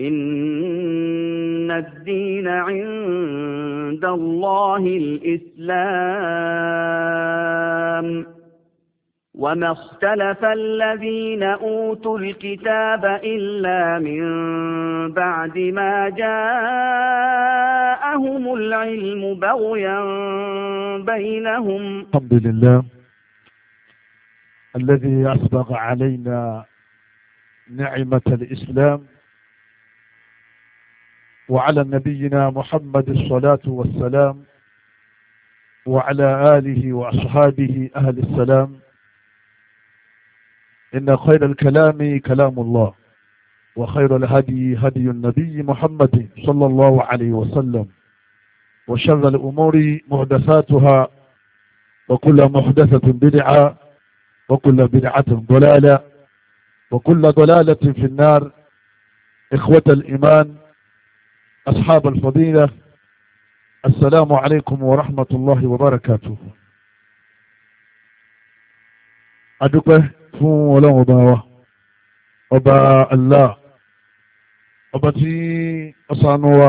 إن الدين عند الله الإسلام وما اختلف الذين أوتوا الكتاب إلا من بعد ما جاءهم العلم بغيا بينهم الحمد لله الذي أسبغ علينا نعمة الإسلام وعلى نبينا محمد الصلاة والسلام وعلى آله وأصحابه أهل السلام إن خير الكلام كلام الله وخير الهدي هدي النبي محمد صلى الله عليه وسلم وشر الأمور محدثاتها وكل محدثة بدعة وكل بدعة ضلالة وكل ضلالة في النار إخوة الإيمان أصحاب الفضيلة السلام عليكم ورحمة الله وبركاته adúpẹ́ fún ọlọ́run ọba wa ọba Allah ọba tí ọsànú wa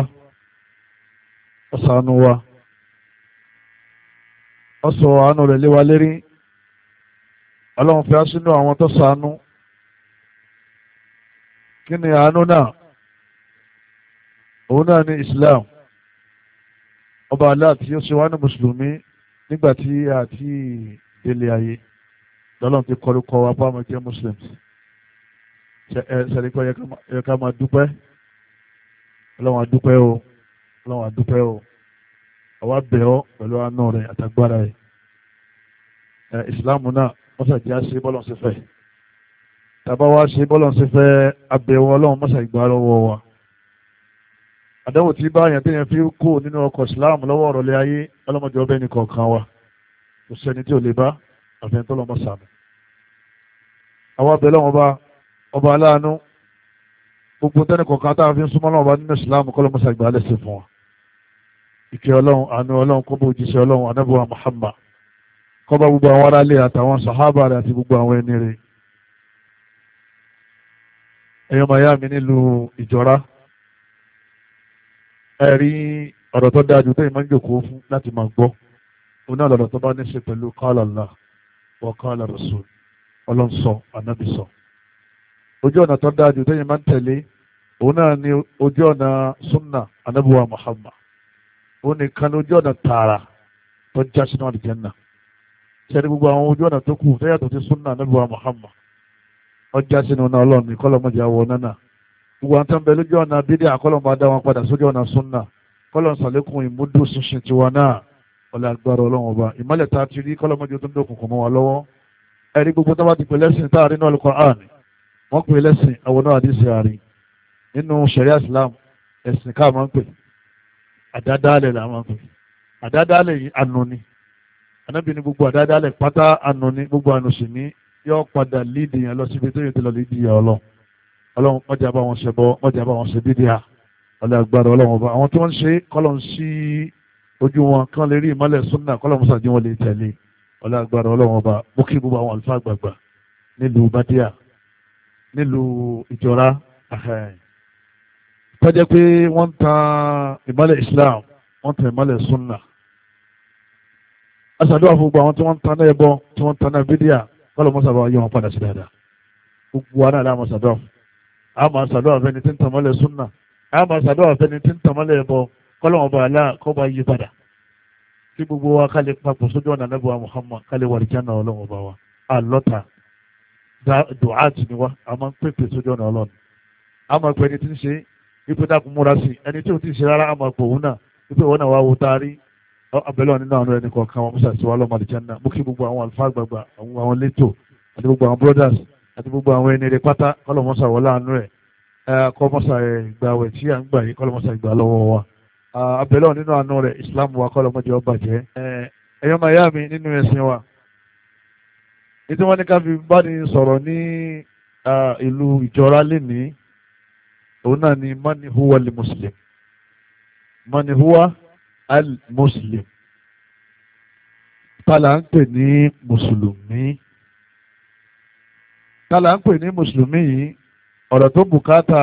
ọsànú wa ọsọ àánú rẹ̀ léwa lérí ọlọ́run fi á sínú àwọn tó sànú kí ni àánú náà òun náà ní Islam ọba aláàtí ó ṣe wá ní mùsùlùmí nígbàtí àti ilé ayé lọ́lọ́run ti kọrúkọ apá ọmọ jẹ́ muslims ṣẹ̀ríkọ́ yẹ ká máa dúpẹ́ ọlọ́run àdúpẹ́ o ọlọ́run àdúpẹ́ o àwa bẹ̀ ọ́ pẹ̀lú àánú rẹ̀ àtàgbára rẹ̀ ìsìláàmù náà mọ́sàjá ṣe bọ́lọ̀ ṣe fẹ́ tàbá wá ṣe bọ́lọ̀ ṣe fẹ́ abẹ̀wọ̀ ọlọ́run mọ́sàgbà lọ́wọ́ wa àdáwò tí bá yẹn téèyàn fi kó nínú ọkọ̀ ìsìláàmù lọ́wọ́ ọ̀rọ̀ lé ayé ọlọ́mọdé ọbẹ̀ ní kọ̀ọ̀kan wa kò sẹ́ni tí ò lè bá àfihàn tó lọ́mọ sàmì. àwa bẹ̀rẹ̀ wọn bá ọba aláàánú gbogbo tẹ́ni kọ̀ọ̀kan tá a fi ń súnmọ́ lọ́wọ́ bá nínú ìsìláàmù kọ́ lọ́mọ sàgbà alẹ́ sí fún wa. ìkẹ́ ọlọ́run àánú ọlọ́run kó bó jíṣẹ́ ọlọ́run anábíwá Muhammad kó bá gbogbo àwọn aráalé àtàwọn sàhábà rẹ̀ àti gbogbo àwọn ẹni rẹ̀ ẹ̀yọ́ màyá mi nílùú ìjọra ẹ̀rí ọ̀rọ̀ tó dáa jù tẹ́yìn máa ń jòkó fún láti máa gbọ́ òun náà lọ́rọ̀ tó bá ní ṣe pẹ̀lú qala Allah wa qala Rasul ọlọ́nsọ ànábì sọ ojú ọ̀nà tó dáa jù tẹ́yìn máa ń tẹ̀lé òun náà ni ojú ọ̀nà sunna anábùwà Muhammad òun nìkan ni ojú ọ̀nà tààrà tó já sínú àlùjánnà sẹ́ni gbogbo àwọn ojú ọ̀nà tó kù tó sí sunna anábùwà Muhammad ọjà sínú náà ọlọ́run gbogbo àwọn tó ń bẹ lójú ọ̀nà bídí àkọlọ́n bá dá wọn padà sójú ọ̀nà súnà kọlọ́n sàlékún ìmúdò ṣinṣin tiwa náà ọ̀lẹ́ agbára ọlọ́run ọba ìmọ̀lẹ̀ tá a ti rí kọlọ́n mọ́jú tó ń dókun kò mọ́ wa lọ́wọ́ ẹ̀rí gbogbo tó bá ti pè lẹ́sìn tá a rí náà Al-Qur'an wọ́n pè lẹ́sìn àwọn náà àdìsí àárín nínú ṣẹ̀ríà Islam ẹ̀sìn ká máa ń pè àdádálẹ̀ là máa ń pè àdádálẹ̀ yìí ànú ni anábì ní gbogbo àdádálẹ̀ pátá ànú ni gbogbo ànú ní yọ padà lídìí yẹn lọ síbi tó yẹ ti lọ lídìí yẹn ọlọ́run ọlọ́run mọ́jà bá wọn ṣẹbọ mọ́jà bá wọn ṣe bídíà ọlọ́gbàdà ọlọ́run ọba àwọn tí wọ́n ń ṣe kọ́lọ́n sí ojú wọn kán lè rí ìmọ́lẹ̀ súnà kọ́lọ́n mọ́sàdí wọn lè tẹ̀lé ọlọ́gbàdà ọlọ́run ọba mú gbogbo àwọn àlùfáà gbàgbà nílùú bàdíà nílùú ìjọra tọ́jẹ́ pé wọ́n ta ìmọ́lẹ̀ Islam wọ́n ta ìmọ́lẹ̀ súnà aṣàdúrà fún gbogbo àwọn tí wọ́n ń ta náà ẹbọ tí wọ́n ń ta náà bídíà a máa ṣàdúrà fẹ́ni tí ń tàmọ́lẹ̀ súnà a máa ṣàdúrà fẹ́ni tí ń tàmọ́lẹ̀ ẹ̀bọ kọ́lọ́wọ́n bá aláà kọ́ bá yí padà kí gbogbo wa ká lè sójú ọ̀nà Ànábì wa Muhammad ká lè wà lìjánà ọlọ́wọ́n bá wa àlọ́ta dùhátì ni wa a máa ń pèpè sójú ọ̀nà ọlọ́run a máa pẹ́ ẹni tí ń ṣe ipò dákun múra sí ẹni tí ò ti ṣe rárá a máa pọ̀ òun náà ipò ìwọ́n náà wá wo taari abẹ́lẹ́ nínú àwọn ẹni kọ̀ọ̀kan wọn mú sàṣìwá lọ́mọdé jẹ́ náà mú kí gbogbo àwọn àlùfáà gbàgbà àwọn létò àti gbogbo àwọn brothers àti gbogbo àwọn ẹni rẹ pátá kọlọmọsà wọlé àánú rẹ kọlọmọsà ìgbàwẹ tí à ń gbà yìí kọlọmọsà ìgbà lọ́wọ́ wa abẹlẹ nínú àánú rẹ islam wa kọlọmọdé ọba jẹ ẹyọ máa yá mi nínú ẹsìn wa nítorí wọn ní ká fi bá ní sọ̀rọ̀ ní ìlú ìjọra lénìí òun náà ni mani huwa li muslim mani huwa al muslim tá là ń pè ní mùsùlùmí kálá ń pè ní mùsùlùmí yìí ọ̀rọ̀ tó bùkátà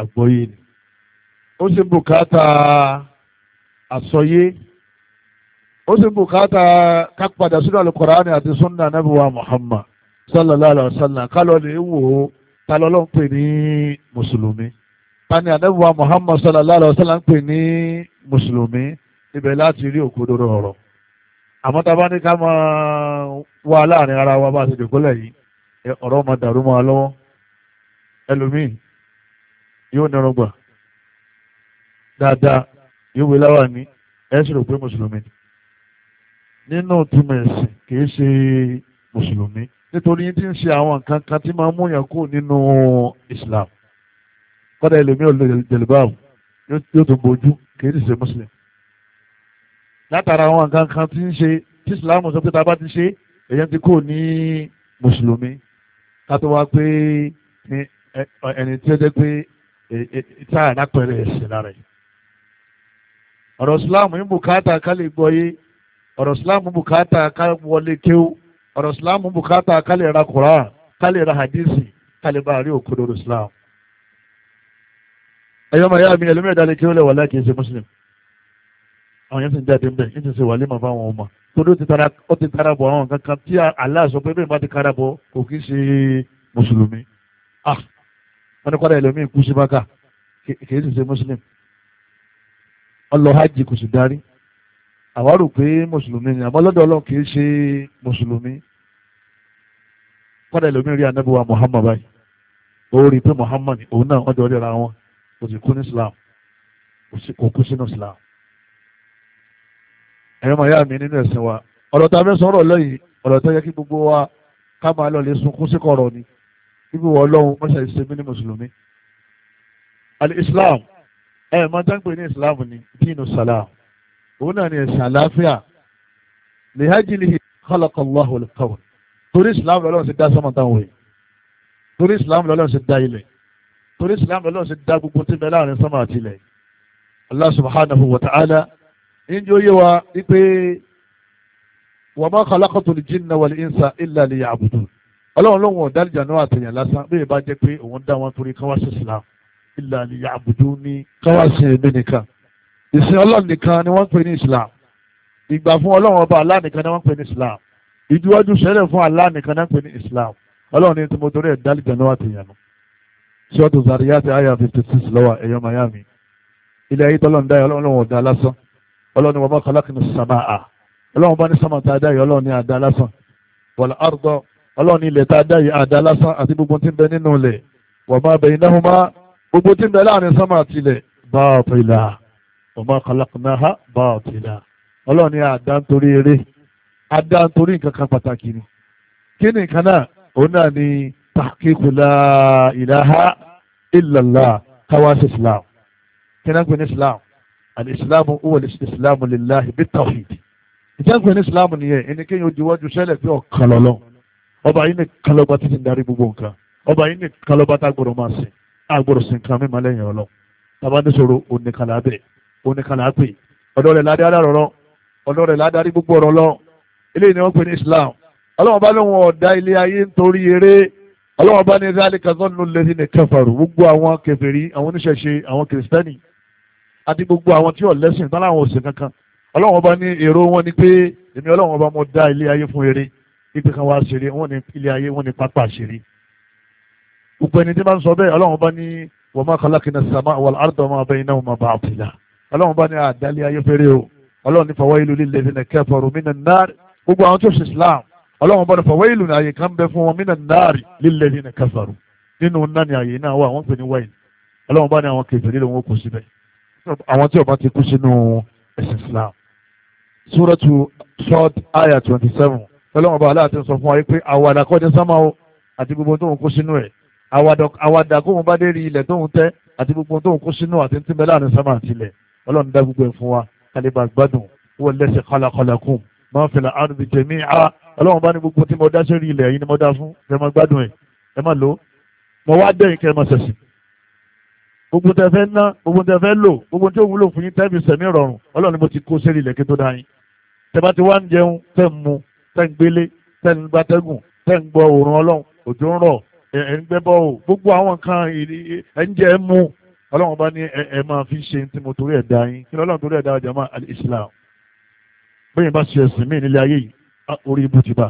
àgbọ́yé ni ó sì bùkátà àsọyé ó sì bùkátà kápadà sínú alukoraani àti sunna nabi wa muhammad sallallahu alayhi wa sallam kálọ̀ lè wò ó kálọ̀ ló ń pè ní mùsùlùmí tani anabi wa muhammad sallallahu alayhi wa sallam ń pè ní mùsùlùmí ibẹ̀ láti rí òkodoro ọ̀rọ̀ àmọ́ tá a bá ní ká máa wá láàrin ara wa bá a ti dìgbò lẹ́yìn ọ̀rọ̀ máa dàrú máa lọ́wọ́ ẹlòmíì yóò nẹrun gbà dáadáa yóò wé láwà ní ẹ sì rò pé mùsùlùmí nínú túmọ̀ ẹ̀sìn kìí ṣe mùsùlùmí nítorí tí ń ṣe àwọn nǹkan kan tí máa mú yàn kú nínú Islam kọ́dà ẹlòmíì olè jẹ̀lúbáàbù yóò tó bójú kìí ti ṣe mùsùlùmí látara àwọn nǹkan kan tí ń ṣe tí Islam sọ pé tá a bá ti ṣe èèyàn ti kú ní mùsùlùmí kátó wá pé ẹni tí ó jẹ́ pé táyà lápẹ̀rẹ̀ ẹ̀sìn lára ẹ̀ ọ̀rọ̀ Islam ń bùkátà ká lè gbọ́ yé ọ̀rọ̀ Islam ń bùkátà ká wọlé kéwú ọ̀rọ̀ Islam ń bùkátà ká lè ra Quran ká lè ra hadisi ká lè bá a rí òkodoro Islam ẹ̀yọ́ màá yá mi ẹlẹ́mẹ̀ẹ́dá lè kéwú lẹ̀ wà láì kìí ṣe Muslim àwọn yẹn ti jáde mbẹ ní ti ṣe wàlímà fáwọn ọmọ torí ó ti tara bọ̀ àwọn kankan tí Allah sọ pé bẹ́ẹ̀ bá ti kara bọ̀ kò kí ṣe mùsùlùmí ah wọ́n ní kọ́dà ẹlòmíì kú sí bákà kìí sì ṣe muslim ọlọ hajj kò sì darí àwa pé mùsùlùmí ni àmọ́ lọ́dọ̀ ọlọ́run kìí ṣe mùsùlùmí kọ́dà ẹlòmíì rí anábíwá Muhammad báyìí ó rí pé Muhammad òun náà ọjọ́ rí ara wọn kò sì kú ní Islam kò kú sínú Islam ẹ̀rọ màá yá mi nínú ẹ̀sìn wa ọ̀rọ̀ tá a fẹ́ sọ̀rọ̀ lẹ́yìn ọ̀rọ̀ tó yẹ kí gbogbo wa ká máa lọ lè sunkún sí kọ̀rọ̀ ni ibi wọ ọlọ́run mọ́ṣẹ́ ìṣẹ́mi ní mùsùlùmí. al-islam ẹ̀ máa tán pé ní islam ni dínú salam òun náà ni ẹ̀sìn àlàáfíà lèhájìlì khalaqallahu al-kawn torí islam lọ́lọ́run ti dá sọ́mọ́ torí islam lọ́lọ́run ti dá ilẹ̀ torí islam lọ́lọ́run ti dá gbogbo tí bẹ láàrin sọ́mọ́ àti ilẹ̀ allah subhanahu wa ta'ala níjẹ́ ó yé wa wípé wa ma khalaqatul jinna wal insa illa liya'budun ọlọ́run lóun ọ̀dá àlìjànú àtẹ̀yàn lásán bí ìbá jẹ́ pé òun dá wọn torí káwá sí islam illa liya'buduni káwá sí èmi nìkan ìsìn ọlọ́run nìkan ni wọ́n ń pè ní islam ìgbà fún ọlọ́run ọba Allah nìkan ni wọ́n pè ní islam ìdíwájú sẹ́lẹ̀ fún Allah nìkan ni wọ́n pè ní islam ọlọ́run ní tí mo torí ẹ̀dá àlìjànú àtẹ̀yàn ṣọ́ọ̀tù Zariyat àyà fifty six lọ́wọ́ ẹ̀yọ́ ọlọ́ni wọ́n bá kọlákìní sàmà à ọlọ́run bá ní sàmà tá a dá yìí ọlọ́run ní àdá lásán wal arda ọlọ́run ní ilẹ̀ tá a dá yìí àdá lásán àti gbogbo tí ń bẹ nínú ilẹ̀ wa ma baynahuma gbogbo tí ń bẹ láàrin sàmà àti ilẹ̀ báàtìlà wa ma khalaqnaha báàtìlà ọlọ́run ní àdá nítorí eré àdá nítorí nǹkan kan pàtàkì ni kí ni nǹkan náà òun náà ni tahqiqu ilaha illallah káwá islam kí náà ń islam alìsílámù owó alìsílámù lillahi bí tawhid ìjẹ́pẹ̀ ní ìsìlámù nìyẹn ẹni kéèyàn ojúwájú sẹ́lẹ̀ pé ọ̀kan lọ́lọ́ ọba yìí nìkan lọ́ba títí ń darí gbogbo nǹkan ọba yìí nìkan lọ́ba tá gbọ́dọ̀ máa sìn àgbọ̀dọ̀ sìn kan mímọ́ lẹ́yìn ọlọ́ tàbá níṣòro oníkàlà bẹ̀ oníkàlà pè ọ̀dọ́ rẹ̀ ládé alárọ̀rọ̀ ọ̀dọ́ rẹ̀ ládé gbogbo ọ̀rọ̀ lọ eléyìí ni wọ́n pè ní Islam ọlọ́wọ́n bá lóun ọ̀dá ilé ayé nítorí eré ọlọ́wọ́n bá ní zalika zannu lẹ́sìn ní kẹfàrú gbogbo àwọn kèfèrí àwọn oníṣẹ̀ṣe àwọn kìrìsìtẹ́nì àti gbogbo àwọn tí ọ̀lẹ́sìn tán láwọn òsè kankan ọlọ́run ọba ní èrò wọn ni pé èmi ọlọ́run ọba mo dá ilé ayé fún eré ipe kan wá ṣeré wọn ni ilé ayé wọn ni pápá ṣeré gbogbo ẹni tí bá ń sọ bẹ́ẹ̀ ọlọ́run ọba ní wa ma khalaqna as-samaa wal-arda wa ma baynahuma baatila ọlọ́run ọba ní àdálé ayé fẹ́rẹ́ o ọlọ́run ní fawailu lilladhina kafaru minan nar gbogbo àwọn tó náà ní àwọn kèfèrí lòun àwọn tí ó bá ti kú sínú ẹ̀sìn Islam súrọ́tù sọ́ọ̀d àyà twenty seven ọlọ́run ọba aláàtí sọ fún wa pé àwàdà kọ́ ni sámà o àti gbogbo tóun kó sínú ẹ̀ àwàdà kóun bá dé rí ilẹ̀ tóun tẹ́ àti gbogbo tóun kó sínú àti tí bẹ́ẹ̀ láàrin sámà àti ilẹ̀ ọlọ́run dá gbogbo ẹ̀ fún wa kálíbà gbádùn wọ́n lẹ́sẹ̀ kọ́lákọ́lákùn máa ń fẹ̀lẹ̀ àrùn bìtẹ̀ mí a ọlọ́run bá ní gbogbo tí mo dá sórí ilẹ̀ yìí ni mo dá fún ẹ má gbádùn ẹ̀ ẹ má lò mo wá dẹ́yìn kẹ́ ẹ má gbogbo tẹ fẹ́ ná gbogbo tẹ fẹ́ lò gbogbo tí ó wúlò fún yín tẹ́bi sẹ̀mí rọrùn ọlọ́run ni mo ti kó sẹ́rí ilẹ̀kẹ́ tó dá yín tẹ bá ti wá ń jẹun tẹ́ ń mu tẹ́ ń gbélé tẹ́ ń gbatẹ́gùn tẹ́ ń gbọ́ òórùn ọlọ́run òjò ń rọ̀ ẹ̀ ń gbẹ́bọ́ o gbogbo àwọn nǹkan ẹ̀ ń mu ọlọ́run bá ní ẹ̀ máa fi ṣe tí mo torí ẹ̀ dá yín kí ọlọ́run torí ẹ̀ dá ọjà máa Islam bẹ́ẹ̀ bá ṣe ẹ̀sìn míì nílé ayé yìí orí ibú ti bá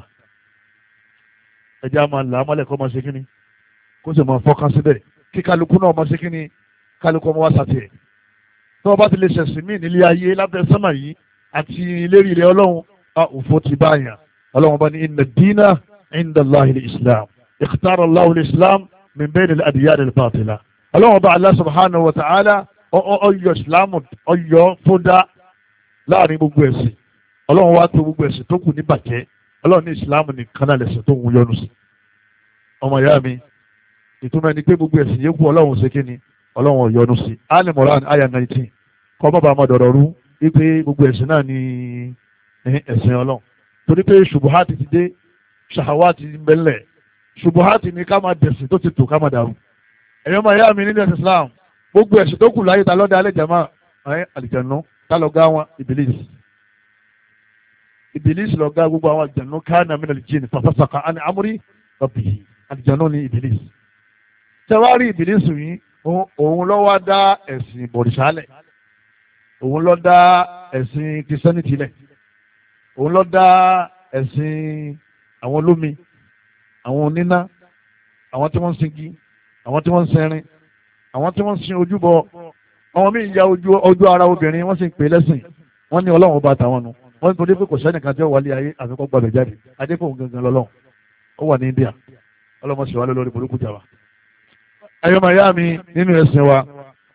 ẹ̀já máa là á mọ́lẹ̀ kọ́ máa ṣe kíni kó sì máa fọ́kàn síbẹ̀ kí náà máa ṣe kíni kálukọ́ ọmọ wa sàtìẹ̀ tó o bá ti lè ṣẹ̀sìn mí nílé ayé lábẹ́ sánmà yìí àti lérí ilẹ̀ ọlọ́run a òfò ti bá yàn ọlọ́run bá ní inna dínà inda Allahi al-Islam ikhtara Allahu al-Islam min bayni al-adyan al-batila ọlọ́run bá Allah subhanahu wa ta'ala ọyọ ìsìlámù ọyọ fúdá láàrin gbogbo ẹ̀sìn ọlọ́run wá tó gbogbo ẹ̀sìn tó kù ní bàjẹ́ ọlọ́run ní ìsìlámù ọlọ́run ó yọ́nú sí ali moran aya nineteen kọ́ bàbá máa dọ̀rọ̀ rú wípé gbogbo ẹ̀sìn náà ni ẹ̀sìn ọlọ́run torí pé ṣubuhati ti dé ṣahawati ń bẹ́lẹ̀ ṣubuhati ni ká máa dẹ̀sìn tó ti tò ká máa dàrú ẹ̀yọ́ máa yá mi nínú ẹ̀sìn Islam gbogbo ẹ̀sìn tó kù láyé ta lọ́dẹ alẹ́ jama àlìjànú tá lọ́ọ́ gá wọn Iblis Iblis lọ́ọ́ gá gbogbo àwọn àlìjànú káàna min al fàfàsàkà àni amúrí rabbih àlìjànú ni Iblis tẹwárí Iblis yìí òun ló wá dá ẹ̀sìn bọ̀rìṣálẹ̀ òun ló dá ẹ̀sìn kìrìsìtẹ́nìtì òun ló dá ẹ̀sìn àwọn olómi àwọn oníná àwọn tí wọ́n ń singi àwọn tí wọ́n ń sẹrin àwọn tí wọ́n ń sin ojúbọ àwọn míì ya ojú ọjọ́ ara obìnrin wọ́n sì ń pè lẹ́sìn wọ́n ní ọlọ́run ọba àtàwọn nu wọ́n ní torí pé kò sẹ́nìkan tí ó wà lé ayé àfikún gbàgbẹ́ jáde adékòhùn gangan lọ́lọ́run ó wà ní India ọlọ́mọ sì wà lórí burúkú jà wá ẹ̀yọ́ máa yá mi nínú ẹ̀sìn wa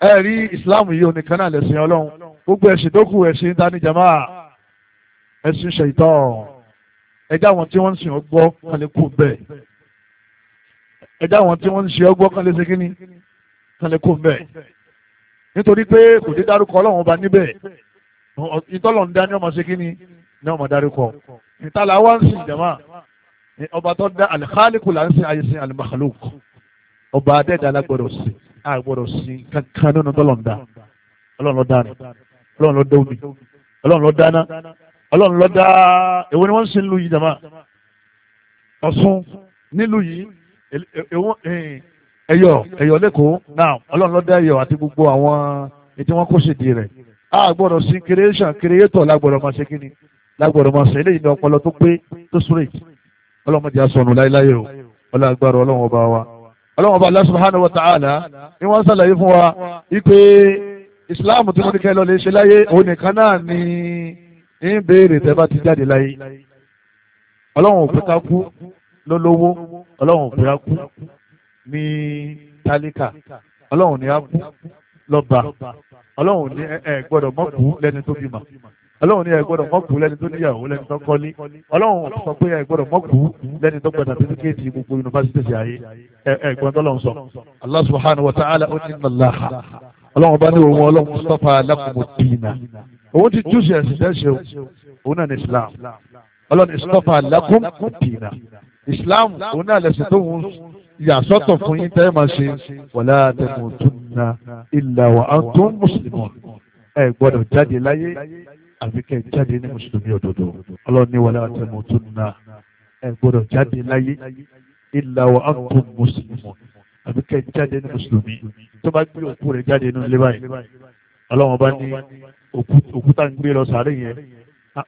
ẹ rí ìsìláàmù yìí onìkan náà lẹ̀sìn ọlọ́run gbogbo ẹ̀sìn tó kù ẹ̀sìn ta ni jama ẹ̀sìn ṣèyítọ́ ẹjẹ́ àwọn tí wọ́n ń sìn ọgbọ́ kan lè kú bẹ́ẹ̀ ẹjẹ́ àwọn tí wọ́n ń sìn ọgbọ́ kan lè ṣe kíní kan lè kú bẹ́ẹ̀ nítorí pé kò dé dárúkọ ọlọ́run ọba níbẹ̀ ìtọ́lọ̀ ń dá ní ọmọ ṣe kíní ní ọmọ dárúkọ ìtàlá wa ń sìn jama ọba tó dá al là ń sìn àyè sìn al ọba adẹ́dá alágbọ̀dọ̀ sí agbọ̀dọ̀ sí kankan nínú tọ́lọ̀ǹda ọlọ́run ló dáná ọlọ́run ló dóbi ọlọ́run ló dáná ọlọ́run ló dá èwo ni wọ́n ń sin lu yìí jama ọ̀sùn nílùú yìí ẹ̀yọ̀ ẹ̀yọ̀ lẹ́kọ̀ọ́ náà ọlọ́run ló dá ẹ̀yọ̀ àti gbogbo àwọn ètí wọ́n kó sèdí rẹ̀ a sí creation creator lágbọ́dọ̀ máa ṣe kíni lágbọ́dọ̀ máa ṣe eléyìí ní ọpọlọ tó pé tó straight ọlọ́mọdé asọ̀nù láéláé o ọlọ́gbàrọ̀ ọlọ́run ọba wa ọlọ́run ọba Allah subhanahu wa ta'ala ni wọ́n sàlàyé fún wa wípé islam tí wọ́n ní kẹ́ lọ lè ṣe láyé òun nìkan náà ni ń béèrè tẹ́ bá ti jáde láyé ọlọ́run òpin ká kú lólówó ọlọ́run òpin ká kú ní tálíkà ọlọ́run ní á kú lọ́ba ọlọ́run ní ẹ gbọ́dọ̀ mọ́kù lẹ́ni tó bímọ ọlọ́run ní ẹ gbọ́dọ̀ mọ́kù lẹ́ni tó níyàwó lẹ́ni tó kọ́lé ọlọ́run sọ pé ẹ gbọ́dọ̀ mọ́kù lẹ́ni tó gbọ́dọ̀ sàtífíkẹ́ẹ̀tì gbogbo yunifásitì ṣe ayé ẹ̀gbọ́n tó lọ́n sọ. Allah subhanahu wa ta'ala ó ní nàláha ọlọ́run bá ní òun ọlọ́run sọ́fà alákùnmọ̀ dìínà òun ti júùsì ẹ̀sìn tẹ́sẹ̀ òun náà ní Islam ọlọ́run sọ́fà alákùnmọ̀ dìínà Islam òun náà lẹ̀sìn tó ń yà sọ́tọ̀ fún yín tẹ́ máa ṣe wàlá tẹ̀mọ̀tún náà ìlà wà á tó ń mùsùlùmọ̀ ẹ gbọ́dọ̀ jáde láyé àfikẹ́ jáde ní mùsùlùmí òdodo ọlọ́ni wọlé àtẹmọ̀ tó nà ẹ gbọ́dọ̀ jáde láyé ìlà wa á tó mùsùlùmí àfikẹ́ jáde ní mùsùlùmí tó bá gbé òkú rẹ̀ jáde nínú ilé báyìí ọlọ́wọ́n bá ní òkúta ń gbé lọ sàárè yẹn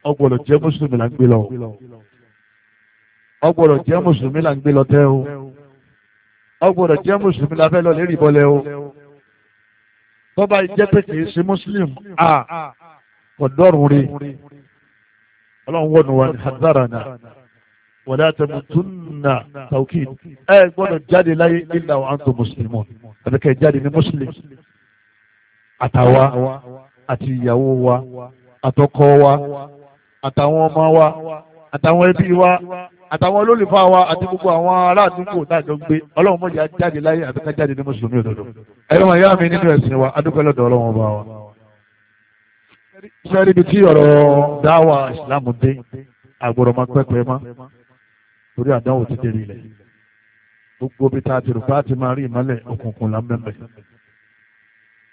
ọgbọ́dọ̀ jẹ́ mùsùlùmí là ń gbé lọ ọgbọ́dọ̀ jẹ́ mùsùlùmí là ń gbé lọ tẹ́ o ọgbọ́dọ̀ jẹ́ mùsùlùmí la fẹ́ lọ lérí ìbọlẹ̀ o bọ́bá jẹ́ kì í ṣe mùsùlùmí ọ̀dọ́rùn الله ọlọ́run wọ́n wà ní hadarana wọ̀dá tẹmùtúnà tàùkì ẹ gbọ́dọ̀ jáde láyé illa wa antum muslimun àbíkẹ́ jáde ní muslim àtàwa àti ìyàwó wa àtọkọ wa àtàwọn ọmọ wa àtàwọn ẹbí wa àtàwọn olólùfà wa àti gbogbo àwọn aládùúgbò dájọ gbé ọlọ́run mọ̀jà jáde láyé àbíkẹ́ jáde ní mùsùlùmí òdodo ẹ̀rọ màá yá mi nínú ẹ̀sìn wa adúpẹ́ lọ́dọ̀ ọlọ́run ọba wa sẹ́rí ibi tí ọ̀rọ̀ dáwà ìsìlámù dé àgbọ̀rọ̀ máa pẹ́pẹ́ mọ́ torí àdánwò ti délé ilẹ̀ gbogbo bí ta ti rò bá ti máa rí ìmọ́lẹ̀ òkùnkùn là ń bẹ̀mẹ̀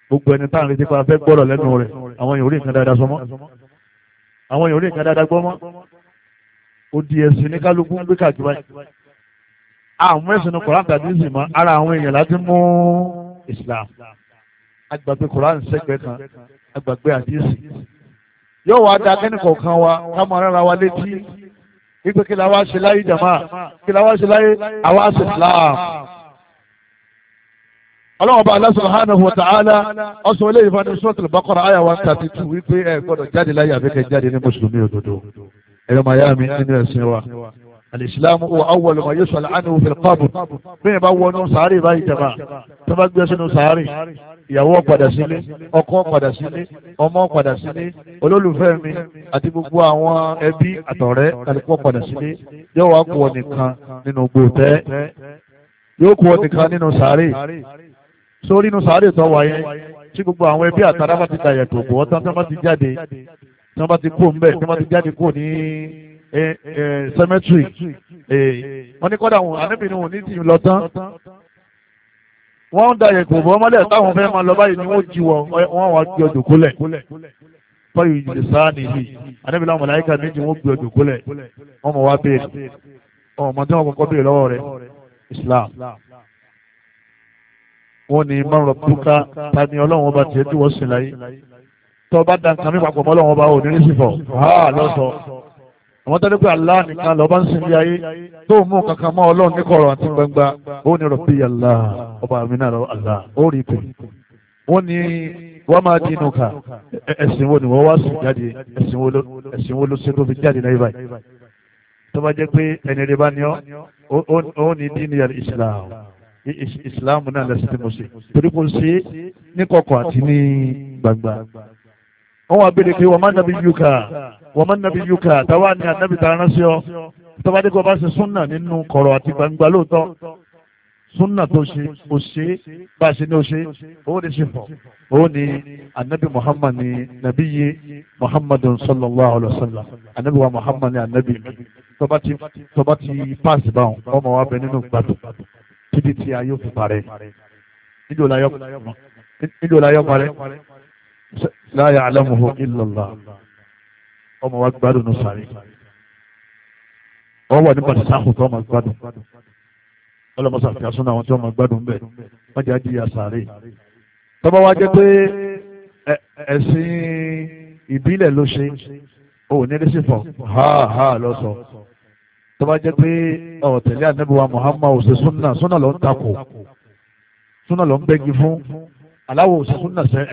gbogbo ẹni tá ń retí pa fẹ́ gbọ́rọ̀ lẹ́nu rẹ̀ àwọn yòórí nǹkan dáadáa sọmọ́ àwọn yòórí nǹkan dáadáa gbọ́mọ́ ó di ẹ̀sìn ní kálukú ń gbé káàkiri àwọn ẹ̀sìn ní koran tàbí ìsìn mọ́ ara àwọn èèyàn láti mú Islam àgbàgbé koran sẹ́gbẹ̀ẹ́ kan agbàgbé àdíyèsí yóò wá da kẹ́nìkọ̀ kan wa kámọ́ ara wa létí wípé kí la wá ṣe láyé jàmá kí la wá ṣe láyé àwa ṣe Islam ọlọ́wọ́ bá Allah subhanahu wa ta'ala ọ̀sùn ilé ìfani suratul Baqara àyà one thirty two wípé ẹ gbọ́dọ̀ jáde láyé àfikẹ́ jáde ní mùsùlùmí òdodo ẹ̀rọ màyá mi nínú ẹ̀sìn wa alìsílámù wà áwọ̀lù ma yóò sọ̀lá ánìwò fil qabr bí yẹn bá wọnú sàárè báyìí jẹba tó bá gbé sínú sàárè ìyàwó padà sílé ọkọ padà sílé ọmọ padà sílé olólùfẹ́ mi àti gbogbo àwọn ẹbí àtọ̀rẹ́ kálukọ́ padà sílé yóò wá kú ọ nìkan nínú gbòòtẹ́ yóò kú ọ nìkan nínú sàárè sórí inú sàárè tó wáyé tí gbogbo àwọn ẹbí àtàrà bá ti dàyẹ̀ tó bọ́ tán tán bá ti jáde tán bá ti kó ń bẹ̀ tán bá ti jáde kó ní Eh, eh, cemetery eh, wọ́n ní kọ́dà wọn àníbìnrin wọn ní tìǹ lọ tán wọ́n ń da yẹ̀kọ̀ bọ́ mọ́lẹ̀ táwọn fẹ́ máa lọ báyìí ni wọ́n jí wọn wọ́n wá gbé ọjọ́ kólẹ̀ báyìí ìjìnlẹ̀ sáà nìyí àníbìnrin àwọn màláíkà méjì wọ́n gbé ọjọ́ kólẹ̀ wọ́n mọ̀ wá béèrè ọmọ tí wọ́n kọ́kọ́ béèrè lọ́wọ́ rẹ̀ Islam wọ́n ní márùn búká ta ni ọlọ́run ọba tiẹ̀ tí wọ́n sìn láyé tọ́ bá da nǹkan mi papọ̀ mọ́ ọlọ́run ọba ò ní rí sí fọ̀ lọ́sọ̀ọ́ àwọn tẹ́lẹ̀ pé Allah nìkan lọ́ba ń sìn lé ayé tó mú kankan mọ́ ọlọ́run ní kọ̀rọ̀ àti gbangba ó ní rọ̀bí Allah ọba àmìnà rọ̀ Allah ó rí pé wọ́n ní wọ́n máa di inú ka ẹ̀sìn wo ni wọ́n wá sùn jáde ẹ̀sìn wo ló ṣe tó fi jáde láyé báyìí tó bá jẹ́ pé ẹni rẹ̀ bá ní ọ́ ó ní dín ní Islam Islam náà lẹ́sìn tí mo ṣe torí kò ṣe ní kọ̀kọ̀ àti ní gbangba wọ́n wá béèrè pé wọ́n má nàbí yúkà wọ́n má nàbí yúkà táwa ni ànábì tá a ránṣẹ́ ọ tọ́badé kò bá ṣe súnà nínú kọ̀rọ̀ àti gbangba lóòótọ́ súnà tó ṣe ó bá ṣe ní ó ṣe ó ṣe fọ̀ ó ní ànábì muhammad ni nàbí yé muhammadun sallallahu alayhi wa sallam ànábì wa muhammad ni ànábì mi tọ́ba ti tọ́ba ti paasi báwọn ọmọ wa bẹ nínú gbàdùn títí tí a yóò parẹ́ níjọ́ la parẹ́. لا يعلمه إلا الله. ọmọ wa gbádùn ní sàrí wọ́n wà ní pàtàkì tó ọmọ gbádùn ọlọ́mọsà fi àsúná àwọn tí ọmọ gbádùn bẹ̀ wọ́n jẹ́ àjíyà sàrí tọ́bọ̀ wá jẹ́ pé ẹ̀sìn ìbílẹ̀ ló ṣe òun ní lẹ́sìn fọ̀ ha ha lọ sọ tọ́bọ̀ jẹ́ pé ọ̀tẹ̀lẹ́ ànábì wa ṣe súnà súnà ló ń takò súnà ló ń bẹ́gi fún aláwọ̀ òṣèlú náà sẹ́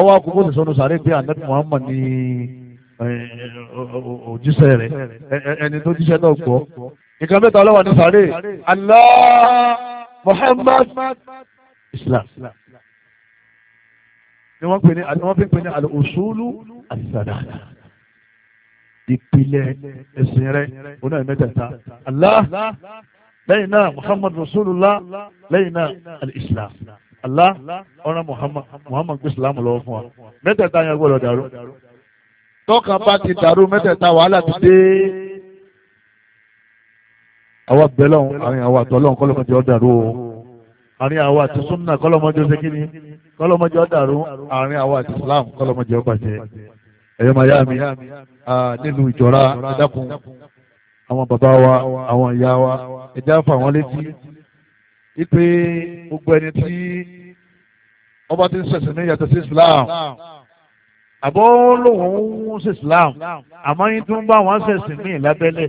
ọwọ́ akókó ní sọ́nù sàárè pé anabi muhammad ní òjíṣẹ́ rẹ̀ ẹni tó jíṣẹ́ náà gbọ́ nǹkan mẹ́ta ọlọ́wà ní sàárè Allah muhammad islam ni wọ́n pè ní wọ́n fi pè ní al-usulu ìpìlẹ̀ ẹ̀sìn rẹ̀ oní ẹ̀mẹ́tẹ̀ta Allah lẹ́yìn náà muhammad rasulullah lẹ́yìn náà al Allah ọ̀ràn Muhammad Muhammad gbé Islam lọ́wọ́ fún wa mẹ́tẹ̀ẹ̀ta yẹn gbọ́dọ̀ dàrú tọ́kàn bá ti dàrú mẹ́tẹ̀ẹ̀ta wàhálà ti dé àwa bẹ́lọ̀hún àárín àwa àtọ́lọ́hún kọ́lọ́mọdé ọ̀dàrú o àárín àwa àti súnà kọ́lọ́mọdé ọ̀sẹ̀ kínní kọ́lọ́mọdé ọ̀dàrú àárín àwa àti Islam kọ́lọ́mọdé ọ̀bàjẹ́ ẹ̀yọ́ màyá mi nínú ìjọra ẹ̀dákun àwọn bàbá wa àwọn ìyá wa ẹ̀dá fà wọ́n létí ipe gbogbo ẹni tí wọ́n bá ti ń ṣẹ̀sìn ní yàtọ̀ sí Islam àbọ̀ lòun ń ṣe Islam àmọ́ yín tún bá wọn ṣẹ̀sìn ní ìlábẹ́lẹ̀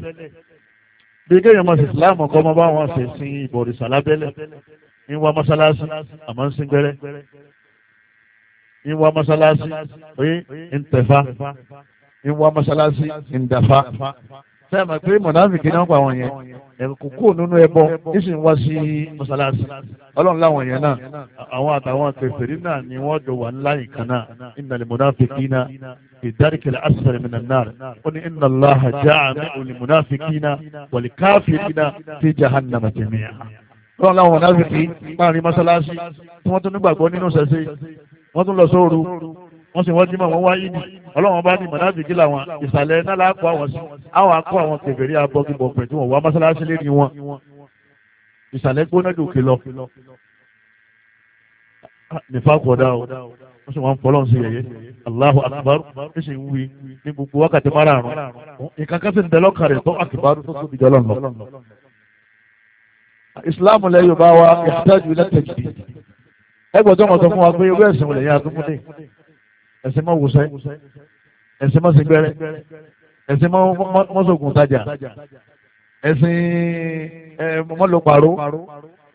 bí kéèyàn máa ṣe Islam ọkọ máa bá wọn ṣẹ̀sìn ìbọ̀rìṣà lábẹ́lẹ̀ ń wá mọ́ṣáláṣí àmọ́ ń sin gbẹ́rẹ́ ń wá mọ́ṣáláṣí ń tẹ̀fá ń wá mọ́ṣáláṣí ń dàfá sẹ́ẹ̀mà pé mọ̀nàfíkì náà pa àwọn yẹn ẹ̀kú kúrò nínú ẹbọ nísìnyí wá sí mọ́sálásí ọlọ́run láwọn yẹn náà àwọn àtàwọn kèfèrí náà ni wọ́n jọ wà ńlá nǹkan náà innal munafiqina fi darkil asfali minan nar ó ní inna Allaha jami'ul munafiqina wal kafirina fi jahannama jami'a ọlọ́run láwọn mọ̀nàfíkì láàrin mọ́sálásí tí wọ́n tún nígbàgbọ́ nínú sẹ́sẹ́ wọ́n tún lọ sóoru wọ́n sì wọ́n jímọ̀ wọ́n wá yìí ọlọ́run bá ní mọ̀nàbìkí làwọn ìsàlẹ̀ náà láàkó àwọn sí àwọn akó àwọn kẹfẹ́rí abọ́gibọ̀pẹ̀ tí wọ́n wá mọ́sálásí lé ní wọn ìsàlẹ̀ gbóná dòkè lọ. nípa kọ̀dá o wọ́n sì wọ́n ń fọlọ́n sí yẹ̀yẹ́ Allahu akbar ó sì ń wí ní gbogbo wákàtí márààrún nǹkan kan sì ń dẹlọ́kàn rẹ̀ tó akbar tó tóbi jọlọ lọ. ìsìláàmù lẹ Yorùbá wa ìhàtájú ilẹ̀ tẹ̀jì ẹgbẹ̀tọ́ mọ̀ sọ fún wa pé ewé ẹ̀sìn wọlé yẹn àtúntò ẹ̀sìn mọ́ wùsẹ́ ẹ̀sìn mọ́ sìgbẹ́rẹ́ ẹ̀sìn mọ́ sọ̀gùn tajà ẹ̀sìn mọ́lòpàró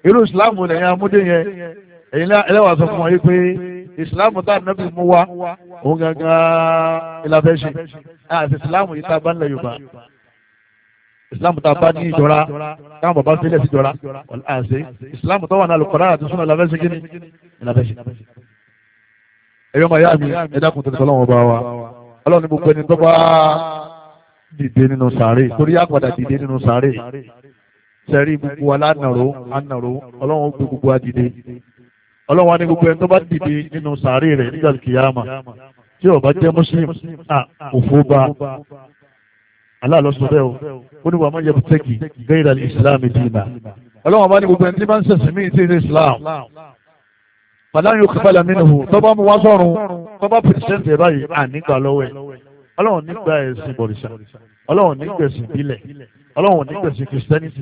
irú ìsìláàmù lẹ́yìn amúdé yẹn ẹ̀yin ẹlẹ́wàá sọ fún wọn yìí pé ìsìláàmù tá ànábì mú wá òun gangan ìlàfẹ́ṣe àti ìsìláàmù yìí tá a bá ń lẹ Yorùbá ìsìláàmù tá a bá ní ìjọra káwọn bàbá sílẹ̀ sí ìjọra àṣẹ ìsìláàmù tó wà ní alùpùpù rárá àti súnà ìlàfẹ́ṣe kí ni ìlàfẹ́ṣe ẹ̀yọ́ máa yá mi ẹ̀dá kùn tẹ̀sán ọlọ́run ọba wa ọlọ́run ní gbogbo ẹni tó bá dìde nínú sàárè torí àpàdà dìde nínú sàárè sẹ́rí gbogbo wa lánàró ànàró ọlọ́run gbé gbogbo wa dìde ọlọ́run wa ní gbogbo ẹni tó bá dìde nínú sàárè rẹ̀ nígbà kìyàmà tí ó bá jẹ́ muslim òfó ba Allah ló bẹ́ẹ̀ o ó ní wàá má yẹ bùtẹ́kì gẹ́gẹ́ ìdàlẹ́ ìsìlámù dìínà ọlọ́run wa ní gbogbo ẹni tí bá ń ṣẹ̀sìn míì sí fàlàyé òkè fàlà mí nìhù tó bá mú wá sọ́run tó bá pìrìsẹ́ǹtì ẹ̀ báyìí ànígbà lọ́wọ́ ẹ̀ ọlọ́run nígbà ẹ̀sìn bọ̀rìṣà ọlọ́run nígbà ẹ̀sìn ìbílẹ̀ ọlọ́run nígbà ẹ̀sìn kìrìsìtẹ́nìtì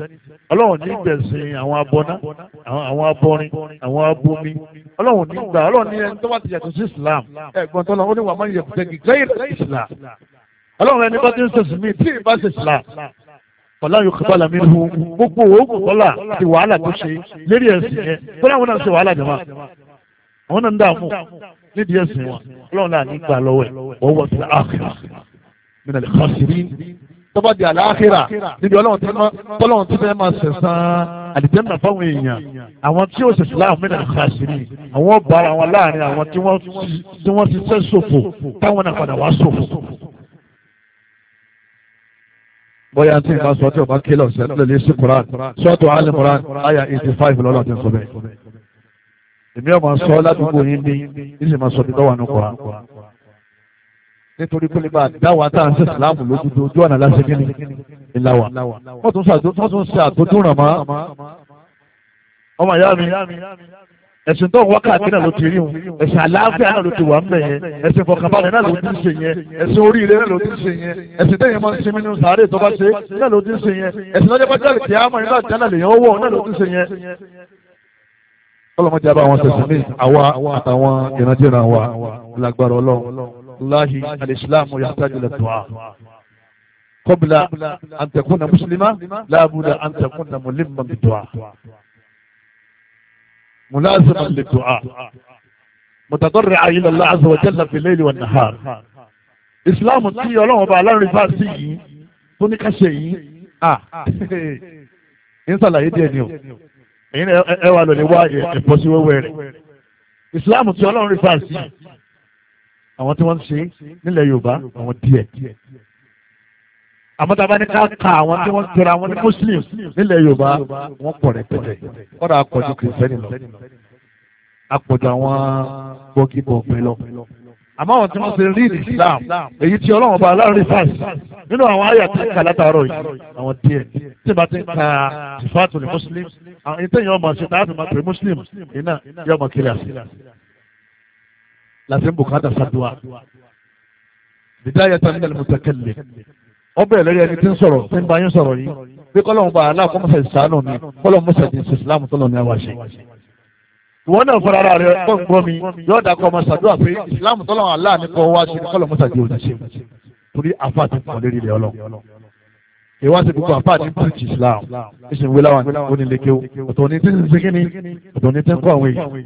ọlọ́run nígbà ẹ̀sìn àwọn abọ́ná àwọn abọ́rin àwọn abomi ọlọ́run nígbà ọlọ́run ní ẹni tó ti yàtọ̀ sí Islam ẹ̀gbọ́n tó lọ ó ní Islam ọlọ́run ẹni bá ti ń sẹ̀sìn mí tí ì bá ṣe Islam Fọlá yóò kọ́kọ́ làmì ní gbogbo òògùn kọ́là àti wàhálà tó ṣe lérí ẹ̀sìn yẹn fọlá wọn náà ṣe wàhálà jọba àwọn náà ń dààmú nídìí ẹ̀sìn wọn ọlọ́run náà ní gbà lọ́wọ́ ẹ̀ wọ́n wọ́n ti àkìrà nínú ẹ̀ kọ́sìrì tọ́ba di àlàáfíà níbi ọlọ́run tí wọ́n tọ́lọ́run tí fẹ́ máa sẹ̀sán àdìjẹ́nà fáwọn èèyàn àwọn tí ó sẹ̀sẹ̀ láàmú nínú ẹ̀ kọ́sìrì àwọn bá wọn láàrin àwọn tí wọ́n ti sẹ́ ṣòfò táwọn náà padà wá ṣòfò. bóyá tí nǹkan sọ tí o bá kí lọ sẹ́ńtẹ̀ lè ṣe Quran sọ́tò Al-Imran eighty five lọ́lọ́ ti sọ bẹ́ẹ̀ èmi ọmọ sọ ládùúgbò yín ní ìsìn máa sọ bí lọ́wọ́ àánú kọ́ra nítorí pé nígbà dáwà tá à ń ṣe ìsìláàmù lójúdo ojú ọ̀nà láti gíní ìlàwà wọ́n tún ṣe àtúntún ràn mọ́ ọmọ ìyá mi ẹ̀sìn tó ń wákàtí náà ló ti rí wọn ẹ̀sìn àlàáfíà náà ló ti wà ń bẹ̀ yẹn ẹ̀sìn ìfọ̀kànbalẹ̀ náà ló ti ń ṣe yẹn ẹ̀sìn oríire náà ló ti ṣe yẹn ẹ̀sìn tẹ̀yìn máa ń sinmi ní sàárè tó bá ṣe náà ló ti ṣe yẹn ẹ̀sìn lọ́jọ́ bá ọlọ́mọdé àbá wọn sẹ̀sìn mí àwa àtàwọn ìrandíran wa lágbára ọlọ́run láhi alìsílámù yàtàjù lẹ̀ dùn á. kọ́bìlà àǹtẹ̀kùnà mùsùlùmá láàbùdà àǹtẹ̀kùnà mùlímà bí dùn á. mùláàzìmà lè dùn á. mùtàdọ́rẹ̀ àyílẹ̀ láàzọ̀ wọ́jẹ́lá fìlẹ́lì wà nàhà. ìsìlámù tí ọlọ́run bá alárin bá sí yìí tó ní ká ṣe yìí. ń sàlàyé díẹ̀ ni o ẹ̀yin ẹ wà lónìí wá ẹ̀pọ̀ sí wẹ́wẹ́ rẹ̀ ìsìláàmù tí ọlọ́run rí fàá sí àwọn tí wọ́n ń ṣe nílẹ̀ yorùbá àwọn díẹ̀ àmọ́ tá a bá ní ká ka àwọn tí wọ́n jọra àwọn ní muslim nílẹ̀ yorùbá wọ́n pọ̀ rẹpẹtẹ kọ́dà àpọ̀jù kìrìsẹ́nì lọ àpọ̀jù àwọn bọ́gí bọ̀ọ̀bẹ lọ àmọ́ àwọn tí wọ́n ṣe rí ní Islam èyí tí ọlọ́run bá aláàrin fàṣì nínú àwọn àyà tí ń kà látàárọ̀ yìí àwọn díẹ̀ tí bá ti ń ka sifatul muslim àwọn ìtẹ̀yìn ọmọ ṣe tá a fi máa pè muslim iná yóò mọ̀ kiri àṣì láti ń bùkátà sàdúà bidayatan minal mutakallim ọbẹ̀ lórí ẹni tí ń sọ̀rọ̀ tí ń bá yín sọ̀rọ̀ yìí bí kọ́lọ́run bá aláàkọ́mọ́sẹ̀ ìsànù mi kọ́lọ́run mọ́sẹ̀ ìwọ náà fọra ara rẹ kọ́ gbọ́ mi yóò dà kọ́ ọmọ sàdúrà pé ìsìláàmù tọ́lọ́wọ́n aláà ní kọ́ wá ṣe ní kọ́lọ̀ mọ́sàdì òní ṣe torí àfa ti pọ̀ lérí ilẹ̀ ọlọ́ ìwá sí gbogbo àfa ní píríkì islam ìṣìn wíwá wà ní onílékéwò ọ̀tọ̀ ní tí ń ṣe kíni ọ̀tọ̀ ní tí ń kọ́ àwọn èèyàn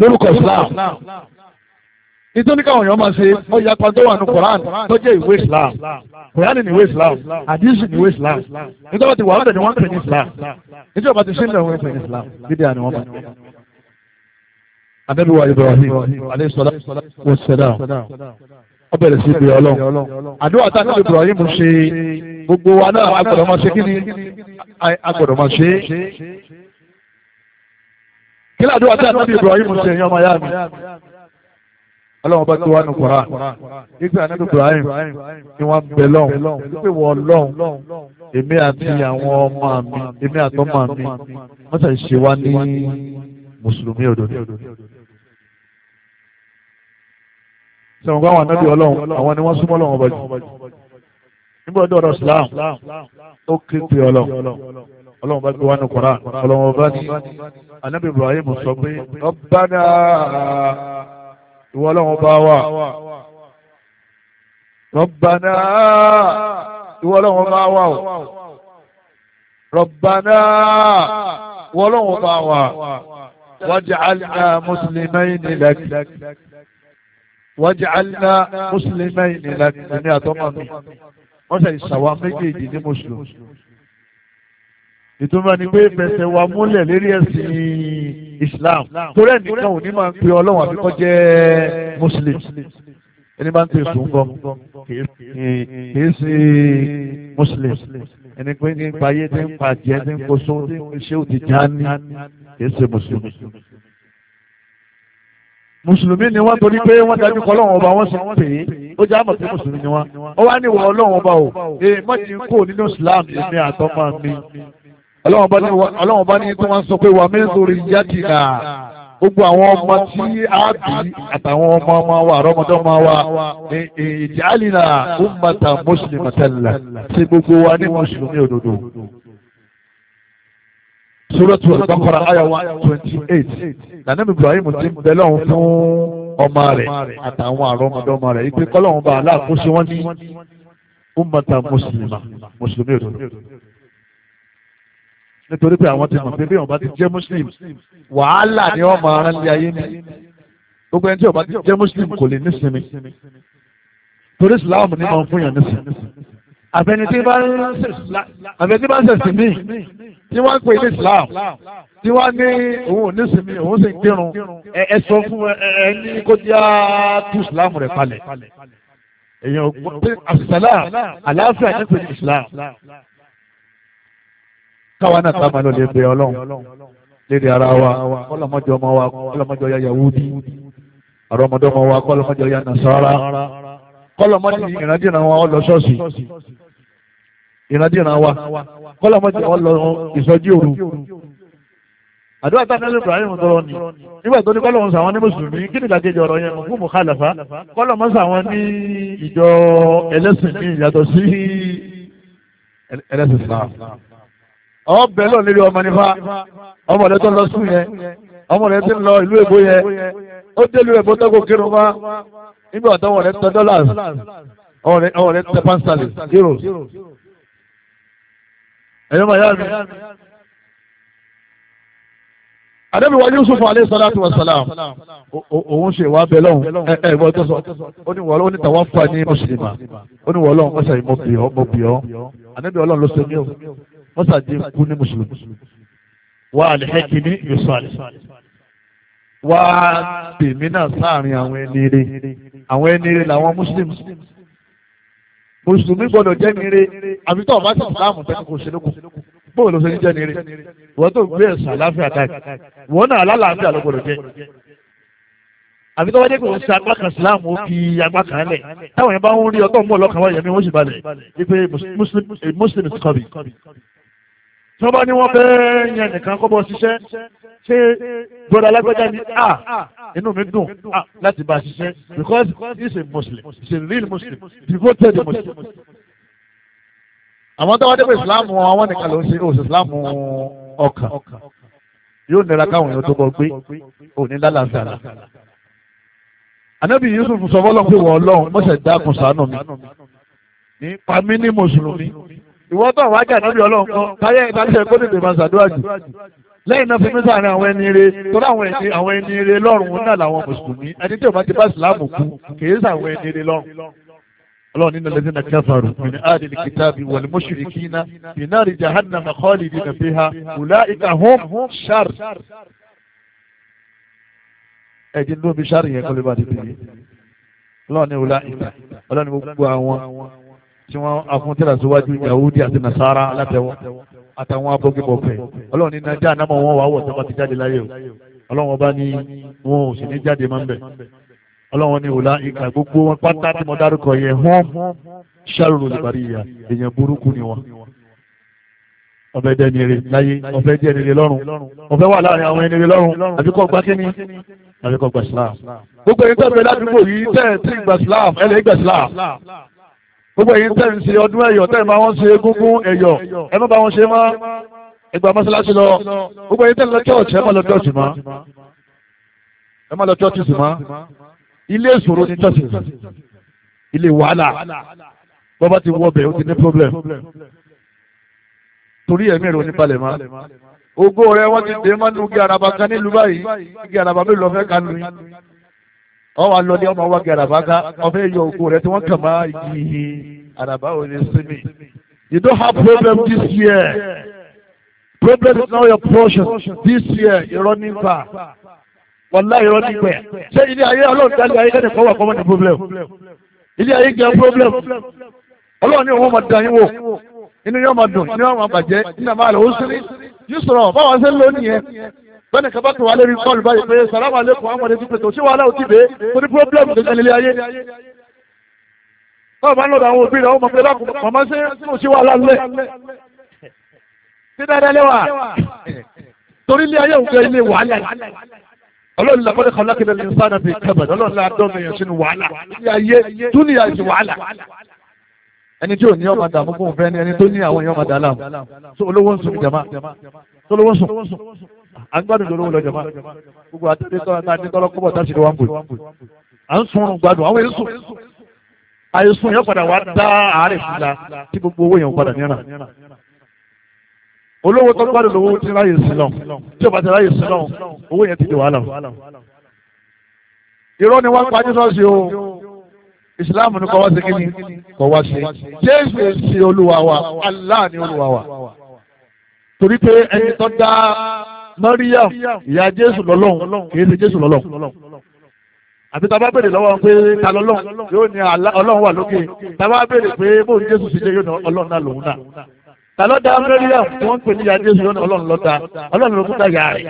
lórúkọ islam nítorí káwọn èèyàn máa ṣe ọyà apá tó wà ní Quran tó jẹ́ ìwé Islam Quran ni ìwé Islam hadith ni ìwé Islam nítorí ti wà á tẹ̀lé wọn pè ní Islam nítorí ọba ti ṣe ń lọ wọn pè ní Islam dídí àná wọn pè ní. Ànábì wa Ibrahim alayhi salatu wa salam ó bẹ̀rẹ̀ sí ibi ọlọ́run àdúrà tá àti Ibrahim ṣe gbogbo wa náà agbọ́dọ̀ máa ṣe kíni agbọ́dọ̀ máa ṣe kí ládùúgbò tá àti Ibrahim ṣe yan ọmọ yá mi ọlọ́run bá ti wá ní kura nígbà nínú Ibrahim ni wọ́n bẹ lọ́hùn wípé wọ́n lọ́hùn èmi àti àwọn ọmọ mi èmi àtọ́mọ mi wọ́n sì ṣe wá ní mùsùlùmí òdodo. sọ̀rọ̀ bá àwọn anábì ọlọ́run àwọn ni wọ́n súnmọ́ lọ́wọ́ bọ́jú. nígbà ọdún ọ̀rọ̀ Islam ó ké pe ọlọ́run ọlọ́run bá gbé wá ní kura ọlọ́run bá ní anábì Ibrahim sọ pé ọ̀bánà ìwọ ọlọ́run bá wà rọ̀bàná ìwọ ọlọ́run bá wà o rọ̀bàná ìwọ ọlọ́run bá wà wájàlá mùsùlùmí lẹ́kì wájàlá mùsùlùmí lẹ́kì ní àtọ́mọ̀ mi wọ́n sẹ̀ ìṣàwà méjèèjì ní mùsùlùmí ìtumọ̀ ni pé fẹsẹ̀ wa múlẹ̀ lérí ẹ̀sìn Islam torí ẹnìkan ò ní máa ń pe ọlọ́run àbíkọ́ jẹ́ muslim ẹni bá ń pè sùn gan kìí ṣe muslim ẹni pé ní payé tí ń pa jẹ́ tí ń kó sún tí ń kìí ṣe mùsùlùmí. mùsùlùmí ni wọ́n torí pé wọ́n dájú kọ́ ọlọ́run ọba wọ́n sì ń ó jẹ́ àmọ̀ pé mùsùlùmí ni wọ́n ó wá níwọ̀ ọlọ́run ọba o èèmọ̀ ti kó nínú Islam èmi àtọ́mọ́ mi ọlọ́run bá ní tí wọ́n sọ pé wà mẹ́sọ̀rọ̀ ìyáàdì náà gbogbo àwọn ọmọ tí a bí àtàwọn ọmọ ọmọ wa àrọ́mọdọ́mọ wa ìjàlínà ummata mùsùlùmí tẹ́lẹ̀ ṣe gbogbo wa ní mùsùlùmí òdodo. Suratul Baqara àyà one twenty eight nàní Ibrahim ti ń bẹ lọ́hùn fún ọmọ rẹ̀ àtàwọn àrọ́mọdọ́mọ rẹ̀ ìpínkọ́lọ́hùn bá aláàkóso wọn ní ummata mùsùlùmí òdodo nítorí pé àwọn ti mọ̀ pé bí wọn bá ti jẹ́ muslim wàhálà ni wọ́n máa rán lé ayé ní gbogbo ẹni tí wọn bá ti jẹ́ muslim kò lè nísinmi torí islam ni wọn fún yàn nísinmi àbẹni tí bá ń sẹ̀sìn mí tí wọ́n ń pè ní islam tí wọ́n ní òun ò nísinmi òun sì ń kírun ẹ sọ fún ẹ ní kó jẹ́ tú islam rẹ̀ palẹ̀ èèyàn àṣìṣàlá àlàáfíà ní pè islam káwa náà ká máa lọ lè bẹ ọlọ́run lédè ara wa kọ́lọ́mọ́jọ ọmọ wa kọ́lọ́mọ́jọ ya Yahudi àrọ́mọdé ọmọ wa kọ́lọ́mọ́jọ ya Nasara kọ́lọ́mọ́jọ ìrìnàjìnà wa ọlọ ṣọ́ọ̀ṣì ìrìnàjìnà wa kọ́lọ́mọ́jọ ọlọ ìsọjí òru àdúrà tánilé Ibrahim tọrọ ni nígbà tó ní kọ́lọ́mọ́ sàwọn ní mùsùlùmí kí ni ìdàkejì ọ̀rọ̀ yẹn fún mùkálàfà kọ́lọ́mọ́ sàwọn ní ìjọ ẹlẹ́sìn ní ìyàtọ̀ sí ẹlẹ́sìn sáà ọ bẹ lọ nílé ọmọ nífa ọmọ rẹ tó lọ sùn yẹn ọmọ rẹ ti lọ ìlú èbó yẹn ó dé ìlú èbó tó kó kírun wá nígbà àtọwọ rẹ tẹ dọlàs ọwọ rẹ tẹ pánstálì yúrò ẹyọ màá yá mi. Àdébí wa Yusuf alayhi salatu wa salam òun ṣe wá bẹ lọ́hùn ẹ ẹ bọ́ tó sọ ó ní wọ́lọ́ ó ní tàwọn fà ní mùsùlùmá ó ní wọ́lọ́ ọ̀sẹ̀ mo bì ọ́ mo bì ọ́ àdébí ọlọ́run ló ṣe mí mọ́sàdé kú ní mùsùlùmí wà àlẹ́hẹ́kì ní ìsọ̀lẹ̀ wà tèmi náà sáàrin àwọn ẹni rẹ̀ àwọn ẹni rẹ̀ làwọn mùsùlùmí mùsùlùmí gbọ́dọ̀ jẹ́ nire àbí tó ọba sọ̀rọ̀ láàmú tẹ́ni kò ṣe lókun bóòlù ló ṣe ń jẹ́ nire wọ́n tó gbé ẹ̀sùn àláfíà káàkiri wọ́n náà alálàáfíà ló gbọ́dọ̀ jẹ́ àbí tó wá dé pé òun ṣe apá kan síláàmù ó fi apá kan lẹ̀ táwọn yẹn bá ń rí ọtọ́ mú ọlọ́kan wáyé mi wọ́n sì balẹ̀ wípé muslim is tó bá ní wọ́n fẹ́ yẹn nìkan kọ́bọ̀ ṣiṣẹ́ ṣé gbọ́dọ̀ alágbẹ́já ni a inú mi dùn a láti bá ṣiṣẹ́ because he is a muslim he is a real muslim devoted muslim. àwọn tó wá débò ìsìláàmù àwọn nìkan ló ń ṣe òsì ìsìláàmù ọkàn yóò nira káwọn èèyàn tó bọ gbé òní lálàáfíà anabi yusuf sọ fọlọ́n pé wọ́n ọlọ́run mọ́sẹ̀ dákun ṣàánú mi ní pàmí ní mùsùlùmí ìwọ́n tó àwọn ajá níbi ọlọ́run kan táyé ìtàlẹ́sẹ̀ kó tètè máa ṣàdúrà jù lẹ́yìn náà fi mí sàárín àwọn ẹni ire torí àwọn ẹni àwọn ẹni ire lọ́rùn náà làwọn mùsùlùmí ẹni tí ò bá ti bá ìsìláàmù kú kì í sàwọn ẹni ire lọ́rùn. ọlọ́run nínú lẹ́sìn náà káfàrú min ahli al-kitabi wal mushrikina fi nari jahannama khalidina fiha ulaika hum ṣar. ẹ̀jẹ̀ ní omi ṣar yẹn kọ́lé bá ti bì tí wọ́n afúntẹ́lá síwájú yahudi àti nasara alátẹ̀wọ́ àtàwọn abọ́gibọ̀fẹ́ ọlọ́run ní nàjà ànámọ̀ wọn wà wọ̀ tó bá ti jáde láyé o ọlọ́run ọba ní wọn ò sì ní jáde máa ń bẹ̀ ọlọ́run ní òlà ìkà gbogbo wọn pátá tí mo dárúkọ yẹ hàn ṣàrùrù lùbàrí ìyá èèyàn burúkú ni wọn. ọbẹ̀ dẹ́ nire láyé ọbẹ̀ dẹ́ nire lọ́run ọbẹ̀ wà láàrin àwọn ẹni lọ́run àbíkọ́ gbá kíní àbíkọ́ gbà sílám gbogbo ẹni tẹ́ gbogbo èyí tẹ́ ń ṣe ọdún ẹ̀yọ̀ tẹ́ ń bá wọn ṣe egúngún ẹ̀yọ̀ ẹ má ba wọn ṣe mọ́ ẹgbà mọ́ṣáláṣí lọ gbogbo èyí tẹ́ ń lọ chọ́ọ̀chì ẹ má lọ chọ́ọ̀chì mọ́ ẹ má lọ chọ́ọ̀chì sì mọ́ ilé ìṣòro ni chọ́ọ̀chì ilé wàhálà bọ́bá ti wọ́ bẹ̀ ó ti ní problem torí ẹ̀mí rẹ̀ oníbalẹ̀ mọ́ ògo rẹ̀ wọ́n ti dé mọ́nú igi àràbà kan nílùú báyìí igi àràbà mélòó fẹ́ kanu yìí ọwà lọ ní ọmọ wa gẹ àràbá ọfẹ yọ òkú rẹ tí wọn kàn máa yí àràbá ò ní sinmi you don't have problem this year problem is now your portion this year irọ́ nípa wàlá irọ́ nípa ṣé ilé ayé ọlọ́run dálé ayé kẹ́ni kọ́ wà kọ́ mọ́ ní problem ilé ayé jẹ́ problem ọlọ́run ní òun máa dán yín wò inú yóò máa dùn inú yóò máa bàjẹ́ nínú àmàlà ó sírí yóò sọ̀rọ̀ báwa ṣe ń lò nìyẹn bẹ́ẹ̀ni kaba tó wà lórí kọ́ọ̀lù báyìí pé salamu aleykum amadu ti pèsè òṣìwà aláwọ̀ ti bèé kò ní pírọ́blẹ́mù tó jẹ́ nílé ayé. báwo máa ń lọ́dọ̀ àwọn òbí rẹ̀ wọ́n mọ̀ pé lákùn màmá ṣe òṣìwà aláwọ̀ sí dáadáa lẹ́wà torí ilé ayé òun kẹ́ ilé wàhálà ọlọ́run la kọ́ni kọ́ni lákìlẹ̀ ní sáà nàbì kẹ́bẹ̀rẹ̀ ọlọ́run la dọ́ mi yẹn sínú wàhálà ilé ayé dúnìyà ti wàhálà ẹni tí ò ní ọmọ dààmú fún òfin ẹni tó ní àwọn èèyàn ọmọ dààmú tó olówó ń sùn jama tó olówó ń sùn à ń gbádùn lóró lọ jọba gbogbo àtẹ́tẹ́tọ́lọ́ kọ́bọ̀ tá a ṣe lè wá ń bò à ń sunrun gbádùn àwọn èso àìsùn yóò padà wá dá àárẹ̀ sí la tí gbogbo owó yẹn padà níra olówó tó gbádùn lówó tí ráyè sí lọ tí ò bá ti ráyè sí lọ owó yẹn ti di wàhálà irọ́ ni wọ́n ń pa ní sọ́ọ̀sì o ìsìláàmù ni kò wá sí kí ni kò wá sí jésù èsì olúwa wa Allah ni olúwa wa torí pé ẹni tó dá Mariam ìyá Jésù lọ́lọ́hún kì í ṣe Jésù lọ́lọ́hún àbí tá a bá béèrè lọ́wọ́ pé ta lọ́lọ́hún yóò ní ọlọ́run wà lókè tá a bá béèrè pé bóun Jésù ṣe jẹ́ yóò ní ọlọ́run náà lòun náà ta lọ́dà Mariam tí wọ́n ń pè ní ìyá Jésù yóò ní ọlọ́run lọ́dà ọlọ́run lókùn dá yàrá rẹ̀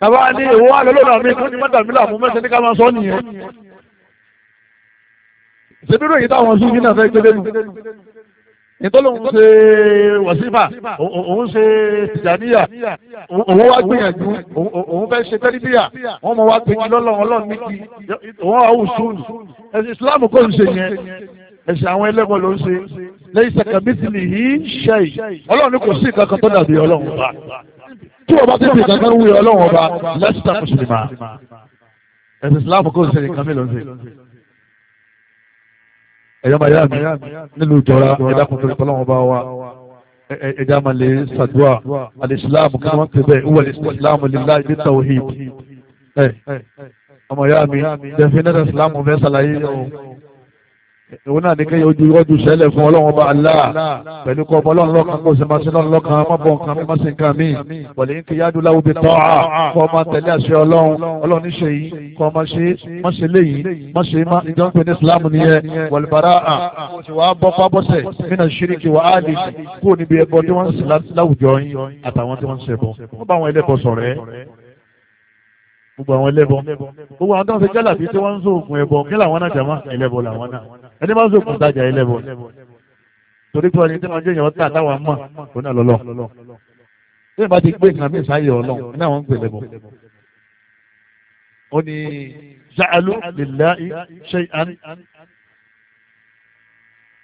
tàbá ní ìwọ́ wà lọ́lọ́run mi kún ní mọ́tàmílà mú mẹ́sẹ̀ ní ká máa sọ nìyẹn ṣèbí ìtọ́lọ́hún ṣe wàsífà òun ṣe tìjàníyà òun wá gbìyànjú òun fẹ́ ṣe tẹ́lifíà wọ́n mọ̀ wá pinnu lọ́lọ́run ọlọ́run ní kí òun àwù sùúrù ẹ̀sìn islam kò ṣe yẹn ẹ̀sìn àwọn ẹlẹ́gbọ́n ló ń ṣe lẹ́yìn sàkàmìtìlì yìí ṣe yìí ọlọ́run kò sí nǹkan tó dàbí ọlọ́run ọba tí wọ́n bá tẹ̀sí nǹkan wúyọ ọlọ́run ọba lẹ́sítà mùsùlùmá ẹ̀sìn islam kò ṣe nǹkan mélòó ń ẹ̀yọ́ máa yá mi nínú ìjọra ẹ̀dá kan torí pọ́lọ́wọ́n bá wa ẹ̀dá máa lè ṣàdúrà alìsíláàmù kí wọ́n pè bẹ́ẹ̀ wọ́n alìsíláàmù lílá ibi tawhid ọmọ yá mi jẹ́ fi nẹ́tẹ̀ ìsìláàmù fẹ́ ṣàlàyé òun náà ní kéèyàn ojú iwájú sẹ́lẹ̀ fún ọlọ́run bá aláà pẹ̀lú kọ́ ọlọ́run lọ́kàn kó sì máa ṣe lọ́run lọ́kàn má bọ̀ nǹkan mi má ṣe nǹkan mi wọ̀lẹ̀ yín kí yájú láwo bí tọ́ a kọ́ máa tẹ̀lé àṣẹ ọlọ́run ọlọ́run níṣe yìí kọ́ máa ṣe má ṣe léyìí má ṣe má ìjọ ń pè ní Islam nìyẹn wọ̀lùbárà à sì wàá bọ́ pábọ́sẹ̀ mínà ṣíríkì wà á lè kú níbi ẹbọ tí wọ́n gbogbo àwọn ẹlẹ́bọ gbogbo àwọn tó ń ṣe jálàbí tí wọ́n ń sọ òògùn ẹbọ kí làwọn náà jàmá ẹlẹ́bọ làwọn náà ẹni máa ń sòkùn sájà ilẹ̀ bọ̀ torí pé ọni tí wọ́n jẹ́ èèyàn tà táwọn mọ̀ kò náà lọ́lọ́ bí ìbá ti gbé nǹkan mí sáyé ọlọ́ iná wọn ń gbèlè bọ̀ ó ní ja'alu lillahi shay'an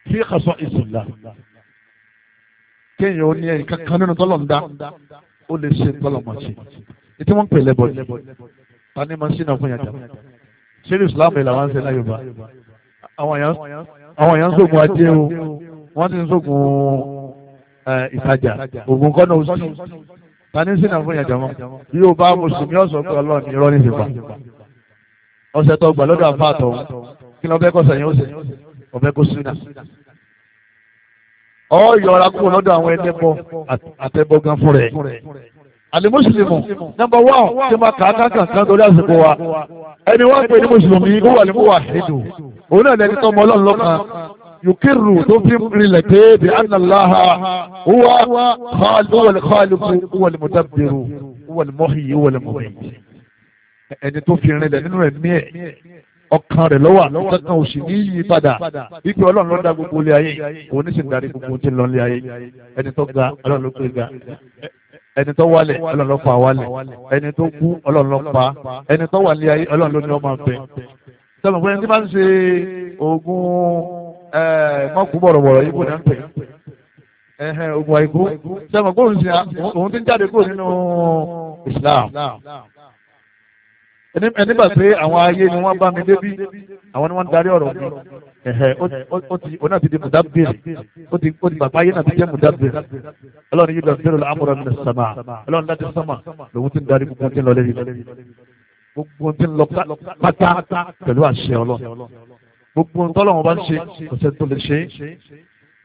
fi khasaisillah kéèyàn ó ní ẹ̀yìn kankan nínú tọ́lọ̀ ń dá ó lè ṣe tọ́lọ̀ mọ̀ sí i tí wọ́n ń pè lẹ́bọ̀ ni ta máa ń ṣínà fún yàtọ̀ ṣé ní ìsìlámù ìlànà ń ṣe láyò bá àwọn èèyàn ń sògùn ajé o wọ́n ti ń sògùn ìtajà ògùn kọ́nà oṣù tani sínà fún ìyàjọ́ mọ́ bí o bá mùsùlùmí ọ̀sán pé ọlọ́run ní irọ́ níṣẹ́ pa ọ̀sẹ̀ tó gbà lọ́dọ̀ àfa àtọ̀ kí ni ọbẹ̀ kọ́ sẹ̀yìn ọ̀sẹ̀ ọbẹ̀ kó sínà ọ yọra kúrò lọ́dọ̀ àwọn ẹlẹ́bọ àtẹbọ gan fún rẹ̀ alimusulimu nọmba wọn tí ma kàákàá kankan lórí àsìkò wa ẹni wọn pè ní mùsùlùmí ó wà ní mú wà hídù òun náà lẹni tọmọ ọlọ́run lọ́kàn yukiru tó fi ń rinlẹ̀ pé bí anàláha huwa khaliqu huwa al-mudabbiru huwa al-muhyi huwa al-mumiit ẹni tó fi rinlẹ̀ nínú ẹ̀mí ẹ̀ ọkàn rẹ̀ lọ́wọ́ àtúntàn òsì ní yí padà wípé ọlọ́run ló dá gbogbo ilé ayé òun ní sì ń darí gbogbo tí lọ ilé ayé ẹni tó ga ọlọ́run ló gbé ga ẹni tó wálẹ̀ ọlọ́run ló fa wálẹ̀ ẹni tó kú ọlọ́run ló pa ẹni tó wà ní ayé ọlọ́run ló ní ọmọ bẹ sọmọ pé ní bá ń ṣe oògùn mọ́kù bọ̀rọ̀bọ̀rọ̀ yìí kò ní ń pè oògùn àìkú sọmọ pé òun ti ń jáde kúrò nínú Islam ẹni pé àwọn ayé ni wọ́n bá mi débi àwọn ni wọ́n ń darí ọ̀rọ̀ mi òun náà ti di mùdábìrì ó ti bàbá ayé náà ti jẹ́ mùdábìrì ọlọ́run yìí lọ sí ìrọ̀lẹ́ amúra ní sàmà ọlọ́run láti sàmà lòun ti ń darí gbogbo ti ń lọ lẹ́yìn gbogbo tí ń lọ pátá pẹ̀lú àṣẹ ọlọ́run gbogbo tọ́lọ́run bá ń ṣe kò sẹ́ tó lè ṣe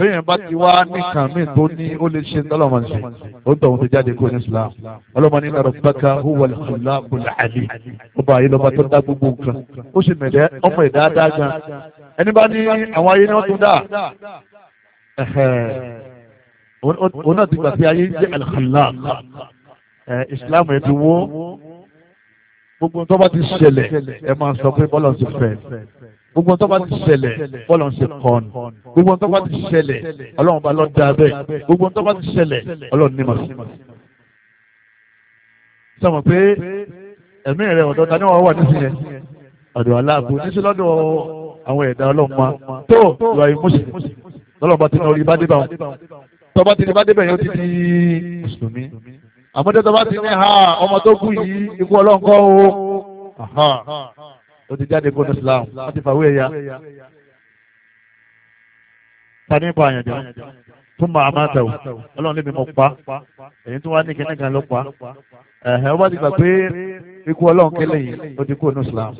é bẹ́ẹ̀ bá ti wá nìkan míì tó ní ó lè ṣe tọ́lọ́run ń ṣe ó ń tọ̀hún ti jáde kó ní Islam ọlọ́mọ ní rabbaka huwal khallaqul alim ọba ayé lọ́ba tó dá gbogbo nǹkan ó sì mẹ̀lẹ́ ọmọ ẹ̀dá dá gan ẹni bá ní àwọn ayé ni wọ́n tún dá òun náà ti gbà pé ayé jẹ́ al-khallaq Islam ẹ̀ ti wó gbogbo tó bá ti ṣẹlẹ̀ ẹ máa sọ pé bọ́lọ̀ ti fẹ́ gbogbo tó bá ti ṣẹlẹ̀ bọ́lọ̀ ti kọ́ni gbogbo tó bá ti ṣẹlẹ̀ ọlọ́run bá lọ da bẹ́ẹ̀ gbogbo tó bá ti ṣẹlẹ̀ ọlọ́run ní màsí. sọmọ pé ẹ̀mí rẹ̀ ọ̀dọ́ ta ni wọ́n wà nísìnyẹn ọ̀dọ̀ aláàbò níṣẹ́ lọ́dọ̀ àwọn ẹ̀dá ọlọ́run ma tó ìwà ìmúṣẹ lọ́lọ́ba ti ní orí bá débà wọn tọ́ba ti ní bá débà yẹn ó àmọ́jọ́ tó bá ti ní ha ọmọ tó kú yìí ikú ọlọ́nkọ́ o ó ti jáde kónú Islam wọ́n ti fàwé ẹ̀yà ta ní ipa tún máa máa ọlọ́run lébi mo pa èyí tún wá ní kíní kan ló pa ẹ̀hẹ́ ó bá ti gbà pé ikú ọlọ́run kélé ó ti kónú Islam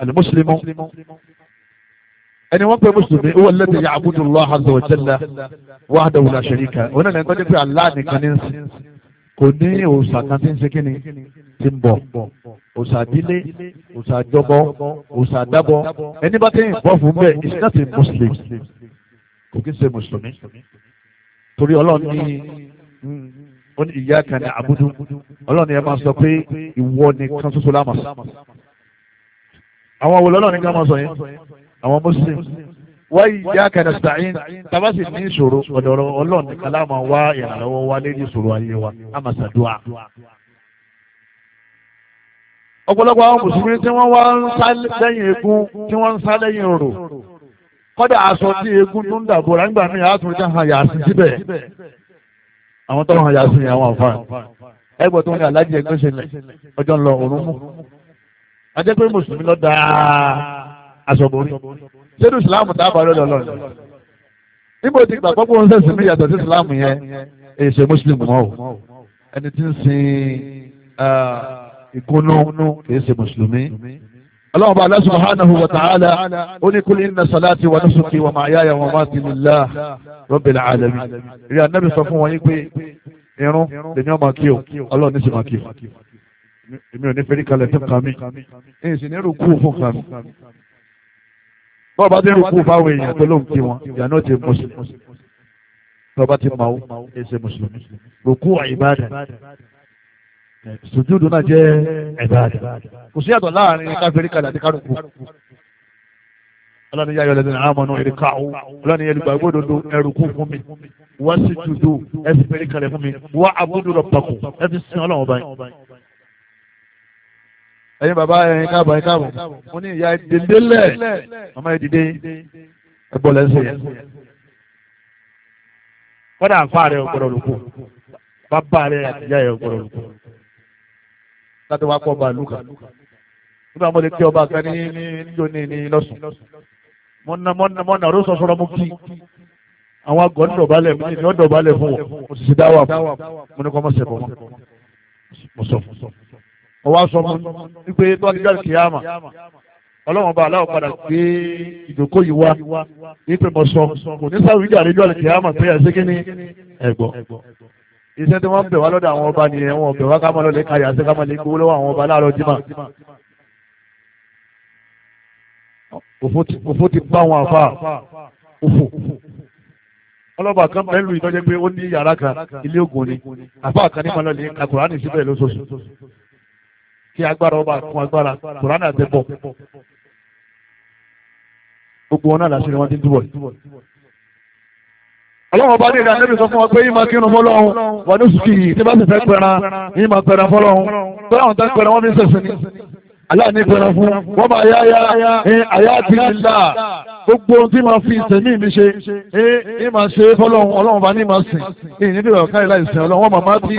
alimuslimu ẹni wọ́n pè mùsùlùmí owó lẹ́tẹ̀ yà àbúdù Allah azza wa jalla wahdahu la sharika òun náà nìkan pé Allah nìkan ní sí kò ní òòsà kan tí ń ṣe kíni ti ń bọ̀ òòsà dílé òòsà jọbọ òòsà dábọ ẹni bá ti ń bọ̀ fún bẹ́ẹ̀ is not a muslim kò kí ń ṣe mùsùlùmí torí ọlọ́run ní ó ìyá kan ní àbúdú ọlọ́run ní máa sọ pé ìwọ nìkan ṣoṣo lámàsà àwọn wo lọ́lọ́run ní ká máa sọ yẹn àwọn muslim wáyé ìyá kanasta'in tàbá sì ní ìṣòro ọ̀dọ̀rọ̀ ọlọ́run nìkan láàmà wá ìrànlọ́wọ́ wá lérí ìṣòro ayé wa àmàṣàdúà ọ̀pọ̀lọpọ̀ àwọn mùsùlùmí tí wọ́n wá ń sá lẹ́yìn egun tí wọ́n ń sá lẹ́yìn orò kọ́dà aṣọ tí egun tó ń dàbò rà nígbà míì àtúntò tí hàn yàásí síbẹ̀ àwọn tó hàn yàásí àwọn àǹfààní ẹgbẹ́ tó ń ní alájẹ ẹgbẹ́ ṣẹlẹ̀ ọjọ́ ń lọ òun mú ajẹ́ pé mùsùlùmí lọ́ọ́ dáa aṣọ́borí ṣédú ìsìláàmù dábàá lọ́dọ̀ lọ́rùn níbo ti gbàgbọ́ pé wọ́n sẹ̀sìn mí yàtọ̀ sí ìsìláàmù yẹn èyí ṣe mùsùlùmí mọ́ o ẹni tí ń sin ìkúnnú kìí ṣe mùsùlùmí ọlọ́run bá lọ́sùn subhanahu wa ta'ala ó ní kúlí inna salati wa nusuki wa ma'yaya wa mamati lillah rabbil alamin rí anábì sọ fún wọn yí pé irun lèmi ọmọ kí o ọlọ́run ní sì máa kí o èmi ò ní fẹ́rí kalẹ̀ fún kàmí èyí sì ní rúkú fún kàmí bọ́ọ̀ bá ti ń kú fáwọn èèyàn tó ló ń kí wọn ìyá náà ti mùsùlùmí bọ́ọ̀ bá ti mọ̀ ọ́ ẹsẹ̀ mùsùlùmí rùkú ìbádà sùjúdù náà jẹ́ ìbádà kò sí yàtọ̀ láàrin káfírí kalẹ̀ àti kárùkù ọlọ́ni yá yọlẹ̀ nínú àmọ́nù ìrìkà ó ọlọ́ni yẹlùgbà gbódòdó ẹrùkú fún mi wá sí jùdó ẹ fi fẹ́rí kalẹ̀ fún mi wá abúdúrọ̀ pàkó ẹ ẹ̀yin bàbá ẹ̀yin káàbọ̀ ẹ̀yin káàbọ̀ mo ní ìyá ìdílé lẹ̀ màmá ìdílé ẹ̀gbọ́n lẹ́sẹ̀ yẹn. kọ́dà àǹfà rẹ̀ ọ̀pọ̀lọ̀ lóko bàbá rẹ̀ àtìyá rẹ̀ ọ̀pọ̀lọ̀ lóko láti wá kọ́ ọba lùkà nígbà mo lè kí ọba kan ní níjó ní ní lọ́sùn mọ́nà mọ́nà mọ́nà ọ̀rọ̀ sọ̀sọ̀rọ̀ mú kí àwọn àgọ́ ńdọ̀bálẹ̀ mú ní ọ̀dọ̀bálẹ̀ fún wọn mo sì dáwà fún mo ní kọ́ mọ́ sẹ̀kọ́ mọ́ sọ fún sọ fún ọwọ́ aṣọ mu wípé tó wájú jáde kìyàmà ọlọ́run bá aláwọ̀ padà gbé ìdókò yìí wá wípé mo sọ kò ní sáré ìjà àlejò àlè kìyàmà pé ẹ̀ ṣégi ní ẹ̀gbọ́ iṣẹ́ tí wọ́n ń bẹ̀ wá lọ́dọ̀ àwọn ọba nìyẹn wọn bẹ̀ wá ká máa lọ lè káyà sí ká máa lè gbowó lọ́wọ́ àwọn ọba láàárọ̀ jimá òfò ti bá wọn àfa òfò ọlọ́ba kan pẹ̀lú ìtọ́jẹ́ pé ó ní yàrá kan ilé ògùn ni àfa kan ní máa lọ lè ka síbẹ̀ lóṣooṣù kí agbára ọba kún agbára kùránà àtẹ́bọ̀ gbogbo wọn náà làṣírí wọn ti dúbọ̀ ọlọ́wọ́ bá nílẹ̀ anábì sọ fún wa pé yíma kírun fọ́lọ́hun wà ní oṣù kìí tí bá sì fẹ́ pẹran yíma pẹran fọ́lọ́hun tó láwọn tán pẹran wọ́n fi ń sẹ̀sìn ni aláàní gbẹ̀rẹ̀ fún wọ́n bá yá yá àyá àti ìlà gbogbo tí máa fi ìsẹ̀mí mi ṣe ní máa ṣe fọ́lọ́run ọlọ́run bá ní máa sìn ní níbi ìwà káyọ̀ láì sìn ọlọ́run wọ́n màmá tí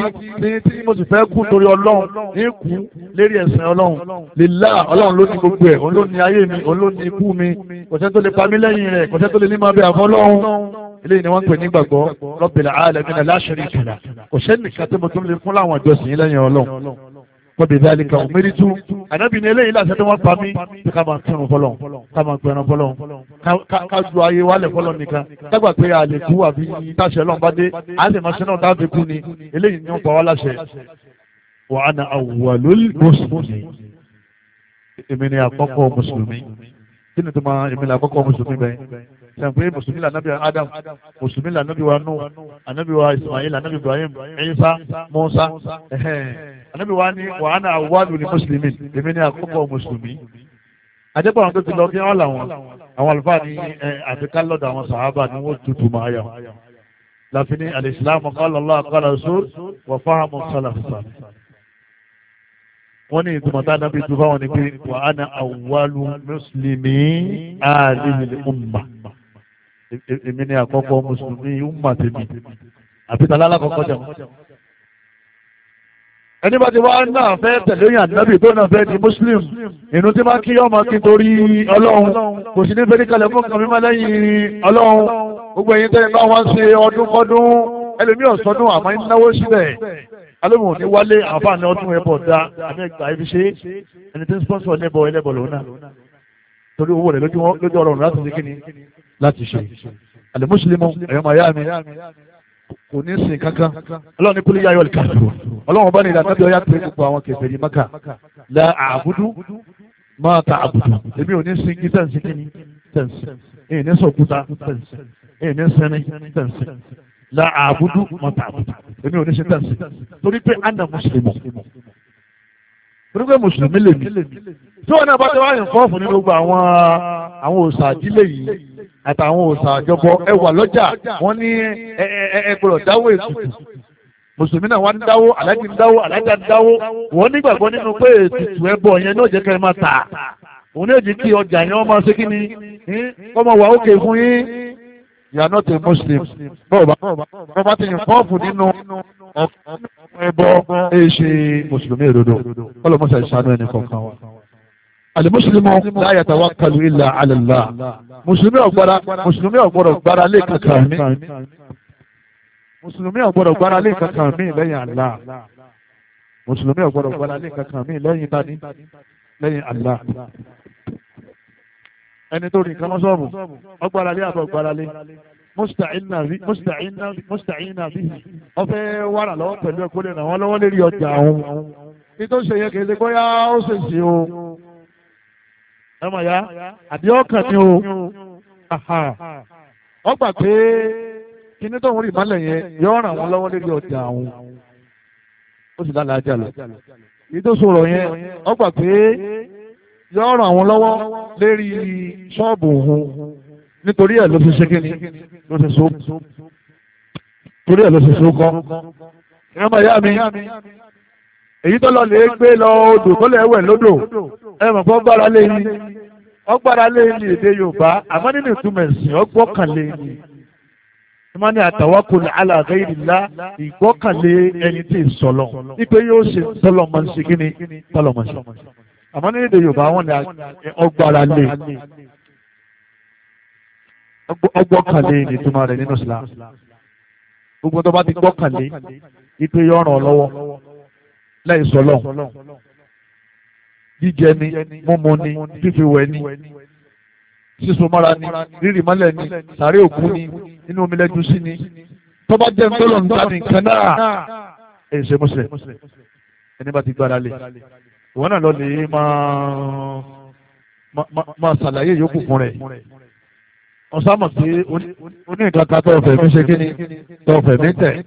tí mo sì fẹ́ kú torí ọlọ́run ní kú lérí ẹ̀sìn ọlọ́run lílà ọlọ́run ló ní gbogbo ẹ̀ òun ló ní ayé mi òun ló ní ikú mi kọ̀ṣẹ́ tó lè pa mí lẹ́yìn rẹ̀ kọ̀ṣẹ́ tó lè ní máa bẹ àfọ́lọ́run ni wọ́n pè ní gbàgbọ́ Rabbil alamin la sharika lahu kò sẹ́nìkan tí mo tún lè fún láwọn àjọsìn lẹ́yìn ọlọ́run wọ́n bẹ̀ dáálí kan mẹ́rìtú ànábì ní eléyìí láti ẹ̀dọ́ wọn pa mí tí ká máa kírun fọlọ́ ká máa gbẹran fọlọ́ ká ju ayé wálẹ̀ fọlọ́ nìkan dágbà pé a lè kú àbí táṣẹ lọ́n bá dé a lè máa ṣe náà dáàbò kú ni sàǹpé mùsùlùmí là nàbí adam mùsùlùmí là nàbí wa nuh ànàbí wa ismail ànàbí ibrahim isa musa ànàbí wa ni wà á náà wà lórí mùsùlùmí èmi ni àkọ́kọ́ mùsùlùmí. àjẹpọ̀ àwọn tó ti lọ kí wọ́n làwọn àwọn àlùfáà ní àfikà lọ́dọ̀ àwọn sàhábà ni wọ́n tutù máa yà wọ́n. láfi ní alìsílámù qala Allah qala rasul wà fáhàmù sálàfà wọ́n ní ìtumọ̀ tá nábì fáwọn ní pé wà á na àwálù mùsùlùmí àlè èmi ni àkọ́kọ́ mùsùlùmí umma tèmi àbíta lálàkọ́kọ́ jẹun ẹni bá ti wá náà fẹ́ tẹ̀lé yàn nábì tó náà fẹ́ di muslim inú tí máa kí ọmọ kí torí ọlọ́run kò sí ní fẹ́rí kalẹ̀ fún kàmí máa lẹ́yìn ọlọ́run gbogbo ẹ̀yin tẹ́lẹ̀ bá wọ́n ṣe ọdún kọ́dún ẹlòmíì ọ̀sọ́dún àmọ́ ń náwó síbẹ̀ alóhùn ní wálé àǹfààní ọdún ẹbọ dá àmì ẹgbà ibi ṣe ẹni tí ń sponsor ẹlẹ́bọ ẹlẹ́bọ lòun náà torí owó rẹ̀ lójú ọrọ̀ láti ṣe kíni láti ṣe àlẹ́mùsùlùmù ẹ̀yọ́mọ̀ ayá mi kò ní sin kankan ọlọ́run ní kúlẹ̀ yáyọ̀ ìkàdùrù ọlọ́run bá ní ìlànà bí ọyá pé gbogbo àwọn kẹfẹ́ ní maka la àbúdú máa ta àbùdù èmi ò ní sin kí tẹ̀sí kí ni tẹ̀sí èyí ní sọ̀kúta tẹ̀sí èyí ní sẹ́ni tẹ̀sí la àbúdú máa ta àbùdù èmi ò ní sin tẹ̀sí torí pé ana mùsùlùmù torí pé mùsùlùmí lèmi tí wọn náà bá tẹ wáyé nǹkan ọ̀fun nínú gbogbo àwọn àwọn òòṣà àdílé yìí àtàwọn òòsàn àjọbọ ẹ wà lọ́jà wọ́n ní ẹgbọ̀rọ̀ dáwọ́ ètùtù mùsùlùmí náà wá ń dáwó aláàjì ń dáwó aláàjà ń dáwó wọ́n nígbàgbọ́ nínú pé ètùtù ẹbọ yẹn ní òjẹ́ kẹrin máa tà òun ní èjì kí ọjà yẹn máa ṣe kí ni ọmọ wa ókè fún yín you are not a muslim bọ́ọ̀ bá ti yàn fọ́ọ̀fù nínú ọkọ̀ ẹbọ ẹ ṣe mùsùlùmí òdodo ọlọ́mọṣà ìṣàánú ẹnì kọ̀ọ̀kan wa alimusulimu la yatawakkalu illa ala Allah musulumi ọgbara musulumi ọgbọdọ gbára lé kankan mi musulumi ọgbọdọ gbára lé kankan mi lẹ́yìn Allah musulumi ọgbọdọ gbára lé kankan mi lẹ́yìn tani lẹ́yìn Allah ẹni tó rí nǹkan mọ́sọ́ọ̀mù ọgbára lé àbọ̀ gbára lé musta'ina bihi ọfẹ́ wàrà lọ́wọ́ pẹ̀lú ẹ̀kọ́ lè ràn wọ́n lọ́wọ́ lérí ọjà òun ní tó ṣe yẹ kì í ṣe bóyá ó ṣèṣì o ẹmọ ya àbí ọkàn ni o ọ gbà pé kíní tó ń rí ìmọ̀lẹ̀ yẹn yóò ràn wọ́n lọ́wọ́ lórí ọjà àwọn ó sì lálẹ́ ajá lọ èyí tó sọ̀rọ̀ yẹn ọ gbà pé yóò ràn wọ́n lọ́wọ́ lórí ṣọ́ọ̀bù òun nítorí ẹ̀ ló fi ṣe kíni ló ti so torí ẹ̀ ló ti so kọ́ ẹ̀rọ màá mi èyí tó lọ lè gbé lọ odò tó lè wẹ̀ lódò ẹ mọ̀ fọ́ gbára lé yín ọgbára lé yín èdè Yorùbá àmọ́ nínú ìtumọ̀ ẹ̀sìn ọgbọ́kànlé yín ìmọ̀ ní àtàwákùnrin aláàbẹ̀ ìrìlá ìgbọ́kànlé ẹni tí ì sọ̀lọ̀ wípé yóò ṣe tọ́lọ̀mọ̀sí kí ni tọ́lọ̀mọ̀sí àmọ́ nínú èdè Yorùbá wọn ni ọgbára lé ọgbọ́kànlé ni ìtumọ̀ rẹ̀ nínú Islam gbogbo tó bá ti gbọ́kànlé wípé yọ̀ràn láì sọlọ́n jíjẹ ni mímu ni fífiwẹ̀ ni sísun mọ́ra ni rírì mọ́lẹ̀ ni sàárè òkú ni inú omi lẹ́jú sí ni tọ́ba jẹ́ ńtọ́lọ̀ ń tani kan náà ẹ̀ ṣe mọ́sẹ̀ ẹni bá ti gbára lé ìwọ náà lọ lè máa ṣàlàyé yòókù fún rẹ̀ ọ̀sán mọ̀ sí oní ìkàkà tó ọ̀fẹ́ mi ṣe kí ni tó ọ̀fẹ́ mi tẹ̀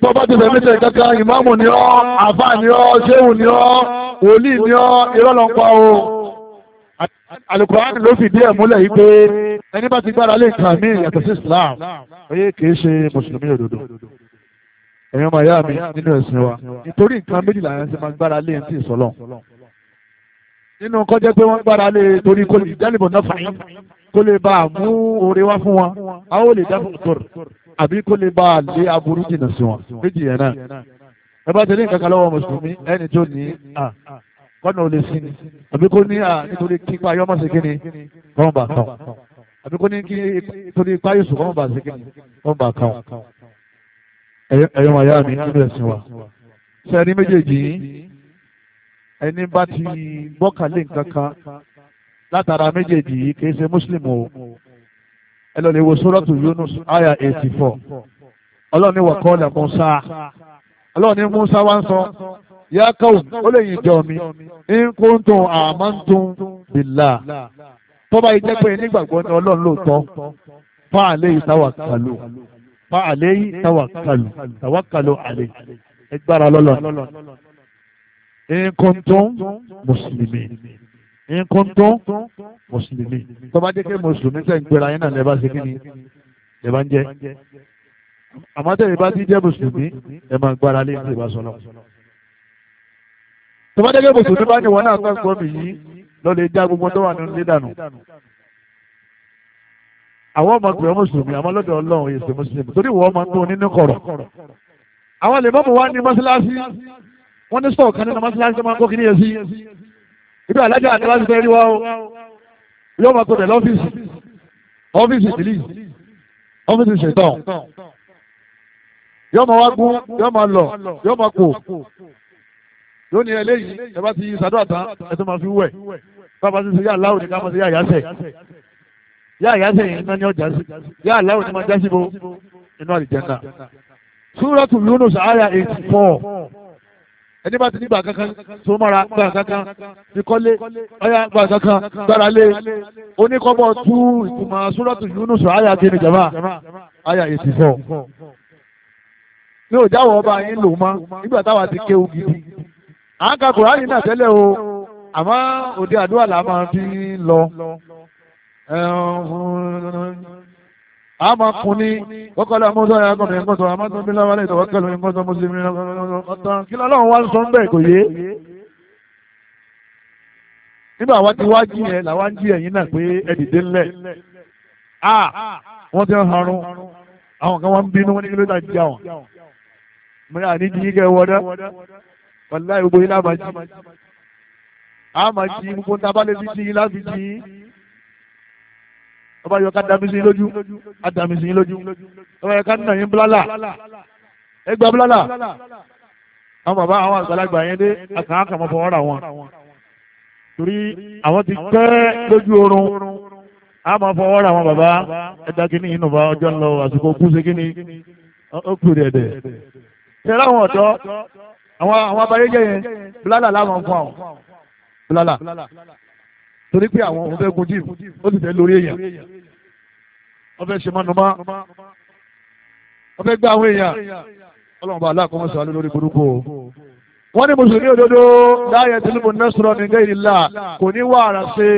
tó bá ti fẹ̀mí tẹ̀ kankan ìmáàmù ni ọ́ àfà ni ọ́ ṣéhù ni ọ́ wòlíì ni ọ́ irọ́ ló ń pa o alukuraani ló fìdí ẹ̀ múlẹ̀ yìí pé ẹni bá ti gbára lé nǹkan mí yàtọ̀ sí Islam oyè kìí ṣe mùsùlùmí òdodo ẹ̀yin ọmọ ìyá mi nínú ẹ̀sìn wa nítorí nǹkan méjì làwọn ti máa gbára lé ẹ̀ǹtì ìsọ̀lọ̀ nínú kọjá pé wọ́n gbára lé torí kó lè jálìbọ̀ náà fàáyín kó lè bá a oore wá fún wọn a ó lè dá fún tòrò àbí kó lè bá a lé aburú jìnnà sí wọn méjì yẹn náà ẹ bá tẹ̀lé nǹkan kan lọ́wọ́ mùsùlùmí ẹni tó ní à kọ́nà ò lè sí ni àbí kó ní à nítorí kípa ayọ́mọ̀ sí kí ni kọ́n bà kàn àbí kó ní kí torí páyọ̀sù kọ́n bà sí kí ni kọ́n bà kàn ẹ̀yọ́ màá mi nínú ẹ̀sìn wa sẹ́ni méjèèjì yìí ẹni bá ti gbọ́kànlé nǹkan kan látara méjèèjì yìí kì í ṣe mùsùlùmí o ẹ lọ lè wo sórọ́tù Yunus aya eighty four ni ní wọ̀kọ́ lẹ́kùn sáà ọlọ́run ní Musa wá ń sọ yá káwọn ó lè yin jọ mi ń kó ń tún yìí jẹ́ pé nígbàgbọ́ ni ọlọ́run lóòótọ́ fa àléyìí tawakkalu fa àléyìí tawakkalu tawakkalu àlè ẹgbára lọ́lọ́run ń kó ń tún mùsùlùmí in kuntum muslimin tó bá jẹ́ pé mùsùlùmí tẹ̀ ń pera yín náà lẹ́bàá ṣe kí ni lẹ́bàá ń jẹ́ àmọ́ tẹ̀lé bá ti jẹ́ mùsùlùmí ẹ máa gbára lé ní ìbásọ́lọ́ tó bá jẹ́ pé mùsùlùmí bá ní wọn náà tó ń gbọ́ mi yìí lọ lè já gbogbo tó wà nínú ilé dànù àwọn ọmọ pẹ̀lú mùsùlùmí àwọn lọ́dọ̀ ọlọ́run èsì mùsùlùmí torí wọ́n máa ń tó nínú kọ̀rọ̀ àwọn lè ibi alájà àti láti fẹ́ rí wá o yóò máa tọ̀dẹ̀ lọ́fíìsì ọ́fíìsì ìdílé ọ́fíìsì ṣètàn yóò máa wá gún yóò máa lọ yóò máa kò yóò ní eléyìí ẹ bá ti ṣàdúrà tán ẹ tó máa fi wẹ̀ bàbá ti ṣe yá aláwọ̀ ní ká máa ṣe yá àyáṣẹ́ yá àyáṣẹ́ yìí iná ní ọjà sí yá aláwọ̀ ní máa já síbo inú àlìjẹ́ náà. Súrọ̀tù Yunus àyà eighty four ẹni bá ti ní gbà kankan tó mọ́ra gbà kankan ìkọ́lé ọ̀yà gbà kankan gbára lé oníkọ́bọ̀ tú ìtumọ̀ sórọ́tù Yunus àyà kí ni jàmbá àyà èsì fọ́ mi ò jáwọ́ ọba yín lò mọ́ nígbà táwa ti kéwu gidi à ń ka Kùránì náà tẹ́lẹ̀ o àmọ́ òde àdúrà là máa fi lọ àmà kùnì kọ́kọ́lá mọ́tò ayákọ̀ọ́ ní mọ́tò àmọ́tò bí láwálẹ̀ ìtọ́wọ́kẹ́ lórí mọ́tò mùsùlùmí ọ̀tàn kí lọ́lọ́run wá ń sọ bẹ́ẹ̀ kò yé. nígbà wá ti wá jí yẹn làwa ń jí ẹ̀yìn náà pé ẹ dìde ńlẹ̀ a wọ́n ti ń harun àwọn kan wá ń bínú wọn ní kí ló dà jí àwọn. mo ní àníjí yí kẹ́ wọ́dá wàlúwàá ìgbóyin láàmà jí àmà jí gbogbo ń tabalẹ̀ fi jí yín láfi jí yín ọba yọ ká dami sí lójú ká dami sí lójú ọba yọ ká nà yín búlálà ẹ gba búlálà àwọn bàbá àwọn àgbàlagbà yẹn dé àkàn àkàn mọ́ fọwọ́ra wọn torí àwọn ti pẹ́ lójú oorun a máa fọwọ́ra àwọn bàbá ẹ̀dá kìíní yìí nù bá ọjọ́ ńlọ àsìkò kú sí kìíní ó kù dẹ̀dẹ̀ tẹ̀lé àwọn ọ̀dọ́ àwọn abayéjẹ yẹn búlálà láwọn fún àwọn búlálà torí pé àwọn òun fẹ́ gun jíìmù ó sì fẹ́ lórí èèyàn wọ́n fẹ́ ṣe mọ́nùmá wọ́n fẹ́ gbá àwọn èèyàn ọlọ́run bá aláàkọ́ mọ́sàn án lórí burúkú o. wọ́n ní mùsùlùmí òdodo láàyè tìlúbù nẹ́sùrọ̀ ní gẹ́yìn ìlà kò ní wà ara ṣe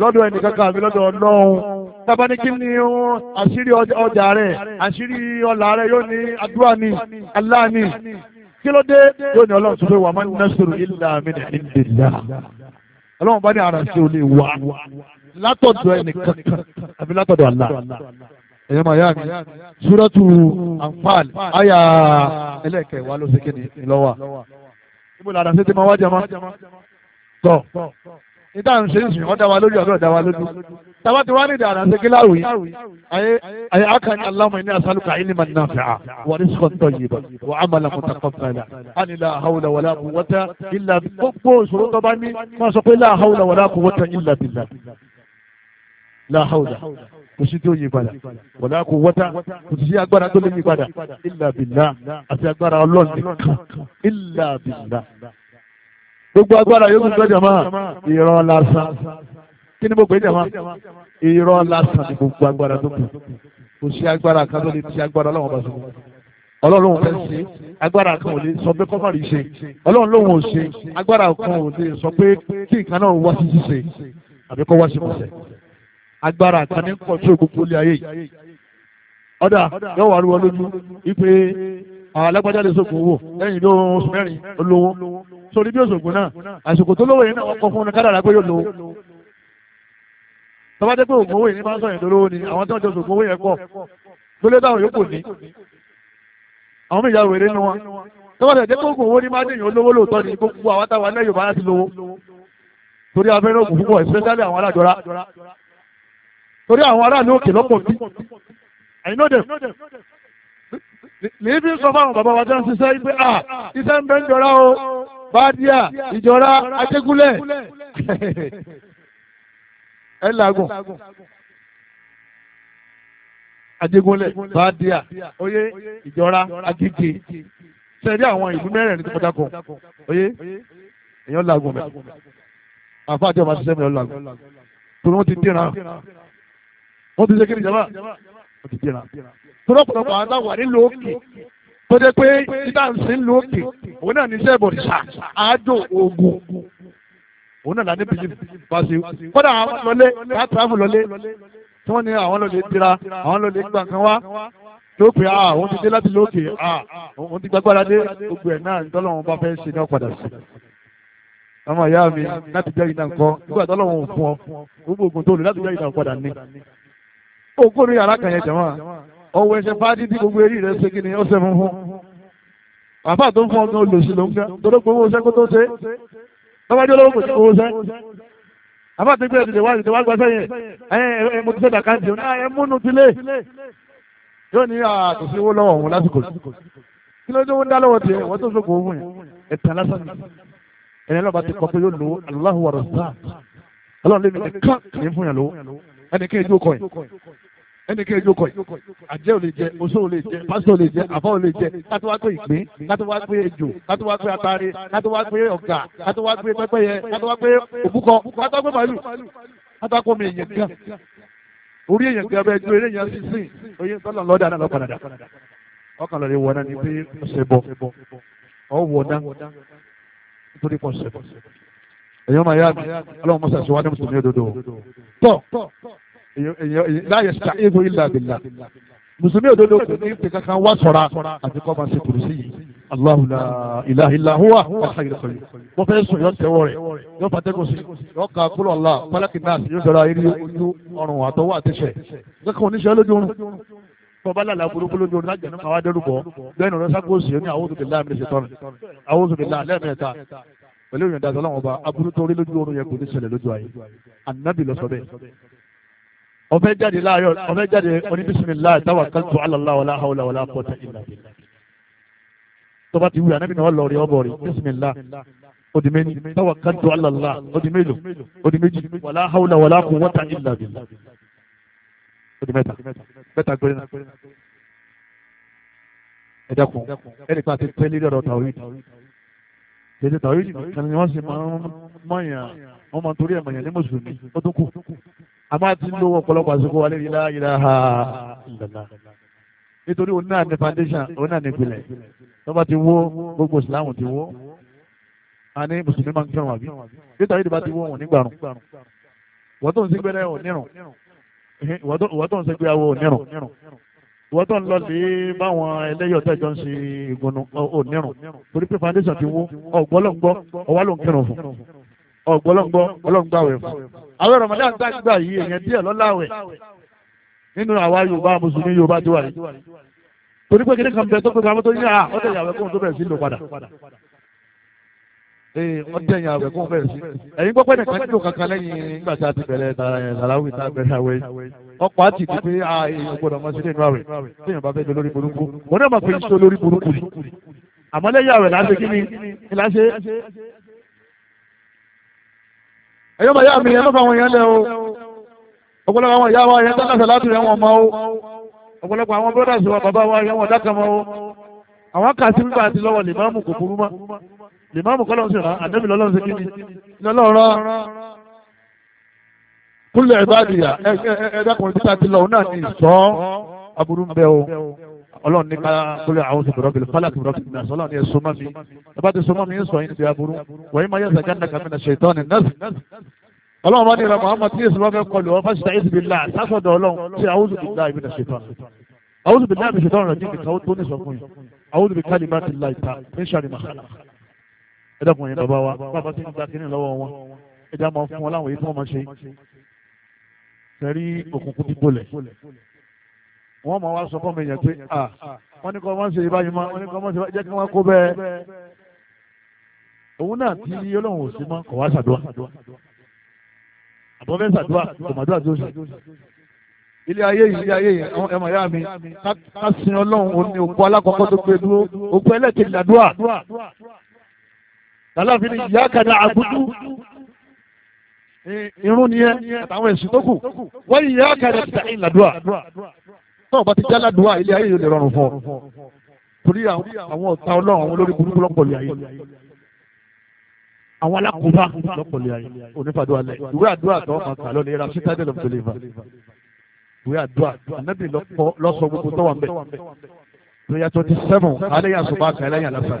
lọ́dọ̀ ẹnìkankan àbí lọ́dọ̀ ọlọ́run tábà ní kí ni àṣírí ọjà rẹ̀ àṣírí ọlà rẹ̀ yóò ní àdúrà ní aláàní kí ló dé yóò ní ọlọ́run tó fẹ́ wà má nẹ́sùrù ìlà ọlọ́run bá ní ara sí olè wá látọ̀dọ̀ ẹnìkan àbí látọ̀dọ̀ àlá ẹ̀yọ́ máa yá mi súrọ́tù Anfal àyà ẹlẹ́kẹ̀wá ló ṣe kéde ìlọ́wà. ibo làdà sí ti máa wá jẹ mọ́. tọ́ ìdá ń ṣe ń sìn wọ́n dá wa lójú àbúrò dá wa lójú tàbá ti wá ní ìdára ṣe kíláwì ayé akani aláwọ̀ ní asálùkà ilman nafi'a wa rizqan tayyiba wa amalan mutaqabbala ani la hawla wala quwwata illa gbogbo ìṣòro tó bá ní wọ́n sọ pé la hawla wala quwwata illa billah la hawla kò sí tí ó yí padà wala quwwata kò sí agbára tó lè yí padà illa billah àti agbára ọlọ́ọ̀nì gbogbo agbára yóò gbogbo jama irọ́ lásán kí ni mo pè jama irọ́ lásán ni gbogbo agbára tó kù kò sí agbára kan tó lè ti agbára ọlọ́run bá sọ ọlọ́run fẹ́ ṣe agbára kan ò lè sọ pé kọ́kọ́ rí ṣe ọlọ́run lòun ò ṣe agbára kan ò lè sọ pé kí nǹkan náà wá sí ṣíṣe àbí kọ́ wá sí kọ́sẹ̀ agbára kan ní kọ́ńtò gbogbo ilé ayé yìí ọ̀dà yóò wá rú lójú wípé alágbájá lè sókun owó lẹ́yìn ló oṣù mẹ́rin olówó sórí bí òṣògùn náà àsìkò tó lówó yìí náà wọ́n kọ fún un kádàrá pé yóò lówó tọ́ba dé pé oògùn owó yìí ní bá ń sọ̀yìn lóró ni àwọn tí wọ́n jọ oògùn owó yẹn pọ̀ tó lé táwọn yòókù ní àwọn méjì àwòrán nínú wọn tọ́ba dẹ̀ dé pé oògùn owó ní máa dèyàn olówó lóòótọ́ ni gbogbo àwọn táwa lẹ́yìn bá láti lówó torí afẹ́rẹ́ oògùn púpọ̀ especially àwọn alájọra torí àwọn aráàlú òkè lọ́pọ̀ lèyí fi sọ fáwọn bàbá wa tó ń ṣiṣẹ́ pé à iṣẹ́ ń bẹ ń jọra o bàdíà ìjọra ajégúnlẹ̀ ẹ làágùn ajégúnlẹ̀ bàdíà oyè ìjọra agége sẹ́ẹ̀dí àwọn ìlú mẹ́rẹ̀ẹ̀rin tó kọjá kan oyè èèyàn làágùn mẹ́ àfa àti ọmọ àti sẹ́mi ọ̀ làágùn tó ní wọ́n ti dìran wọ́n ti ṣe kí ni jàmbá òdìdíra tọ́lọ́pọ̀lọpọ̀ àwọn táwọn nílò òkè tó jẹ́ pé títà ń sin lò òkè òun náà ní iṣẹ́ ìbọ̀rìṣà àádó ogun òun náà láti bìlì pàṣẹ kódà àwọn lọlé ká tààfù lọlé tí wọ́n ní àwọn lọlé dira àwọn lọlé gbà kan wá lópin a òun ti dé láti lókè a òun ti gbàgbára dé gbogbo ẹ̀ náà tọ́lọ́run bá fẹ́ ṣe náà padà sí ọmọ ìyá mi láti jẹ́ ìdá nǹkan nígbà tọ́lọ́run fún ọ gbogbo ògùn tó lè láti jẹ́ ìdá padà ní òkú ní yàrá kan yẹn jẹ̀mọ́ ọwọ́ ẹsẹ̀ fáájì tí gbogbo eré rẹ̀ ṣe kí ni ọ̀sẹ̀ funfun bàbá tó ń fún ọgbọ́n olùsí ló ń gbá tó ló pé owó sẹ́kó tó ṣe lọ́wọ́dé olówó kò sí owó sẹ́ bàbá tó gbé ẹ̀dùnjẹ wá ìdíwá sẹ́yìn ẹ̀ mo ti sẹ́dà káńtì ọ̀nà ah, ẹ̀ múnú tilé yóò ní àtòsí ah, owó lọ́wọ́ òun lásìkò kí ló dé ó ń dá lọ́wọ́ tiẹ̀ wọ́n tó ń sọ̀kò òun ẹ̀tàn lásán ẹ̀yìn lọ́ba ti kọ́ pé yóò lówó aláhùn fún yàn lówó ẹnì ẹnì kejì ó kọ̀ yìí àjẹ́ ò lè jẹ oṣó ò lè jẹ pásítọ̀ ò lè jẹ àfọ́ ò lè jẹ láti wá pé ìgbín láti wá pé ejò láti wá pé atare láti wá pé ọ̀gà láti wá pé pẹ́pẹ́yẹ láti wá pé òbúkọ láti wá pé màálù láti wá pé omi èèyàn gan orí èèyàn gan bẹ́ẹ̀ ju eré sí sí oyè tọ́lọ̀ lọ́dà náà lọ́kàn dà ọkàn lọ́dẹ̀ wọ náà ni pé ọ̀sẹ̀ bọ̀ ọ̀ wọ̀ náà nítorí pọ̀ láyé sita éèdò ilà bìlà mùsùlùmí òdodo kò ní fi kankan wá sọ̀ra àti kọ́ máa ṣe kùrùsí yìí Allahu la ilaha illa huwa ọ̀sán yìí sọ̀rọ̀ wọ́n fẹ́ sùn yọ tẹ́wọ́ rẹ̀ yọ pàtẹ́kọ̀ sí yọ ka kúlọ̀ la pálákì náà yóò jọra eré ojú ọrùn àtọwọ́ àtẹsẹ̀ kankan oníṣẹ́ lójú oorun tọba lala burúkú lójú oorun lájẹ̀ nípa wá dẹ́rù bọ̀ bẹ́ẹ̀ ni ọ̀rọ̀ sákòsì ní àwọn òdòdó láàmì ṣe tọ́nu àwọn òdòdó láàmì ẹ̀ta pẹ̀lú ìyọ̀ǹda àtọ́láwọn ọba aburú tó rí lójú oorun yẹ kò ní ṣẹlẹ̀ lójú ayé ànábì lọ ọfẹ́ jáde láàárọ̀ ọfẹ́ jáde oníbísímìlá tawakkaltu ala Allah wala hawla wala quwwata illa billah tọba ti wúyà anábìnrin ọlọrin ọbọ rẹ bísímìlá odi méjì tawakkaltu ala Allah odi mélòó odi méjì wala hawla wala quwwata illa billah odi mẹ́ta mẹ́ta gbẹrẹ náà ẹ dákun ẹnì kan ti pẹ́ lórí ọ̀rọ̀ tàwí tètè tàwí nìkan ni wọ́n sì máa ń mọ̀yàn wọ́n máa ń torí ẹ̀mọ̀yàn ní mùsùlùmí ó tún kù a máa ti lo ọ̀pọ̀lọpọ̀ àsìkò wa lẹ́yìn ilá ilá ha ìlànà nítorí òun náà ní foundation òun náà ní ìpìlẹ̀ tó bá ti wó gbogbo ìsìláàmù ti wó a ní mùsùlùmí máa ń kírun àbí nítorí ìdìbò ti wó òun nígbàrún wọ́n tó ń sígbẹ́rẹ́ òun nírun wọ́n tó ń sígbéyàwó òun nírun wọ́n tó ń lọ sí báwọn ẹlẹ́yọ̀ tẹ́jọ́ ń ṣe ìgbónú òun nírun torí pé foundation ti wó ọ̀gbọ́lọ́gbọ́ ọwá ló ń kírun fún ọ̀gbọ́lọ́gbọ́ ọlọ́gbàwẹ̀ fún. àwọn Ramadan tá gbà yìí èèyàn díẹ̀ lọ́láwẹ̀ nínú àwa Yorùbá mùsùlùmí Yorùbá ti wà yìí. torí pé kíní bẹ tó pé tó ní à ọ̀tẹ̀ ìyàwó ẹ̀kọ́ tó bẹ̀rẹ̀ sí lò padà. ee ọ̀tẹ̀ ìyàwó ẹ̀kọ́ bẹ̀rẹ̀ sí. ẹ̀yin gbọ́ pẹ́ẹ́nì kan nílò kankan lẹ́yìn nígbà tí a ti bẹ̀rẹ̀ sàláwì eh, tá a bẹ̀rẹ̀ àwẹ̀ ọkọ̀ àti ti pé a ah, èèyàn gbọ́dọ̀ mọ́ sílẹ̀ nínú àwẹ̀ tí èèyàn bá fẹ́ lórí burúkú òun náà máa pè é sí burúkú ni àmọ́ lẹ́yìn àwẹ̀ láṣẹ kí ni láṣẹ ẹ̀yọ́ bàyá mi ẹ̀ lọ́fà àwọn èèyàn lẹ́ o ọ̀pọ̀lọpọ̀ àwọn ìyá wa yẹn dákàtà láti rẹ̀ wọn mọ́ o ọ̀pọ̀lọpọ̀ àwọn brothers wa bàbá wa yẹn wọn dákà mọ́ o àwọn kà sí bíbá àti lọ́wọ́ lèmáàmù kò burú mọ́ lèmáàmù kọ́ lọ́sìn rà àdébì lọ́lọ́run sí kíni lọ́lọ́rọ́ kúlẹ̀ ìbádìyà ẹ̀ẹ́dẹ́kùnrin títà ti lọ òun náà ọlọ́run ní ká kólé àwọn ti bọ̀rọ̀ bìlì fálàkì bọ̀rọ̀ bìlì náà sọlọ́run yẹ súnmọ́ mi ẹ bá ti súnmọ́ mi ń sọ yín ti aburú wọ́n yín máa yẹ sàkà nàkà mi nà ṣètọ́ ni nọ́ọ̀sì ọlọ́run bá ní ìlànà Muhammad tí èsì bá fẹ́ kọlù ọ fásitì àìsí bìlá sásọ̀dọ̀ ọlọ́run tí àwùjọ bìlá ìbí nà ṣètọ́ àwùjọ bìlá ìbí ṣètọ́ ọ̀rọ̀ jíjìn kan tó ní sọ wọ́n máa wá sọ fún mi yẹn pé à wọ́n ní kọ́ wọ́n ṣe ìbáyìí mọ́ wọ́n ní kọ́ wọ́n ṣe jẹ́ kí wọ́n kó bẹ́ẹ̀. òun náà tí ọlọ́run ò sí mọ́ kọ̀ wá ṣàdúrà àbọ̀ fẹ́ ṣàdúrà kò màdúrà tó ṣe. ilé ayé yìí ilé ayé yìí ẹ mọ̀ yá mi ká sin ọlọ́run òní òkú alákọ̀ọ́kọ́ tó gbé dúró òkú ẹlẹ́kejì làdúrà. làlàfin ìyá tọ́wọ́ bá ti já ládùúgbò ilé ayé yóò lè rọrùn fún ọ torí àwọn ọ̀tá ọlọ́run àwọn olórí burúkú lọ́pọ̀lẹ̀ ayé àwọn alákòóbá lọ́pọ̀lẹ̀ ayé onífàdúrà lẹ̀ ìwé àdúrà tó ọmọ kà lọ́nà ìra citadel of deliver ìwé àdúrà ànábì lọ́sọ gbogbo tó wà mbẹ́ prayer twenty seven alẹ́ yà sọ̀bà kan ẹlẹ́yìn àlàfà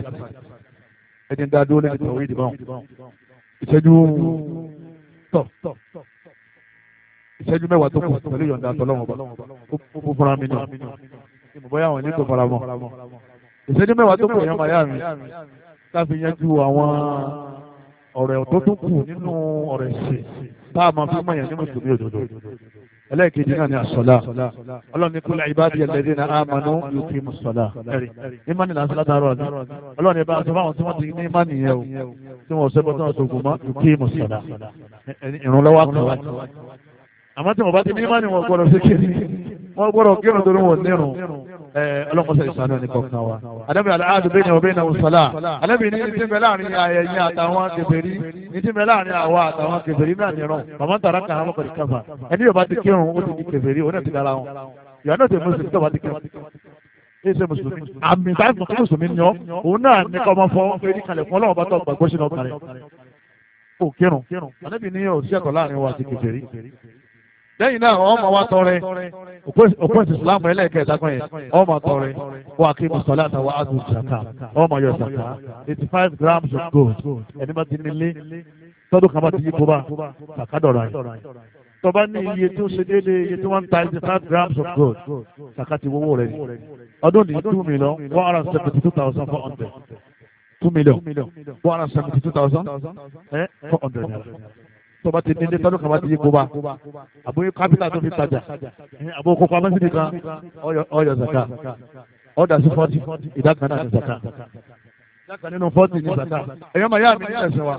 ẹni dá dúró lẹ́yìn tọ̀wé ìdìbọn ìṣẹ́jú tọ̀ ìṣẹ́jú mẹ́wàá tó kù pẹ̀lú ìyọ̀ǹda àtọ́lọ́wọ̀n ọba ó fara mi náà bóyá àwọn ènìyàn tó fara mọ́ ìṣẹ́jú mẹ́wàá tó kù yẹn máa yá mi láti yanjú àwọn ọ̀rẹ́ tó tún kù nínú ọ̀rẹ́ ṣe tá a máa fi mọ̀ yẹn nínú ìtòmí òdodo ẹlẹ́ẹ̀kejì náà ni àṣọlá ọlọ́run ní kúlẹ̀ ìbá díẹ̀ lẹ́dí náà àmànú yóò fi mú sọlá ẹ̀rí ìmánì náà sọlá dárọ̀ ni ọlọ́run ní bá aṣọ fáwọn tí wọ́n ti ní ìmánì yẹn o tí wọ́n sẹ́gbọ́n tí wọ́n sọ̀gùn mọ́ yóò fi ìrànlọ́wọ́ àkàwá àmọ́ tí mo bá ti ní mánì wọn gbọ́dọ̀ sí kiri wọ́n gbọ́dọ̀ kírun torí wọn nírun ọlọ́mọsẹ̀ ìsànú ẹni kọ̀ọ̀kan wa. Àdẹ́bẹ̀ aláàdù bẹ́ẹ̀ ni ọ̀bẹ́ ìnáwó sọ́lá. Àdẹ́bẹ̀ ní ní tìǹbẹ̀ láàrin ayẹyẹ àtàwọn kèfèrí ní tìǹbẹ̀ láàrin àwa àtàwọn kèfèrí náà nìran. Bàbá ń tàrà kan àwọn kọ̀dí káfà. Ẹni yóò bá ti kírun ó ti di kèfèrí ó náà ti dára wọn. Yóò náà ti mùsùlùmí tó bá ti kírun. Ẹ ṣe mùsùlùmí. Àmì táìpù kí mùsùlùmí ni ọ́. Òun náà ní kọ́ ọmọ fọ́ fẹ́rí kalẹ̀ fún ọlọ́run bá tọ́ gbàgbọ́ sínú ọkàn rẹ̀. Ó kírun. Àdẹ́bì ní òṣìṣẹ́ kan láàrin wa àti kèfèrí lẹ́yìn náà ọmọ wa tọrẹ Islam. ìsìlámù ẹlẹ́ẹ̀kẹta kan yẹn ọmọ tọrẹ wọ akéwì sọlá àtàwọn adùn ìjàkà ọmọ yọ ìjàkà eighty five grams of gold ẹni bá ti nílé tọ́dún kan bá ti yí kó bá kàkádọ̀rọ̀ yìí tọba ní iye tó ṣe déédé iye tí wọ́n ń ta eighty five grams of gold sàkàtì owó rẹ̀ ọdún ní two million one hundred seventy two thousand four hundred two million one hundred seventy two thousand eh, four hundred naira tó bá ti ní ilé tọ́lú kan bá ti yí kóbá àbúyí kápítà tó fi tajà àbúyí kópa mẹ́sìlì kan ọyọ zaka ọdà sí fọ́tì ìdá kan náà ní zaka zaka nínú fọ́tì ní zaka ẹ̀yọ́ máa yá mi ní ẹ̀sẹ̀ wa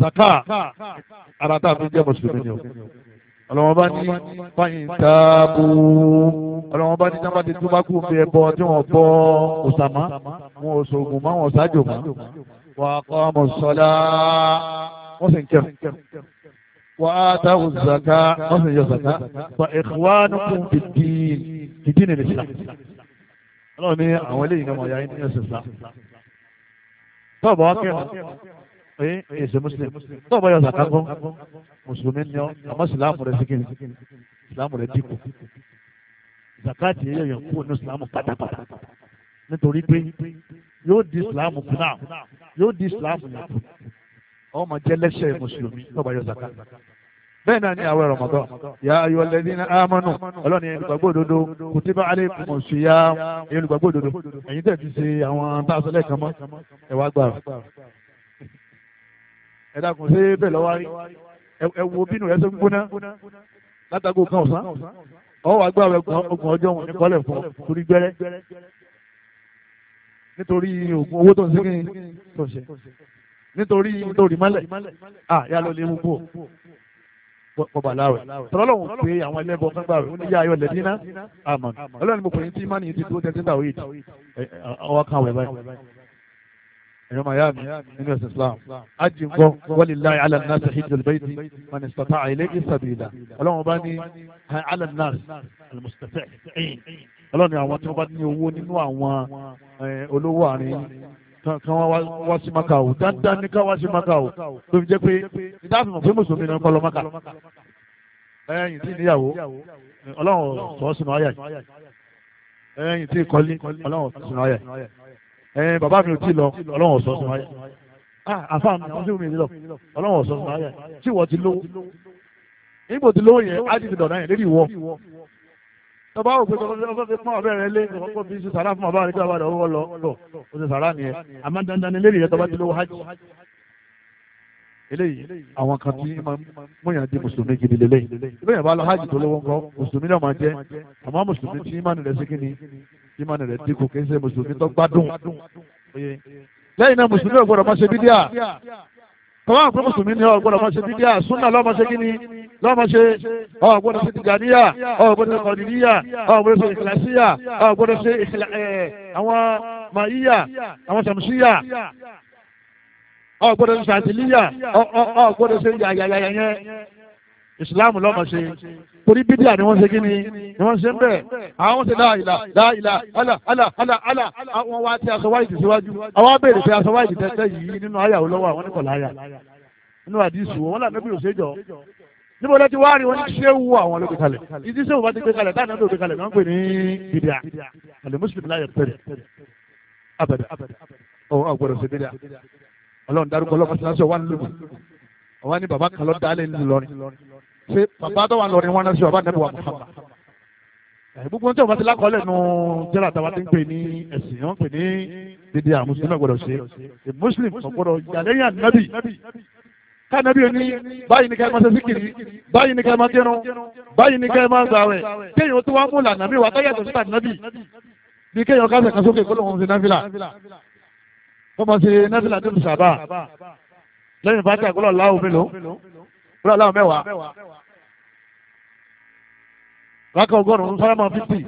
zaka ara tá a fi jẹ́ mùsùlùmí ni o ọlọ́wọ́n bá ní fáyín táàbù ọlọ́wọ́n bá ní sábà tí túbá kù fi ẹbọ tí wọ́n bọ́ òsàmá wọn ò sògùn mọ́ wọn ò sájò mọ́ wà á kọ́ ọmọ sọ́lá wọ́n sì ń kẹ́rù wà á táwọn zaka wọ́n sì ń yọ zaka fa ikhwanukum fi dín ìdí nìyẹn sílá ọlọ́run ní àwọn eléyìí náà mọ̀ ya ní ẹ̀sìn sílá tọ́ọ̀bù wa kẹ́rù ẹ̀ ẹ̀sìn muslim tọ́ọ̀bù yọ zaka kọ́ mùsùlùmí ni ọ́ àmọ́ sìláàmù rẹ̀ síkìrì sìláàmù rẹ̀ dínkù zakati yẹ yẹn kúrò ní sìláàmù pátápátá nítorí pé yóò di sìláàmù kù náà yóò di sìláàmù yẹn ọmọ jẹ́ lẹ́sẹ̀ mùsùlùmí lọ́ba yọ zaka bẹ́ẹ̀ náà ni àwẹ̀ Ramadan ya ayọ̀ lẹ́dínà amanu ọlọ́ni olùgbàgbọ́ òdodo kùtìbà alaykum siyam ẹ̀yin olùgbàgbọ́ òdodo ẹ̀yin tẹ̀ fi ṣe àwọn táàsọ lẹ́ẹ̀kan mọ́ ẹ̀ wá gbà ẹ̀ dàkún sí bẹ́ẹ̀ lọ́wọ́ rí ẹ̀ wo bínú ẹ̀ ṣe gbóná látàgò kan ọ̀sán ọwọ́ àgbà rẹ̀ ogun ọjọ́ wọn ní kọ́lẹ̀ fún torí gbẹ́rẹ́ nítorí oògùn owó tó ń ṣe kí ni tó nítorí nítorí mọ́lẹ̀ ah yà ló lè mú kú kọba aláwẹ̀ tọ́lọ́wọ́n pé àwọn ẹlẹ́bọ̀ kan gbàwé ní yá ayọ̀ lẹ́dínà àmọ́ ọlọ́run mo pè ní tí mánì ti dúró tẹ́tí tàwé ìdí ọwọ́ kan wẹ̀ báyìí ẹ̀yọ́ màá yá mi nínú ẹ̀sìn Islam ájì ń kọ́ wọ́n lè láyé alànàṣà hijj olùbẹ́ẹ̀tì wọn ni sọ̀tà àìlẹ́ ìsàbìlà ọlọ́run bá ní alànàṣà almustafẹ́ ọlọ́run àwọn tí wọ́n bá ní owó nínú àwọn olówó àárín kan wá sí maka o dandan ní ká wá sí maka o tó fi jẹ́ ìdáàbò mọ̀ pé mùsùlùmí ni wọ́n lọ maka ẹ̀yìn tí níyàwó ọlọ́run sọ sínú ayà yìí ẹ̀yìn tí kọ́lí ọlọ́run sọ sínú ayà yìí ẹ̀yìn bàbá mi ò tí lọ ọlọ́run sọ sínú ayà yìí àfa mi àwọn tí mi lọ ọlọ́run sọ sínú ayà yìí tí wọ́n ti lówó nígbò tí lówó yẹn á ti dọ̀dá yẹn lédi wọ́ tọba òpè tọkọ fi pọn ọbẹ rẹ lé tọkọ fi ṣe sàrà fún bàbá rẹ kí bàbá rẹ ọwọ lọ lọ ó ṣe sàrà nìyẹn àmọ́ dandan ni lérí yẹn tọba ti lówó hajj eléyìí àwọn kan tí múyàn di mùsùlùmí gidi lélẹ́yìn lóyìn bá lọ hajj tó lówó ńkọ́ mùsùlùmí náà máa jẹ àmọ́ mùsùlùmí tí ìmánu rẹ̀ sí kí ni ìmánu rẹ̀ dínkù kì í ṣe mùsùlùmí tó gbádùn lẹ́yìn náà mùsùlùmí ò gbọ́dọ̀ máa ṣe bídíà tọ́wọ́ àpé mùsùlùmí ni ọ̀gbọ́dọ̀ máa ṣe bídíà súnà lọ́mọ ṣe kíni lọ́mọ ṣe ọ̀gbọ́dọ̀ ṣe tìjàníyà ọ̀gbọ́dọ̀ ṣe kọ̀dìníyà ọ̀gbọ́dọ̀ ṣe ìkìlásíyà ọ̀gbọ́dọ̀ ṣe eh, àwọn màáyíyà àwọn sàmùsíyà ọ̀gbọ́dọ̀ ṣe sàtìlíyà ọ̀gbọ́dọ̀ ṣe yàyàyà yẹn ìsìláàmù lọ́mọ ṣe torí bídíà ni wọ́n ṣe kí ni ni wọ́n ṣe ń bẹ̀ àwọn ṣe láàyìlá láàyìlá àlà àlà àlà àlà àwọn wa ti aṣọ wáìdì síwájú àwọn abéèrè pé aṣọ wáìdì tẹ́tẹ́ yìí nínú àyà olówó àwọn nípa láyà nínú àdìsù wọn làbẹ́ bí òṣèjọ níbo lẹ́ ti wá rí wọn ní ṣéwù àwọn olóògbé kalẹ̀ ìdí ṣéwù bá ti gbé kalẹ̀ táwọn olóògbé kalẹ̀ máa ń pè ní bìdíà àlẹ́ mùsùlùmí láyẹ̀ pẹ̀rẹ̀ abẹ̀rẹ̀ ọ̀hún ọ̀gbọ̀dọ̀ sí bìdíà ọlọ́run dárúkọ ọlọ́run ti láṣọ wà nílùú àwọn ní bàbá kan lọ́ọ́ dálé ńlọrin ṣe bàbá tó wà lọ ni wọ́n náà ṣe bàbá nẹ́bù wà mọ́fà gbogbo tí o bá ti lákọọ́lẹ̀ nu jẹ́rà tàwa ti ń pè ní ẹ̀sìn wọn pè ní dídí àwọn mùsùlùmí ọ̀gbọ́dọ̀ ṣe the muslim ọ̀gbọ́dọ̀ yàlẹ́yìn ànábì kánábì ó ní báyìí ní ká ẹ máa ṣe síkìrì báyìí ní ká ẹ máa kírun báyìí ní ká ẹ máa gbàwẹ̀ kéèyàn tó wá mú lànà mi wà káyàtọ̀ síta nábì bí kéèyàn kásẹ̀ kan sókè gbólóhùn sí fúlà láwọn mẹ́wàá rákà ọgọ́rùn-ún sálámà fífì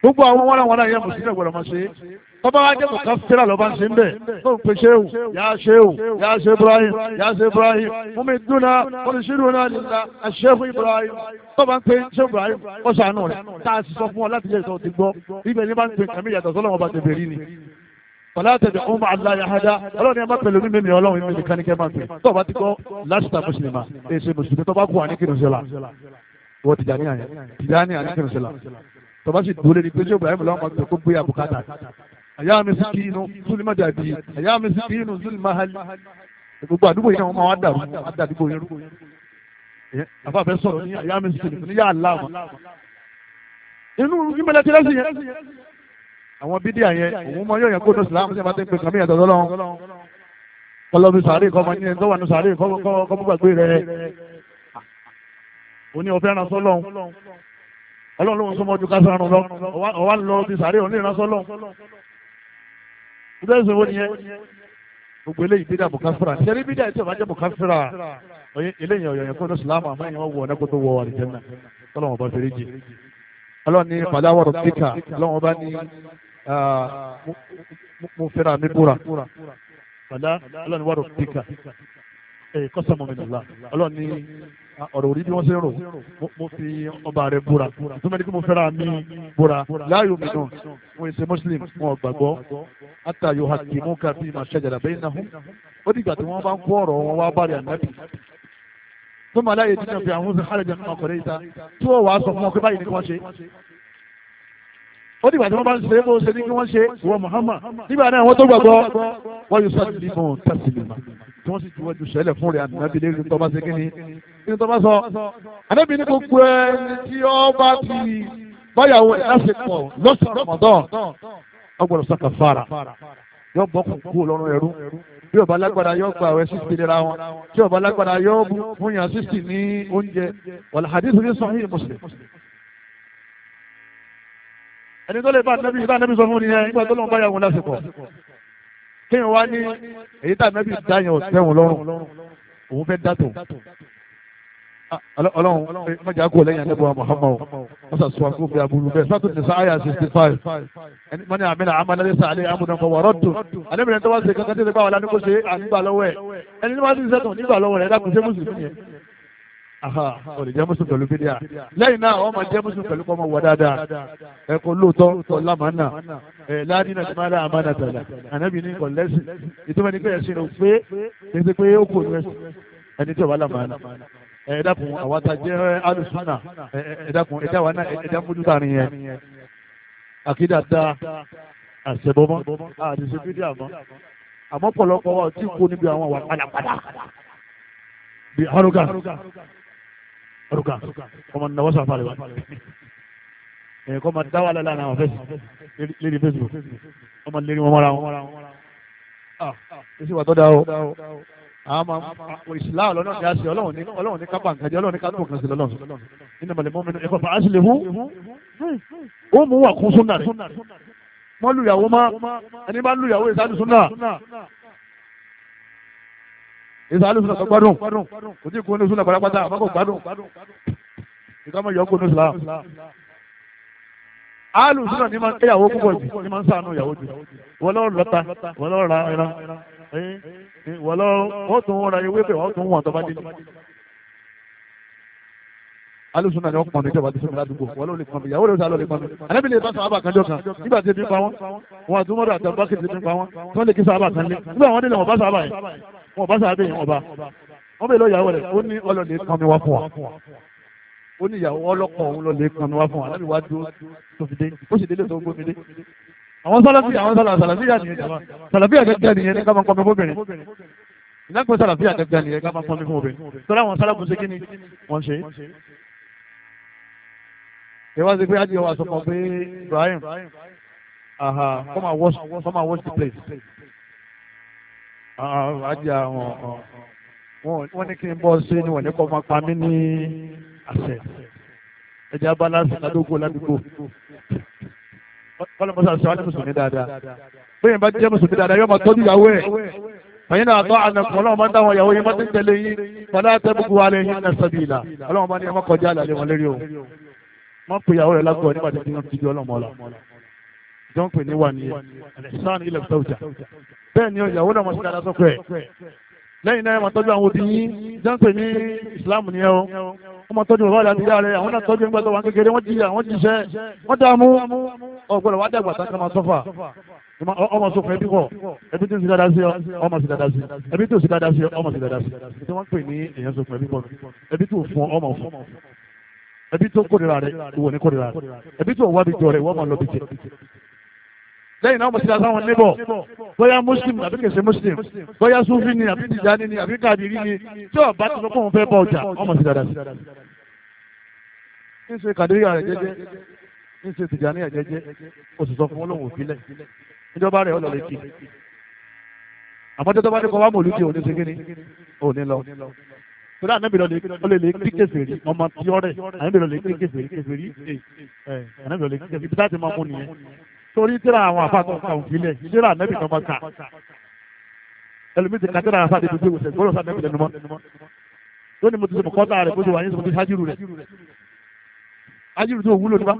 gbogbo àwọn wọn làwọn àyẹ̀mọ̀ sílẹ̀ gbọ́dọ̀ máa ṣe é tọ́ba wa jẹ́ kọ̀ọ̀kan fẹ́ràn lọ́ba ń ṣe ń bẹ̀ tó ń pe ṣéwù yá ṣéwù yá ṣe Ibrahim yá ṣe Ibrahim fún mi dúnà olùṣírò náà nígbà àṣẹ́fún Ibrahim tọ́ba ń pe ṣéwù Ibrahim ọ̀ṣà náà rẹ̀ tá a sì sọ fún ọ láti jẹ́ ìtọ́ ti gbọ́ ibẹ̀ ní bá ń pe kàmí ìyàtọ̀ sọ́lọ́wọ́n bá ti bèrè ni fọláàtẹ̀dẹ̀ ọ̀hún máa la yàhádá ọlọ́run yẹn bá pẹ̀lú mímí mi ọlọ́run yẹn mi nìkan ní kẹ́ máa pè tó o bá ti gbọ́ láṣìta mùsùlùmá èsì mùsùlùmí tó bá kú àní kìrìsì la wọ́n ti dání àyẹ̀ ti dání àní kìrìsì la tó bá sì dúró ní péjọ ibrahim lọ́wọ́ máa gbé kó gbé àbùkátà àyà mi sì kínu zulima dàbí àyà mi sì kínu zulima hali gbogbo àdúgbò yìí wọn máa wá dàrú àwọn bídíà yẹn òun mọ yóò yẹn kó tó sìlámù sí ẹ̀ máa ti ń pè kàmí ìyàtọ̀ lọ́lọ́run kọlọ́bí sàárè kọ́ máa ní ẹni tó wà ní sàárè kọ́ bó gbàgbé rẹ̀ ó ní ọ̀fẹ́ ránṣọ́ lọ́hùn ọlọ́run lóhun súnmọ́ ju kásán rún lọ ọ̀wá lọ bí sàárè òní ránṣọ́ lọ́hùn ìgbésẹ̀ ìṣòwò nìyẹn gbogbo eléyìí bídà bùkáfíra ṣẹ́rí bídà tí ò bá jẹ́ bùkáfíra eléyìí ọ̀yọ̀ kó ní sùlámù àmọ́ ìyẹn wọ ọlọ́run ní fàdáwọ̀rọ̀ píkà ọlọ́run bá ní mo fẹ́ra mi búra fàdá ọlọ́run wọ̀rọ̀ píkà kọ́sàmù mi nìlá ọlọ́run ní ọ̀rọ̀ òrí bí wọ́n ṣe ń rò mo fi ọba rẹ̀ búra tó mẹ́rin kí mo fẹ́ra mi búra láàyò mi náà wọ́n ṣe muslim wọn gbàgbọ́ àtàyò hakimu kabi ma bẹ́ẹ̀ náà ó dìgbà tí wọ́n bá ń kó ọ̀rọ̀ wọn wá bá rẹ̀ ànábì tó máa láyé tí nàbí àwọn òfin hàlẹ̀ jẹun ọkọ̀ lẹ́yìn ta tí wọ́n wàá sọ fún ọ pé báyìí ni kí wọ́n ṣe. ó dìgbà tí wọ́n bá ń ṣe é bó ṣe ní kí wọ́n ṣe wọ Muhammad nígbà náà wọ́n tó gbàgbọ́ wọ́n yóò sọ́ọ́ ní fún tẹ̀sílìmà tí wọ́n sì ju sẹ́lẹ̀ fún rẹ̀ ànábì lé ní tọ́ba ṣẹ́kínní ní tọ́ba sọ. ànábì ní gbogbo ẹni tí ó ti báyàwó ẹ̀ láṣepọ̀ lọ́sàn-án yóò bọ́kùn kú lọ́rùn ẹrú bí ọba lágbára yóò gba àwẹ̀ sísì lera wọn tí ọba lágbára yóò fún yàn sísì ní oúnjẹ wàlá hadith ní sahih muslim ẹni tó lè bá nẹ́bí ìbá nẹ́bí sọ fún ni ẹ nígbà tó lọ́n bá yàwó lásìkò kéèyàn wá ní èyí tá nẹ́bí dáyàn tẹ́wọ̀n lọ́rùn òun fẹ́ dátò ọlọ́run mọ̀jà kú lẹ́yìn anábọ̀ muhammadu wọ́n sà sùwà kó fi aburú bẹ́ẹ̀ sọ́tún ní sáyà sixty five ẹni mọ́ni àmì náà àmàlẹ́ sà àlẹ́ àmúdàn kọ̀ wọ́rọ́ tó àlẹ́mìnira tó wá ṣe kankan tẹ́lẹ̀ báwa lánàá kó ṣe ànígbà lọ́wọ́ ẹ̀ ẹni níwájú sẹ́tùn nígbà lọ́wọ́ rẹ̀ dákun ṣe mùsùlùmí yẹn. aha òní jẹ́ mùsùlùmí pẹ̀lú bídíà lẹ́yìn náà wọ́n máa jẹ́ mùsùlùmí pẹ̀lú kọ́ máa wọ dáadáa ẹ kò lóòótọ́ kò lámàánà ẹ ládínà tí máa láàmà náà tẹ̀lé ànábì ní kò lẹ́sìn ìtumọ̀ ní pé ẹ̀sìn ò pé kí n ti pé ó kò ní ẹ̀sìn ẹni tí ẹ dákun àwa ta jẹ́ alùsùnà ẹ dákun ẹ dáwà náà ẹ dákun dúkà ni yẹn àkídà da àṣẹbọmọ àdìsí fídíà mọ àmọ́ pọ̀lọpọ̀ wa ti kú níbi àwọn àwà padàpadà bí haruka haruka ọmọ nàwọ sàfàlẹ wa ẹ kọ́ ma dáwà lálẹ́ àwọn fẹ́sì lérí Facebook ọmọ lérí wọn mọ́ra wọn. ah ẹ sì wà tó dáa o àwọn ìsìláà lọ́nà ní àṣẹ ọlọ́run ní kápá nǹkan jẹ́ ọlọ́run ní kápá nǹkan sí lọ́lọ́run nínú mọ̀lẹ́mọ́ mi ẹ̀kọ́ fà á sì lè hú ó mú wà kún súnà rẹ̀ wọ́n lùyàwó má ẹni bá lùyàwó ìsáájú súnà ìsáájú súnà tó gbádùn kò tí kò ní súnà pátápátá àbákò gbádùn ìdámọ̀ yọ kó ní ìsìláà áàlù súnà ní máa ń kéyàwó púpọ̀ jù ní máa ń sàánú ìyàwó jù wọ́n lọ́ọ́ lọ́ta wọ́n lọ́ọ́ ra ẹran wọ́n lọ wọ́n tún ra ewé bẹ̀ wọ́n tún wọ̀n tó bá délé. alùsùnà ni wọ́n pọ̀n níjọba tí sọ́mi ládùúgbò wọ́n ló lè pọ̀n mi ìyàwó rẹ̀ ló lè pọ̀n mi. àlẹ́bí lè bá sàábà kan jọ̀kan nígbà tí ebi ń pa wọ́n wọn àti mọ́tò àti àbákè ti ń pa wọ́n tí wọ́n lè kí sàábà kan lé nígbà wọn délé wọn bá sàábà yẹn wọn bá sàábà yẹn ọba wọn bẹ lọ ìyàwó rẹ̀ ó ní ọlọ́ọ̀lẹ́ kan mi wá fún wa ìyàwó ọlọ́kọ̀ òun lọ lè kan mi wá fún wa lábìwájú tó fi dé ó sì délé tó gbómi dé àwọn sálàfíà àwọn sálàfíà nìyẹn jàmá sálàfíà gẹ́gẹ́ nìyẹn ní ká máa pọnmi fóbìnrin ìdákùn sálàfíà gẹ́gẹ́ nìyẹn ká máa pọnmi fún obìnrin tọ́lá àwọn sálàfíà ṣe kí ni wọ́n ṣe ìwà sí pé àjẹ́ wa sọ pé Ibrahim come and wash come and wash the place àjẹ́ àwọn wọ́n ní kí n bọ́ sí ni wọ́n ní kọ́ máa pa mí ní àṣẹ ẹ̀jẹ̀ abala sí ládógó ládùúgbò kọ́lọ́mọ́sá sọ wá ní mùsùlùmí dáadáa bẹ́ẹ̀ bá jẹ́ mùsùlùmí dáadáa yóò máa tọ́jú ìyàwó ẹ̀ fẹ̀yìn náà tọ́ ànàkùn ọlọ́run bá ń dáwọn ìyàwó yín bá ti ń tẹ̀lé yín fọlá tẹ́bùkù wa lẹ́yìn náà sọ́bì ìlà ọlọ́run bá ní ẹmọ kọjá àlàlẹ́ wọn lérí o wọ́n pe ìyàwó rẹ̀ lágọ̀ọ́ nígbà tí wọ́n ti di ọlọ́mọ ọlọ́ jọ́n pè ní wà ní ẹ̀ sáà ní ilẹ̀ lẹ́yìn náà ẹ máa tọ́jú àwọn òbí yín jáǹpẹ̀ ní ìsìláàmù ni ẹ o wọ́n máa tọ́jú bàbá rẹ̀ àti ìyá rẹ̀ àwọn náà tọ́jú ẹgbẹ́ tó wà kékeré wọ́n jìyà wọ́n jìṣẹ́ wọ́n dààmú ọ̀gbọ́dọ̀ wá dàgbà sáà ká máa sọ́fà ọmọ sọ fún ẹbí wọ ẹbí tó ń sì dáadáa sí ọmọ sì dáadáa sí ẹbí tó sì dáadáa sí ọmọ sì dáadáa sí tí wọ́n pè ní èèyàn sọ fún ẹbí bọ̀ ẹbí tó fún ọmọ fún ẹbí tó kórìíra rẹ̀ ìwọ ní kórìíra rẹ̀ ẹbí tó wá bí jọ rẹ̀ ìwọ máa lọ bí jẹ lẹ́yìn náà mọ̀síra sáwọn níbọ̀ bóyá muslim àbí kèsè muslim bóyá sufi ni àbí tìjáni ni àbí kàdìrí ni tí ọba ti sọ pé òun fẹ́ bọ ọjà wọ́n mọ̀síra dà sí. ní ṣe kàdìrí rẹ̀ jẹ́jẹ́ ní ṣe tìjáni rẹ̀ jẹ́jẹ́ oṣù sọ fún olóhùn òfilẹ̀ ìjọba rẹ̀ ọlọ́lẹ̀ kì àmọ́ tó bá ní kọ́ wá mọ̀ olùdí òní ṣe kíni òní lọ torí ànábì lọ lè kí kèfèrí ọmọ tí ọ̀rẹ́ ànábì lọ lè kí kèfèrí kèfèrí eh, ànábì lọ lè kí kèfèrí bí táà ti máa mú nìyẹn torí tíra àwọn àfàtọ̀ kan òfìlẹ̀ tíra nẹ́bì kan mọ́ta ẹlòmíì ti ka tíra àfàtọ̀ tó déwòsẹ̀ gbọ́dọ̀ sá nẹ́bì lẹ́nu mọ́ tó ní mo ti sọ kọ́ta rẹ̀ kó ti wà ní sọ ti hájúrù rẹ̀ hájúrù tó wúlò nípa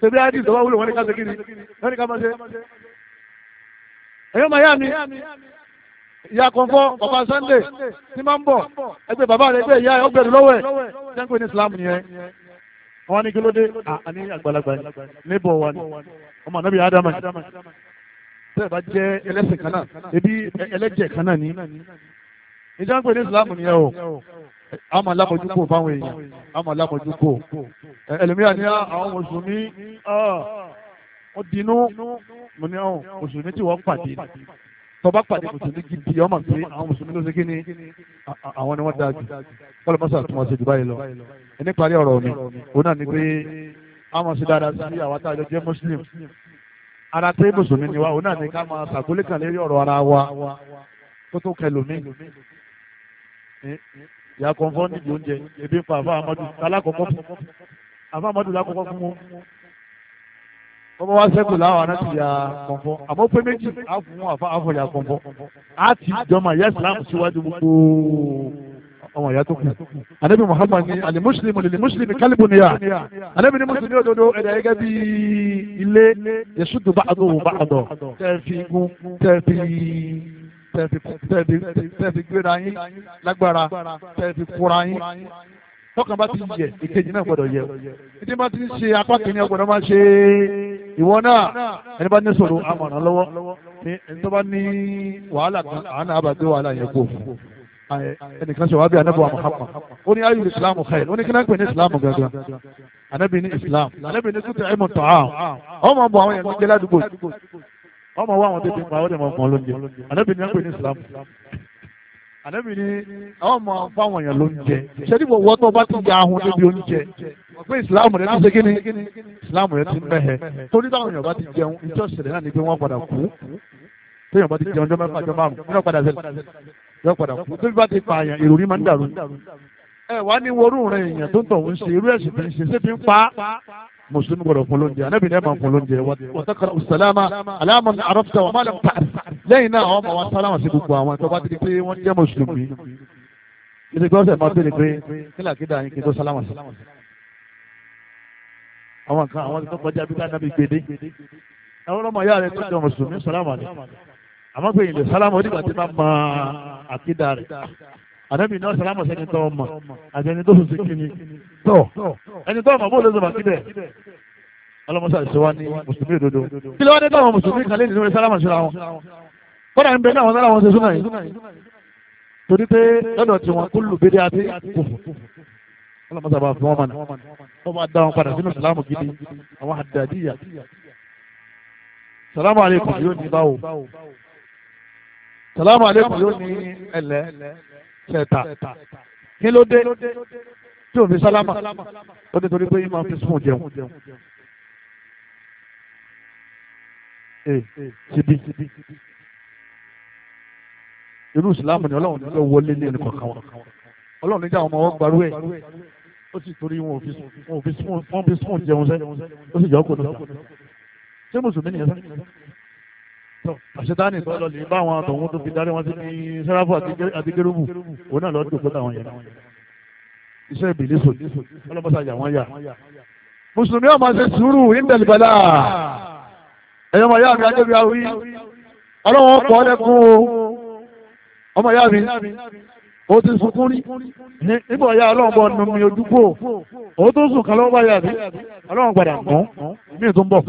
ṣebí hájúrù tó bá wúlò wọn ní ká ṣe kiri wọn ní ká máa ṣe ẹ̀yọ́ màá yá mi ìyá kọ̀ǹfọ́ bàbá Sunday tí máa ń bọ̀ ẹgbẹ́ bàbá rẹ̀ ẹgbẹ́ ìyá ẹ̀ lọ́wọ́ ẹ̀ wọ́n ní kí ló dé àní àgbàlagbà níbọ̀ wa ni ọmọ ànábì ádámà ni tẹ́ẹ̀ bá jẹ́ ẹlẹ́sìn kan náà ebi ẹlẹ́jẹ̀ kan náà ni ìjà ń pè ní ìsìlámù nìyẹn o a máa lámojúkò fáwọn èèyàn a máa lámojúkò ẹlòmíràn ní àwọn mùsùlùmí ó dinú mo ní àwọn mùsùlùmí tí wọ́n pàdé tọba pàdé mùsùlùmí gidi ọmọ pé àwọn mùsùlùmí ló ṣe kí ni àwọn ni wọ́n dáa jù kọ́lọ́ mọ́sà tó wọ́n ṣe jù báyìí lọ. ẹni parí ọ̀rọ̀ mi òun náà ni pé a máa ṣe dáadáa sí a àtàjọ jẹ́ mùsùlùmí ara tẹ́ mùsùlùmí ni wa òun náà ni ká máa ṣàkólé kan lérí ọ̀rọ̀ ara wa kó tó kẹlòmí. ìyá kọ̀ǹfọ́ nídìí oúnjẹ ebi ń pa àfa amadu alákọ̀ọ́kọ́ fún àfa amadu lákọ̀ọ́kọ́ fún bọ́bá wá sẹ́kù láwọn aná ti ya kọ̀ǹfọ́ àmọ́ pé méjì á fún àfa kọ̀ǹfọ́ á ti jọmọ ìyá ìsìlámù síwájú gbogbo ọmọ ìyá tó kù. Ànábì Muhammad ni àlè Muslim. lè Mùsùlùmí kálíbù ni yà. Ànábì ni Mùsùlùmí òdodo ẹ̀dá gẹ́gẹ́ bí ilé Yẹ̀sù tó bá àdó wò bá àdọ̀. Tẹ́ẹ̀fì gún tẹ́ẹ̀fì tẹ́ẹ̀fì gbéra yín lágbára tẹ́ẹ̀fì kúra yín tọkàn bá ti yẹ ìkejì náà gbọ́dọ̀ yẹ ìdí bá ti ń ṣe apá kìíní ọgbọdọ máa ṣe ìwọ náà ẹni bá ní sọ̀rọ̀ àmọ̀ràn lọ́wọ́ ní ẹni tó bá ní wàhálà kan àánà àbàgbé wàhálà yẹn kò fún ẹnìkan ṣe wàá bí anábọ̀ Muhammad ó ní ayé ìsìlámù khair ó ní kí náà pè ní ìsìlámù gangan anábì ní ìsìlámù anábì ní tútù ẹ̀mù tọ̀ àwọn ọmọ bọ̀ àwọn yẹn ń jẹ́ ládùúgbò ọmọ wa àwọn tètè pa ó dẹ̀ mọ̀ ọ̀gbọ̀n lóúnjẹ anábì ní ànábì ni àwọn ọmọ fáwọn èèyàn ló ń jẹ ṣẹ́ni mo wọ́ tó bá ti ya ahun níbi oúnjẹ pé ìsìláàmù rẹ ti ṣe kí ni ìsìláàmù rẹ ti mẹ́hẹ̀ torí táwọn èèyàn bá ti jẹun ìjọ ìṣẹ̀lẹ̀ náà ni pé wọ́n padà kú téèyàn bá ti jẹun ọjọ́ mẹ́fà ọjọ́ márùn-ún wọ́n padà ṣẹlẹ̀ wọ́n padà kú tó bá ti pààyàn ìròrí máa ń dàrú ẹ wá worú rẹ mùsùlùmí gbọ́dọ̀ fún lóúnjẹ anábì náà máa fún lóúnjẹ wọ́tàkàrà ọ̀sálàmà aláàmà ní arọ́fíà wọ́n máa lọ pa lẹ́yìn náà àwọn ọmọ wa sálámà sí gbogbo àwọn tó bá ti di pé wọ́n jẹ́ mùsùlùmí ìdí gbọ́dọ̀ máa bèrè pé kílà kídà yín kí n tó sálámà sí. àwọn kan àwọn tó kọjá bí kánábì gbèdé àwọn ọmọ yára rẹ tó jẹ mùsùlùmí sálámà ni àmọ́ pé ìlẹ̀ sálámà onígbà tí máa ma àkídà rẹ̀ àdẹ́bì náà sàlámù sẹ́ni tó ọmọ àti ẹni tó sùn sí kíni tọ̀ ẹni tó ọmọ bó ló sọ̀rọ̀ síbẹ̀ ọlọ́mọsá ìṣòwá ní mùsùlùmí òdodo kí ló wá dé táwọn mùsùlùmí kan nínú rẹ sàlámù síra wọn kọ́dà ń bẹ náà wọn sára wọn ṣe yìí torí pé lọ́dọ̀ tí wọn kú lù bédé àti kùfù ọlọ́mọsá bá fún wọn mọ̀nà wọn bá dá wọn padà sínú sàlámù gidi àwọn àdàdíyà sàlámù alẹ́kùn yóò ní báwo sàlámù alẹ́kùn yóò ní ẹ̀lẹ́ sẹ̀ta kí ló dé tí òfin sálámà ó nítorí pé yín máa fi spoon jẹun. síbi irú ìsìlámù ni ọlọ́run nílò wọlé ní ẹnì kọ̀ọ̀kan wọn ọlọ́run níjà ọmọ wọn gbarú ẹ̀ ó sì torí wọn ò fi spoon jẹun sẹ́ ó sì jọ́ kò níta ṣé mùsùlùmí nìyẹn sẹ́ àṣetánì tó lọ lè bá àwọn àtọ̀hún tó fi darí wọn sí ní sẹ́ráfù àti kérúbù òun náà lọ́ọ́ dòkó táwọn yẹn iṣẹ́ ìbílísò ọlọ́mọṣà yà wọ́n yà mùsùlùmí ọmọ ṣe sùúrù ìndẹ̀lìbẹ̀lá ẹ̀yọ́ ọmọ yá mi ajẹ́bí awí ọlọ́wọ́ pọ̀ lẹ́kún ọmọ yá mi o ti sunkún rí nígbà ọ̀yá ọlọ́wọ́ bọ̀ nù mí ojúgbò o tó sùn kan lọ́wọ́ bá yà mí ọlọ́wọ́ padà mọ́ mí tó ń bọ̀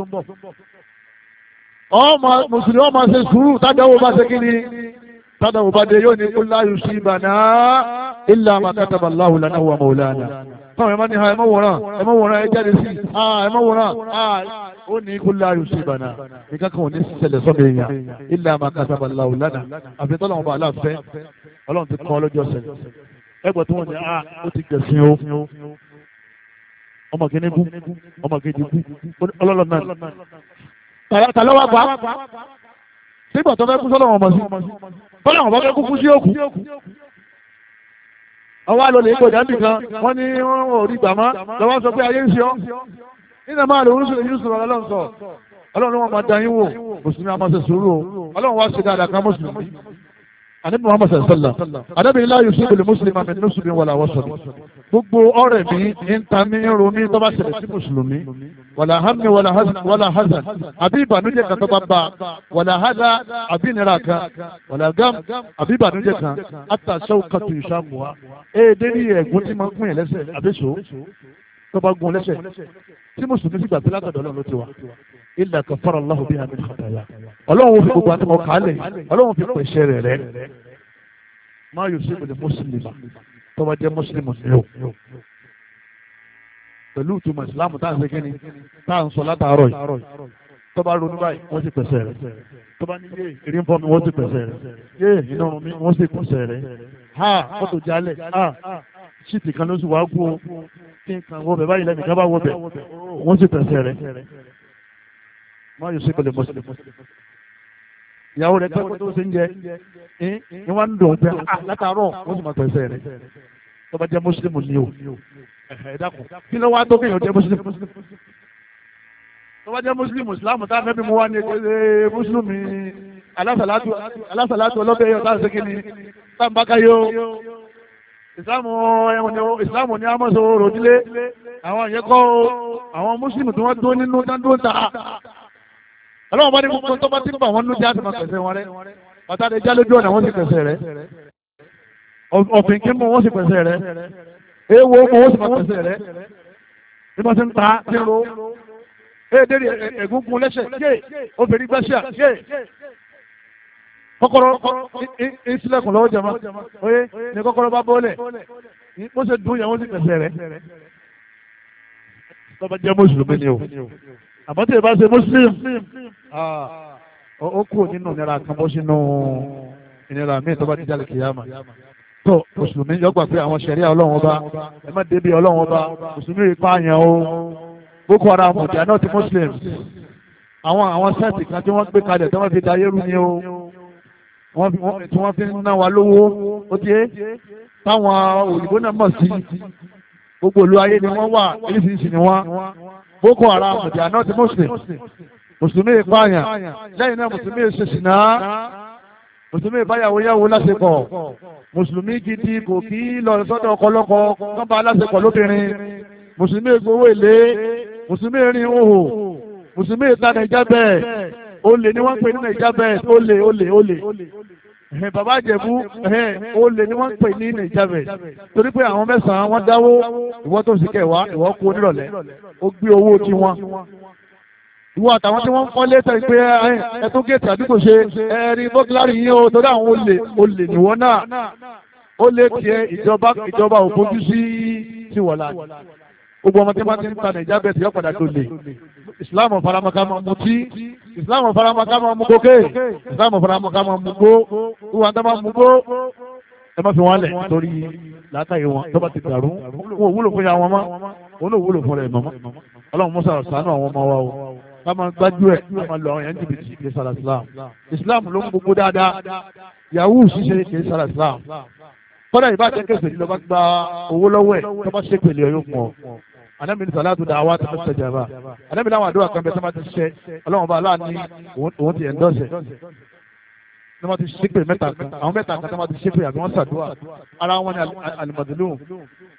ọmọ mùsùlùmí ọmọ ṣe sùúrù tádàwó bá ṣe kíni tádàwó bá dé yóò ní kó láyù sí ìbànà ilà àmàkátàbà láhùlà náà wà mọ̀ọ́lánà táwọn ẹ̀mọ́ ní ha ẹ̀mọ́ wòrán ẹ̀mọ́ wòrán ẹ jáde sí ẹ̀mọ́ wòrán ó ní kó láyù sí ìbànà nìkan kan ò ní ṣẹlẹ̀ sọ́dọ̀ èèyàn ilà àmàkátàbà láhùlà náà àfi tọ́lọ́wọ́n ní a ó ti gẹ̀sìn ọmọ kìíní bú ọmọ kejì bú ọlọ́lọ́ náà tàlàtà lọ́wọ́ gbà sígbà tó fẹ́ kú sọ́lọ́ wọn mọ̀ sí sọ́lọ́ wọn bọ́ fẹ́ kú kú sí òkú ọwọ́ àlọ́ lè gbọ̀dá nìkan wọ́n ní wọ́n ò rí gbàmá lọ́wọ́ sọ pé ayé ń ṣe ọ́ nínú máa lò orísun èyí sọ̀rọ̀ ọlọ́run sọ ọlọ́run wọn máa dá yín wò mùsùlùmí máa ṣe sùúrù o ọlọ́run wá ṣe dáadáa ká mùsùlùmí anabi muhammad sallallahu alaihi wasallam anabi ilá yusuf olè mùsùlùmí àmì nùsùlùmí wàlà wọ́sọ̀lù gbogbo ọ̀rẹ́ mi níta mi romi tó bá ṣẹlẹ̀ sí mùsùlùmí wàlà hami wàlà hazan àbí ìbànújẹ́ kan tó bá bá wàlà hada àbí ìnira kan wàlà gam àbí ìbànújẹ́ kan àtàṣẹ́wò kàtó ìṣàmùwà èdè ní ẹ̀gún tí máa ń pín ẹ̀ lẹ́sẹ̀ àbẹ́sọ̀ tó bá gun lẹ́sẹ̀ tí mùsùlùmí sì gbàgbé látọ̀dọ̀ ọlọ́run ló ti wá ilà kàfàrà Allahu biha min khataya ọlọ́run fi gbogbo àtọmọ kàálẹ̀ ọlọ́run fi pèsè rẹ̀ rẹ̀ má yóò sí ìpínlẹ̀ mùsùlùmí tó bá jẹ́ mùsùlùmí ni o pẹ̀lú ìtumọ̀ ìsìlámù tá à ń ṣe kí ni tá à ń sọ látàárọ̀ yìí tó bá ronú báyìí wọ́n sì pèsè rẹ̀ tó bá ní yé ìrí wọ́n sì pèsè rẹ̀ yé iná rún mi wọ́n sì pèsè rẹ̀ ha mọ́tò jálẹ̀ ha ṣìtì kan ló sì wá gún tí ń kan wọ́bẹ̀ báyìí lẹ́nu ìjọba wọ́bẹ̀ wọ́n sì tẹ̀sẹ̀ rẹ̀ ah, máa yóò sí pẹ̀lú ní o ẹ dákun kí ló wá tó kéèyàn jẹ́ mọ́sílẹ̀mù tó jẹ́ mọ́sílẹ̀mù ìsìláàmù tá a fẹ́ bí mo wá ní ẹgbẹ́ mọ́sílẹ̀mù alásàlátù ọlọ́bẹ̀ yóò tá a kí ni tá ń bá káyó ìsìláàmù ìsìláàmù ni a mọ̀ sọ ọ̀rọ̀ nílé àwọn àyẹ́kọ́ àwọn mùsùlùmí tí wọ́n dó nínú dáńdó ta ọlọ́run bá ní gbogbo tó bá ti ń bà wọ́n nú jẹ́ àti máa pẹ̀sẹ̀ wọn rẹ́ bàtà lè já lójú ọ̀nà wọ́n sì pẹ̀sẹ̀ rẹ́ ọ̀fìn kí mú wọ́n sì pẹ̀sẹ̀ rẹ́ ewo mú wọ́n sì máa pẹ̀sẹ̀ rẹ́ bí wọ́n ti ń ta ti ń ro éèdè ẹ̀gúngún e-, e-, lẹ́sẹ̀ yé obìnrin gbẹ́sẹ̀ kọ́kọ́rọ́ ìsílẹ̀kùn lọ́wọ́ jama oye ní kọ́kọ́rọ́ bá bọ́ọ̀lẹ̀ bó ṣe dùn yẹn wọ́n sì pèsè rẹ̀ lọ́ba jẹ́ mùsùlùmí ni o àmọ́ tí ẹ bá ṣe mùsùlùm ó kúrò nínú ìnira kan bó sínú ìnira míì tó bá ti jáde kìyàmà tó mùsùlùmí yọgbà pé àwọn ṣẹ̀ríà ọlọ́run ọba ẹ má débi ọlọ́run ọba mùsùlùmí rí pààyàn o boko haram ọ̀dà náà ti mùsùlùm àwọn àwọn sẹ́ẹ̀tì kan tí wọ́n gbé kalẹ̀ tí wọ́n fi da yẹ́rù ni o tí wọ́n fi ń ná wa lówó ó ti é táwọn òyìnbó náà mọ̀ sí gbogbo olú ayé ni wọ́n wà oríṣiríṣi ni wọ́n boko haram ọ̀dẹ̀ àná ti muslim mùsùlùmí ìpààyàn lẹ́yìn náà mùsùlùmí ìṣèṣìná mùsùlùmí ìbáyàwó yàwó lásìkò mùsùlùmí gidi kò kí lọ sọ́dọ̀ ọkọlọ́kọ nọ́mbà lásìkò lóbìnrin mùsùlùmí ìgbowó èlé mùsùlùmí ìrìn òhò mùsùlùmí ìtanìjẹ́bẹ̀ẹ́ olè ni wọ́n ń pè ní nàìjíríà bẹ́ẹ̀ olè olè olè bàbá àjẹ̀bú olè ni wọ́n ń pè ní nàìjíríà bẹ́ẹ̀ torí pé àwọn mẹ́sàn-án wọ́n dáwó ìwọ́ tó sì kẹwàá ìwọ́ kú onírọ̀lẹ́ ó gbé owó tiwọn ìwọ àtàwọn tí wọ́n ń kọ́ lẹ́tọ̀ ìpé ẹ̀tún gẹ̀ẹ́tì àdúgbò ṣe ẹ̀rí bọ́gílárì yín o torí àwọn olè olè nìwọ náà ó lè tiẹ̀ ìjọba ìjọba òfojú tiwọ̀lá gbogbo ọmọ tí wọ́n ti ń ta nàìjíríà bẹ́ẹ̀ tí yọ padà tó lè islam faramaka máa mu tí islam faramaka máa mu kókè islam faramaka máa mu gbó wíwá tá máa mu gbó ẹ má fi wọn lẹ̀ torí látàyè wọn tó bá ti dàrú wọn ò wúlò fún ya wọn mọ́ wọn ò wúlò fún rẹ̀ mọ́ ọlọ́run musa sànú àwọn ọmọ wa o ká máa gbájú ẹ̀ ká máa lọ àwọn yẹn jìbìtì kì í sara islam islam ló ń gbogbo dáadáa yahoo ṣiṣẹ́ kì í sara islam kọ́dà ìbá jẹ́ kẹfẹ́ lọ́ba gba owó lọ́wọ́ ẹ̀ tó bá ṣe pèlè ọyọ́ fún ọ. Ànábì ní da dà wá tẹ́lẹ̀ tẹ̀jà bá. Ànábì láwọn àdúrà kan bẹ tó máa ti ṣe ọlọ́run bá aláàní òun ti ẹ̀ńdọ́sẹ̀. Tó máa ti ṣépè mẹ́ta kan, àwọn mẹ́ta kan tó máa ti ṣépè àbí wọ́n ṣàdúrà. Ara wọn ni àlùmọ̀dúnlù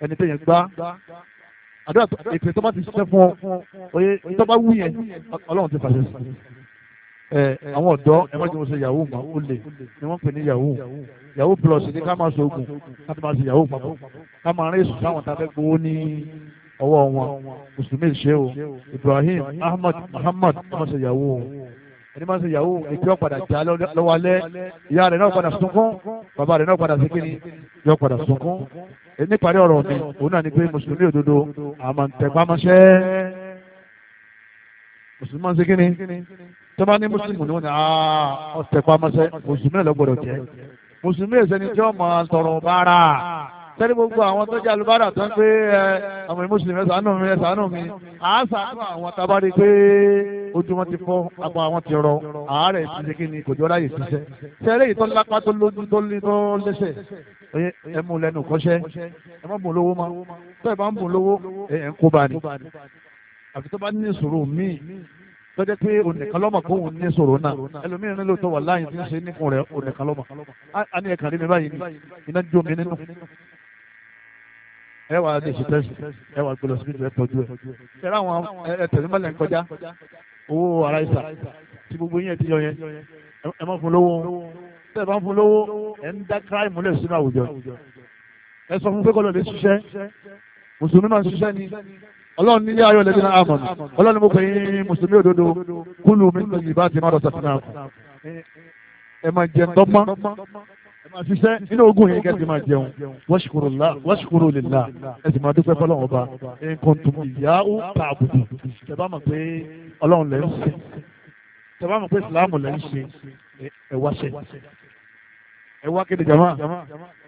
ẹni tẹ̀yẹ̀ gbá. Àdúrà ètò tó máa ti ṣiṣẹ́ fún ọ, oye tó bá wú yẹn, ọlọ́run ti fàṣẹ Eh, eh, àwọn ọ̀dọ́ ẹ má ti mọ̀ ṣe yahoo mọ̀ ó lè ni wọ́n pè ní yahoo yahoo plus ní ká máa ṣoògùn ká tó máa ṣe yahoo papọ̀ ká máa rìn sùn táwọn tá a fẹ́ gbowó ní ọwọ́ wọn mùsùlùmí ṣe o Ibrahim Ahmad Muhammad ẹ má ṣe yahoo ẹni máa ń ṣe yahoo ètò ọ̀padà já lọ́wọ́ alẹ́ ìyá rẹ̀ náà padà sunkún bàbá rẹ̀ náà padà sí kíni yọ padà sunkún níparí ọ̀rọ̀ mi òun náà ni pé mùsùlùmí òdodo àmọ̀ǹtẹ̀gbámọ́ṣẹ́ mùsùlùmí máa ń ṣe kíni tó bá ní mùsùlùmí ni wọ́n ní ah, ọ̀sẹ̀ pamọ́sẹ́ mùsùlùmí náà lọ́gbọ̀dọ̀ jẹ́ mùsùlùmí ẹ̀sẹ̀ ni tí wọ́n máa tọrọ bára sẹ́ni gbogbo àwọn tó jẹ́ alùbárà tó ń pé eh, ọmọ mùsùlùmí ẹ̀sánú mi ẹ̀sánú mi àásàánú àwọn tabari pé ojú wọn ti fọ́ apá wọn ti rọ àárẹ̀ ti ṣe kí ni kò jọ láyè ṣiṣẹ́ sẹ́rẹ́ yìí tó lápá tó lójú tó lé tó lẹ́sẹ̀ ẹ mú lẹ́nu kọ́ṣẹ́ ẹ má bùn lówó má tó ẹ bá ń bùn lówó ẹ ń kó bá ní àfi tó bá ní ìṣòro míì tọ́jẹ́ pé onìkan lọ́mọ̀ kó òun ní sòrò náà ẹlòmíràn nílò tó wà láàyè tí ń ṣe nífun rẹ̀ onìkan a ní ẹ̀kàn rí mi báyìí iná jó mi nínú ẹ wà lè ṣe tẹ́sí ẹ wà gbọdọ̀ síbi ìjọba tọ́jú ẹ ṣẹlẹ̀ àwọn ẹtẹ̀lẹ́mọ̀lẹ̀ ń kọjá owó ara ìsà tí gbogbo yín ti yọ yẹn ẹ má fún lówó tẹ́ ẹ bá fún lówó ẹ ń dá kíráìmù lẹ̀ sínú àwùjọ ẹ sọ fún pé kọ́lọ́ ọlọ́run ní ayọ̀ lẹ́bí náà àmọ̀ ọlọ́run ní mo pè yín mùsùlùmí òdodo kúlù mi ní ìbá ti máa dọ̀sà fúnra ẹ máa jẹ tọ́pọ́n ẹ máa ṣiṣẹ́ nínú ogun yìí kẹ́ ti máa jẹun wọ́ṣùkúrò lèlá ẹ sì máa dúpẹ́ fọlọ́run ọba nǹkan tó ìyá ó ta àbùdù ẹ bá mọ̀ pé ọlọ́run lẹ́ ń ṣe ẹ bá mọ̀ pé ìsìláàmù lẹ́ ń ṣe ẹ wáṣẹ ẹ wá kéde jama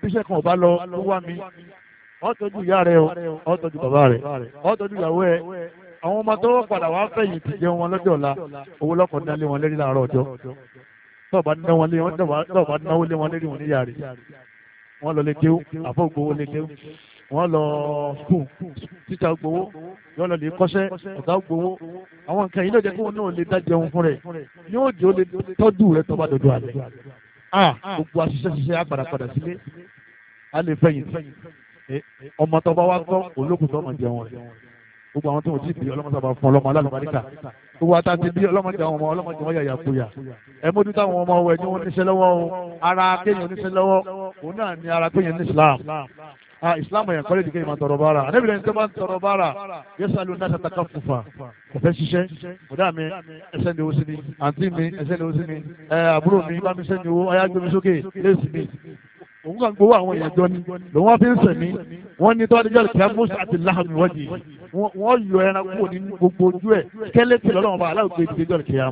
bíṣẹ́ kan ọba lọ ló wá mi ọ́ tọ́jú ìyá rẹ o ọ́ tọ́jú bàbá rẹ ọ́ tọ́jú ìyàwó ẹ àwọn ọmọ tó padà wá fẹ̀yìn ti jẹun wọn lọ́jọ́ ọ̀la owó lọ́kọ̀ dálé wọn lérí láàárọ̀ ọjọ́ tọ́ọ̀bá náwó lé wọn lérí wọn níyà rẹ̀ wọ́n lọ lè kéwú àfọ́gbowó lè kéwú wọ́n lọ skul títà gbowó yọ lọ lè kọ́ṣẹ́ ọ̀gá gbowó àwọn nǹkan yìí ló jẹ́ kí wọn náà lè dá jẹun fún rẹ̀ yóò jẹ́ ó lè tọ́jú rẹ̀ tọ́ba dodo àlẹ́ ah gbogbo aṣiṣẹ́ ṣiṣẹ́ apàdàpadà sílé a lè fẹ̀yìn ọmọ tó bá wá gbọ́ olókùn tó máa jẹun rẹ̀ gbogbo àwọn tí wọn ti bí ọlọ́mọdé bá fún ọlọ́mọ alálùbáríkà gbogbo ata ti bí ọlọ́mọdé àwọn ọmọ ọlọ́mọdé wọn yàyà kúyà ẹ mójú táwọn ọmọ ọwọ́ ẹni wọn níṣẹ́ lọ́wọ́ o ara kéèyàn níṣẹ́ lọ́wọ́ òun náà ni ara kéèyàn ní Islam Islam ẹ̀yàn kọ́lé dìgbẹ́ ìmọ̀ tọrọ bára anábìrin tó bá ń tọrọ bára yẹ́sà ló náà ṣàtàkà fùfà kò fẹ́ ṣiṣẹ́ ọ̀dà mi ẹsẹ̀ ni owó sí mi àǹtí mi ẹsẹ̀ ni owó sí mi àbúrò mi bá òun kàn gbowó àwọn èèyàn jọ ni lòun wá fi ń sẹ̀mí wọ́n ní tọ́wádìí jọ́lù kíá mú àti láhàmì wọ́jì wọ́n yọ ẹran kúrò ní gbogbo ojú ẹ̀ kẹ́lẹ́tì lọ́lọ́wọ́n bá aláwọ̀ gbé ìdíje jọ́lù kíá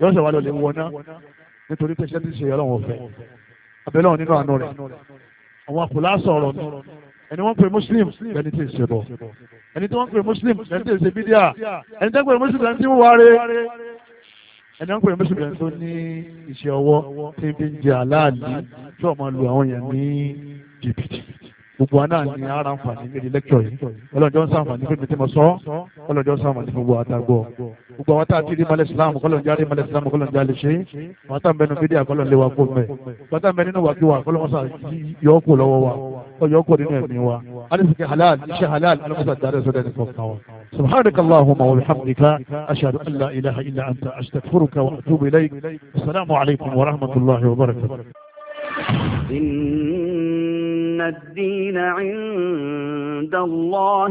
yọ́n sọ̀rọ̀ lọ́lẹ̀ wọná nítorí pé iṣẹ́ ṣe ọlọ́wọ́n ọ̀fẹ́ abẹ́lẹ́ nínú àánú rẹ̀ àwọn àkùlá sọ̀rọ̀ ni ẹni wọ́n pè muslim ẹni tí ì ṣe bọ̀ ẹni tí wọ́n pè muslim ẹni tí ì ṣe bídíà ẹni tí wọ́n pè muslim ẹni tí ń wáre ẹni wọn pè mùsùlùmí tó ní iṣẹ́ ọwọ́ tí ń fi ń jẹ aláàlú tí wọn máa lu àwọn yẹn ní jìbìtì gbogbo wa náà ní ara nfààní níbi lẹ́kítọ̀ yìí ọlọ́jọ́ ń sàǹfààní fún mi tí mo sọ ọlọ́jọ́ ń sàǹfààní fún gbogbo àtàgbọ́ gbogbo àwọn tá a ti rí malẹ̀ islam kọ́lọ̀njá rí malẹ̀ islam kọ́lọ̀njá lè ṣe wọ́n tá fídíà kọ́lọ̀ lé wa kó mẹ́ wọ́n tá n bẹ nínú wàkíwà kọ́lọ́mọ́sà yọ̀ọ́kù lọ́wọ́ wa ọyọ̀ọ́kù nínú ẹ̀mí wa alẹ́sìnkì halal iṣẹ́ halal alẹ́mọ́sà dáadé sọ́dẹ̀ ní kọ̀ọ̀kan wa subhanak wa bihamdika ashhadu an ilaha illa anta astaghfiruka wa atubu ilayk assalamu alaykum wa rahmatullahi wa barakatuh إن الدين عند الله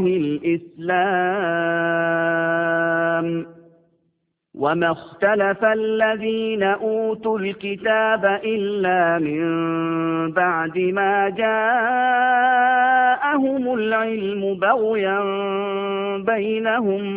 الإسلام وما اختلف الذين أوتوا الكتاب إلا من بعد ما جاءهم العلم بغيا بينهم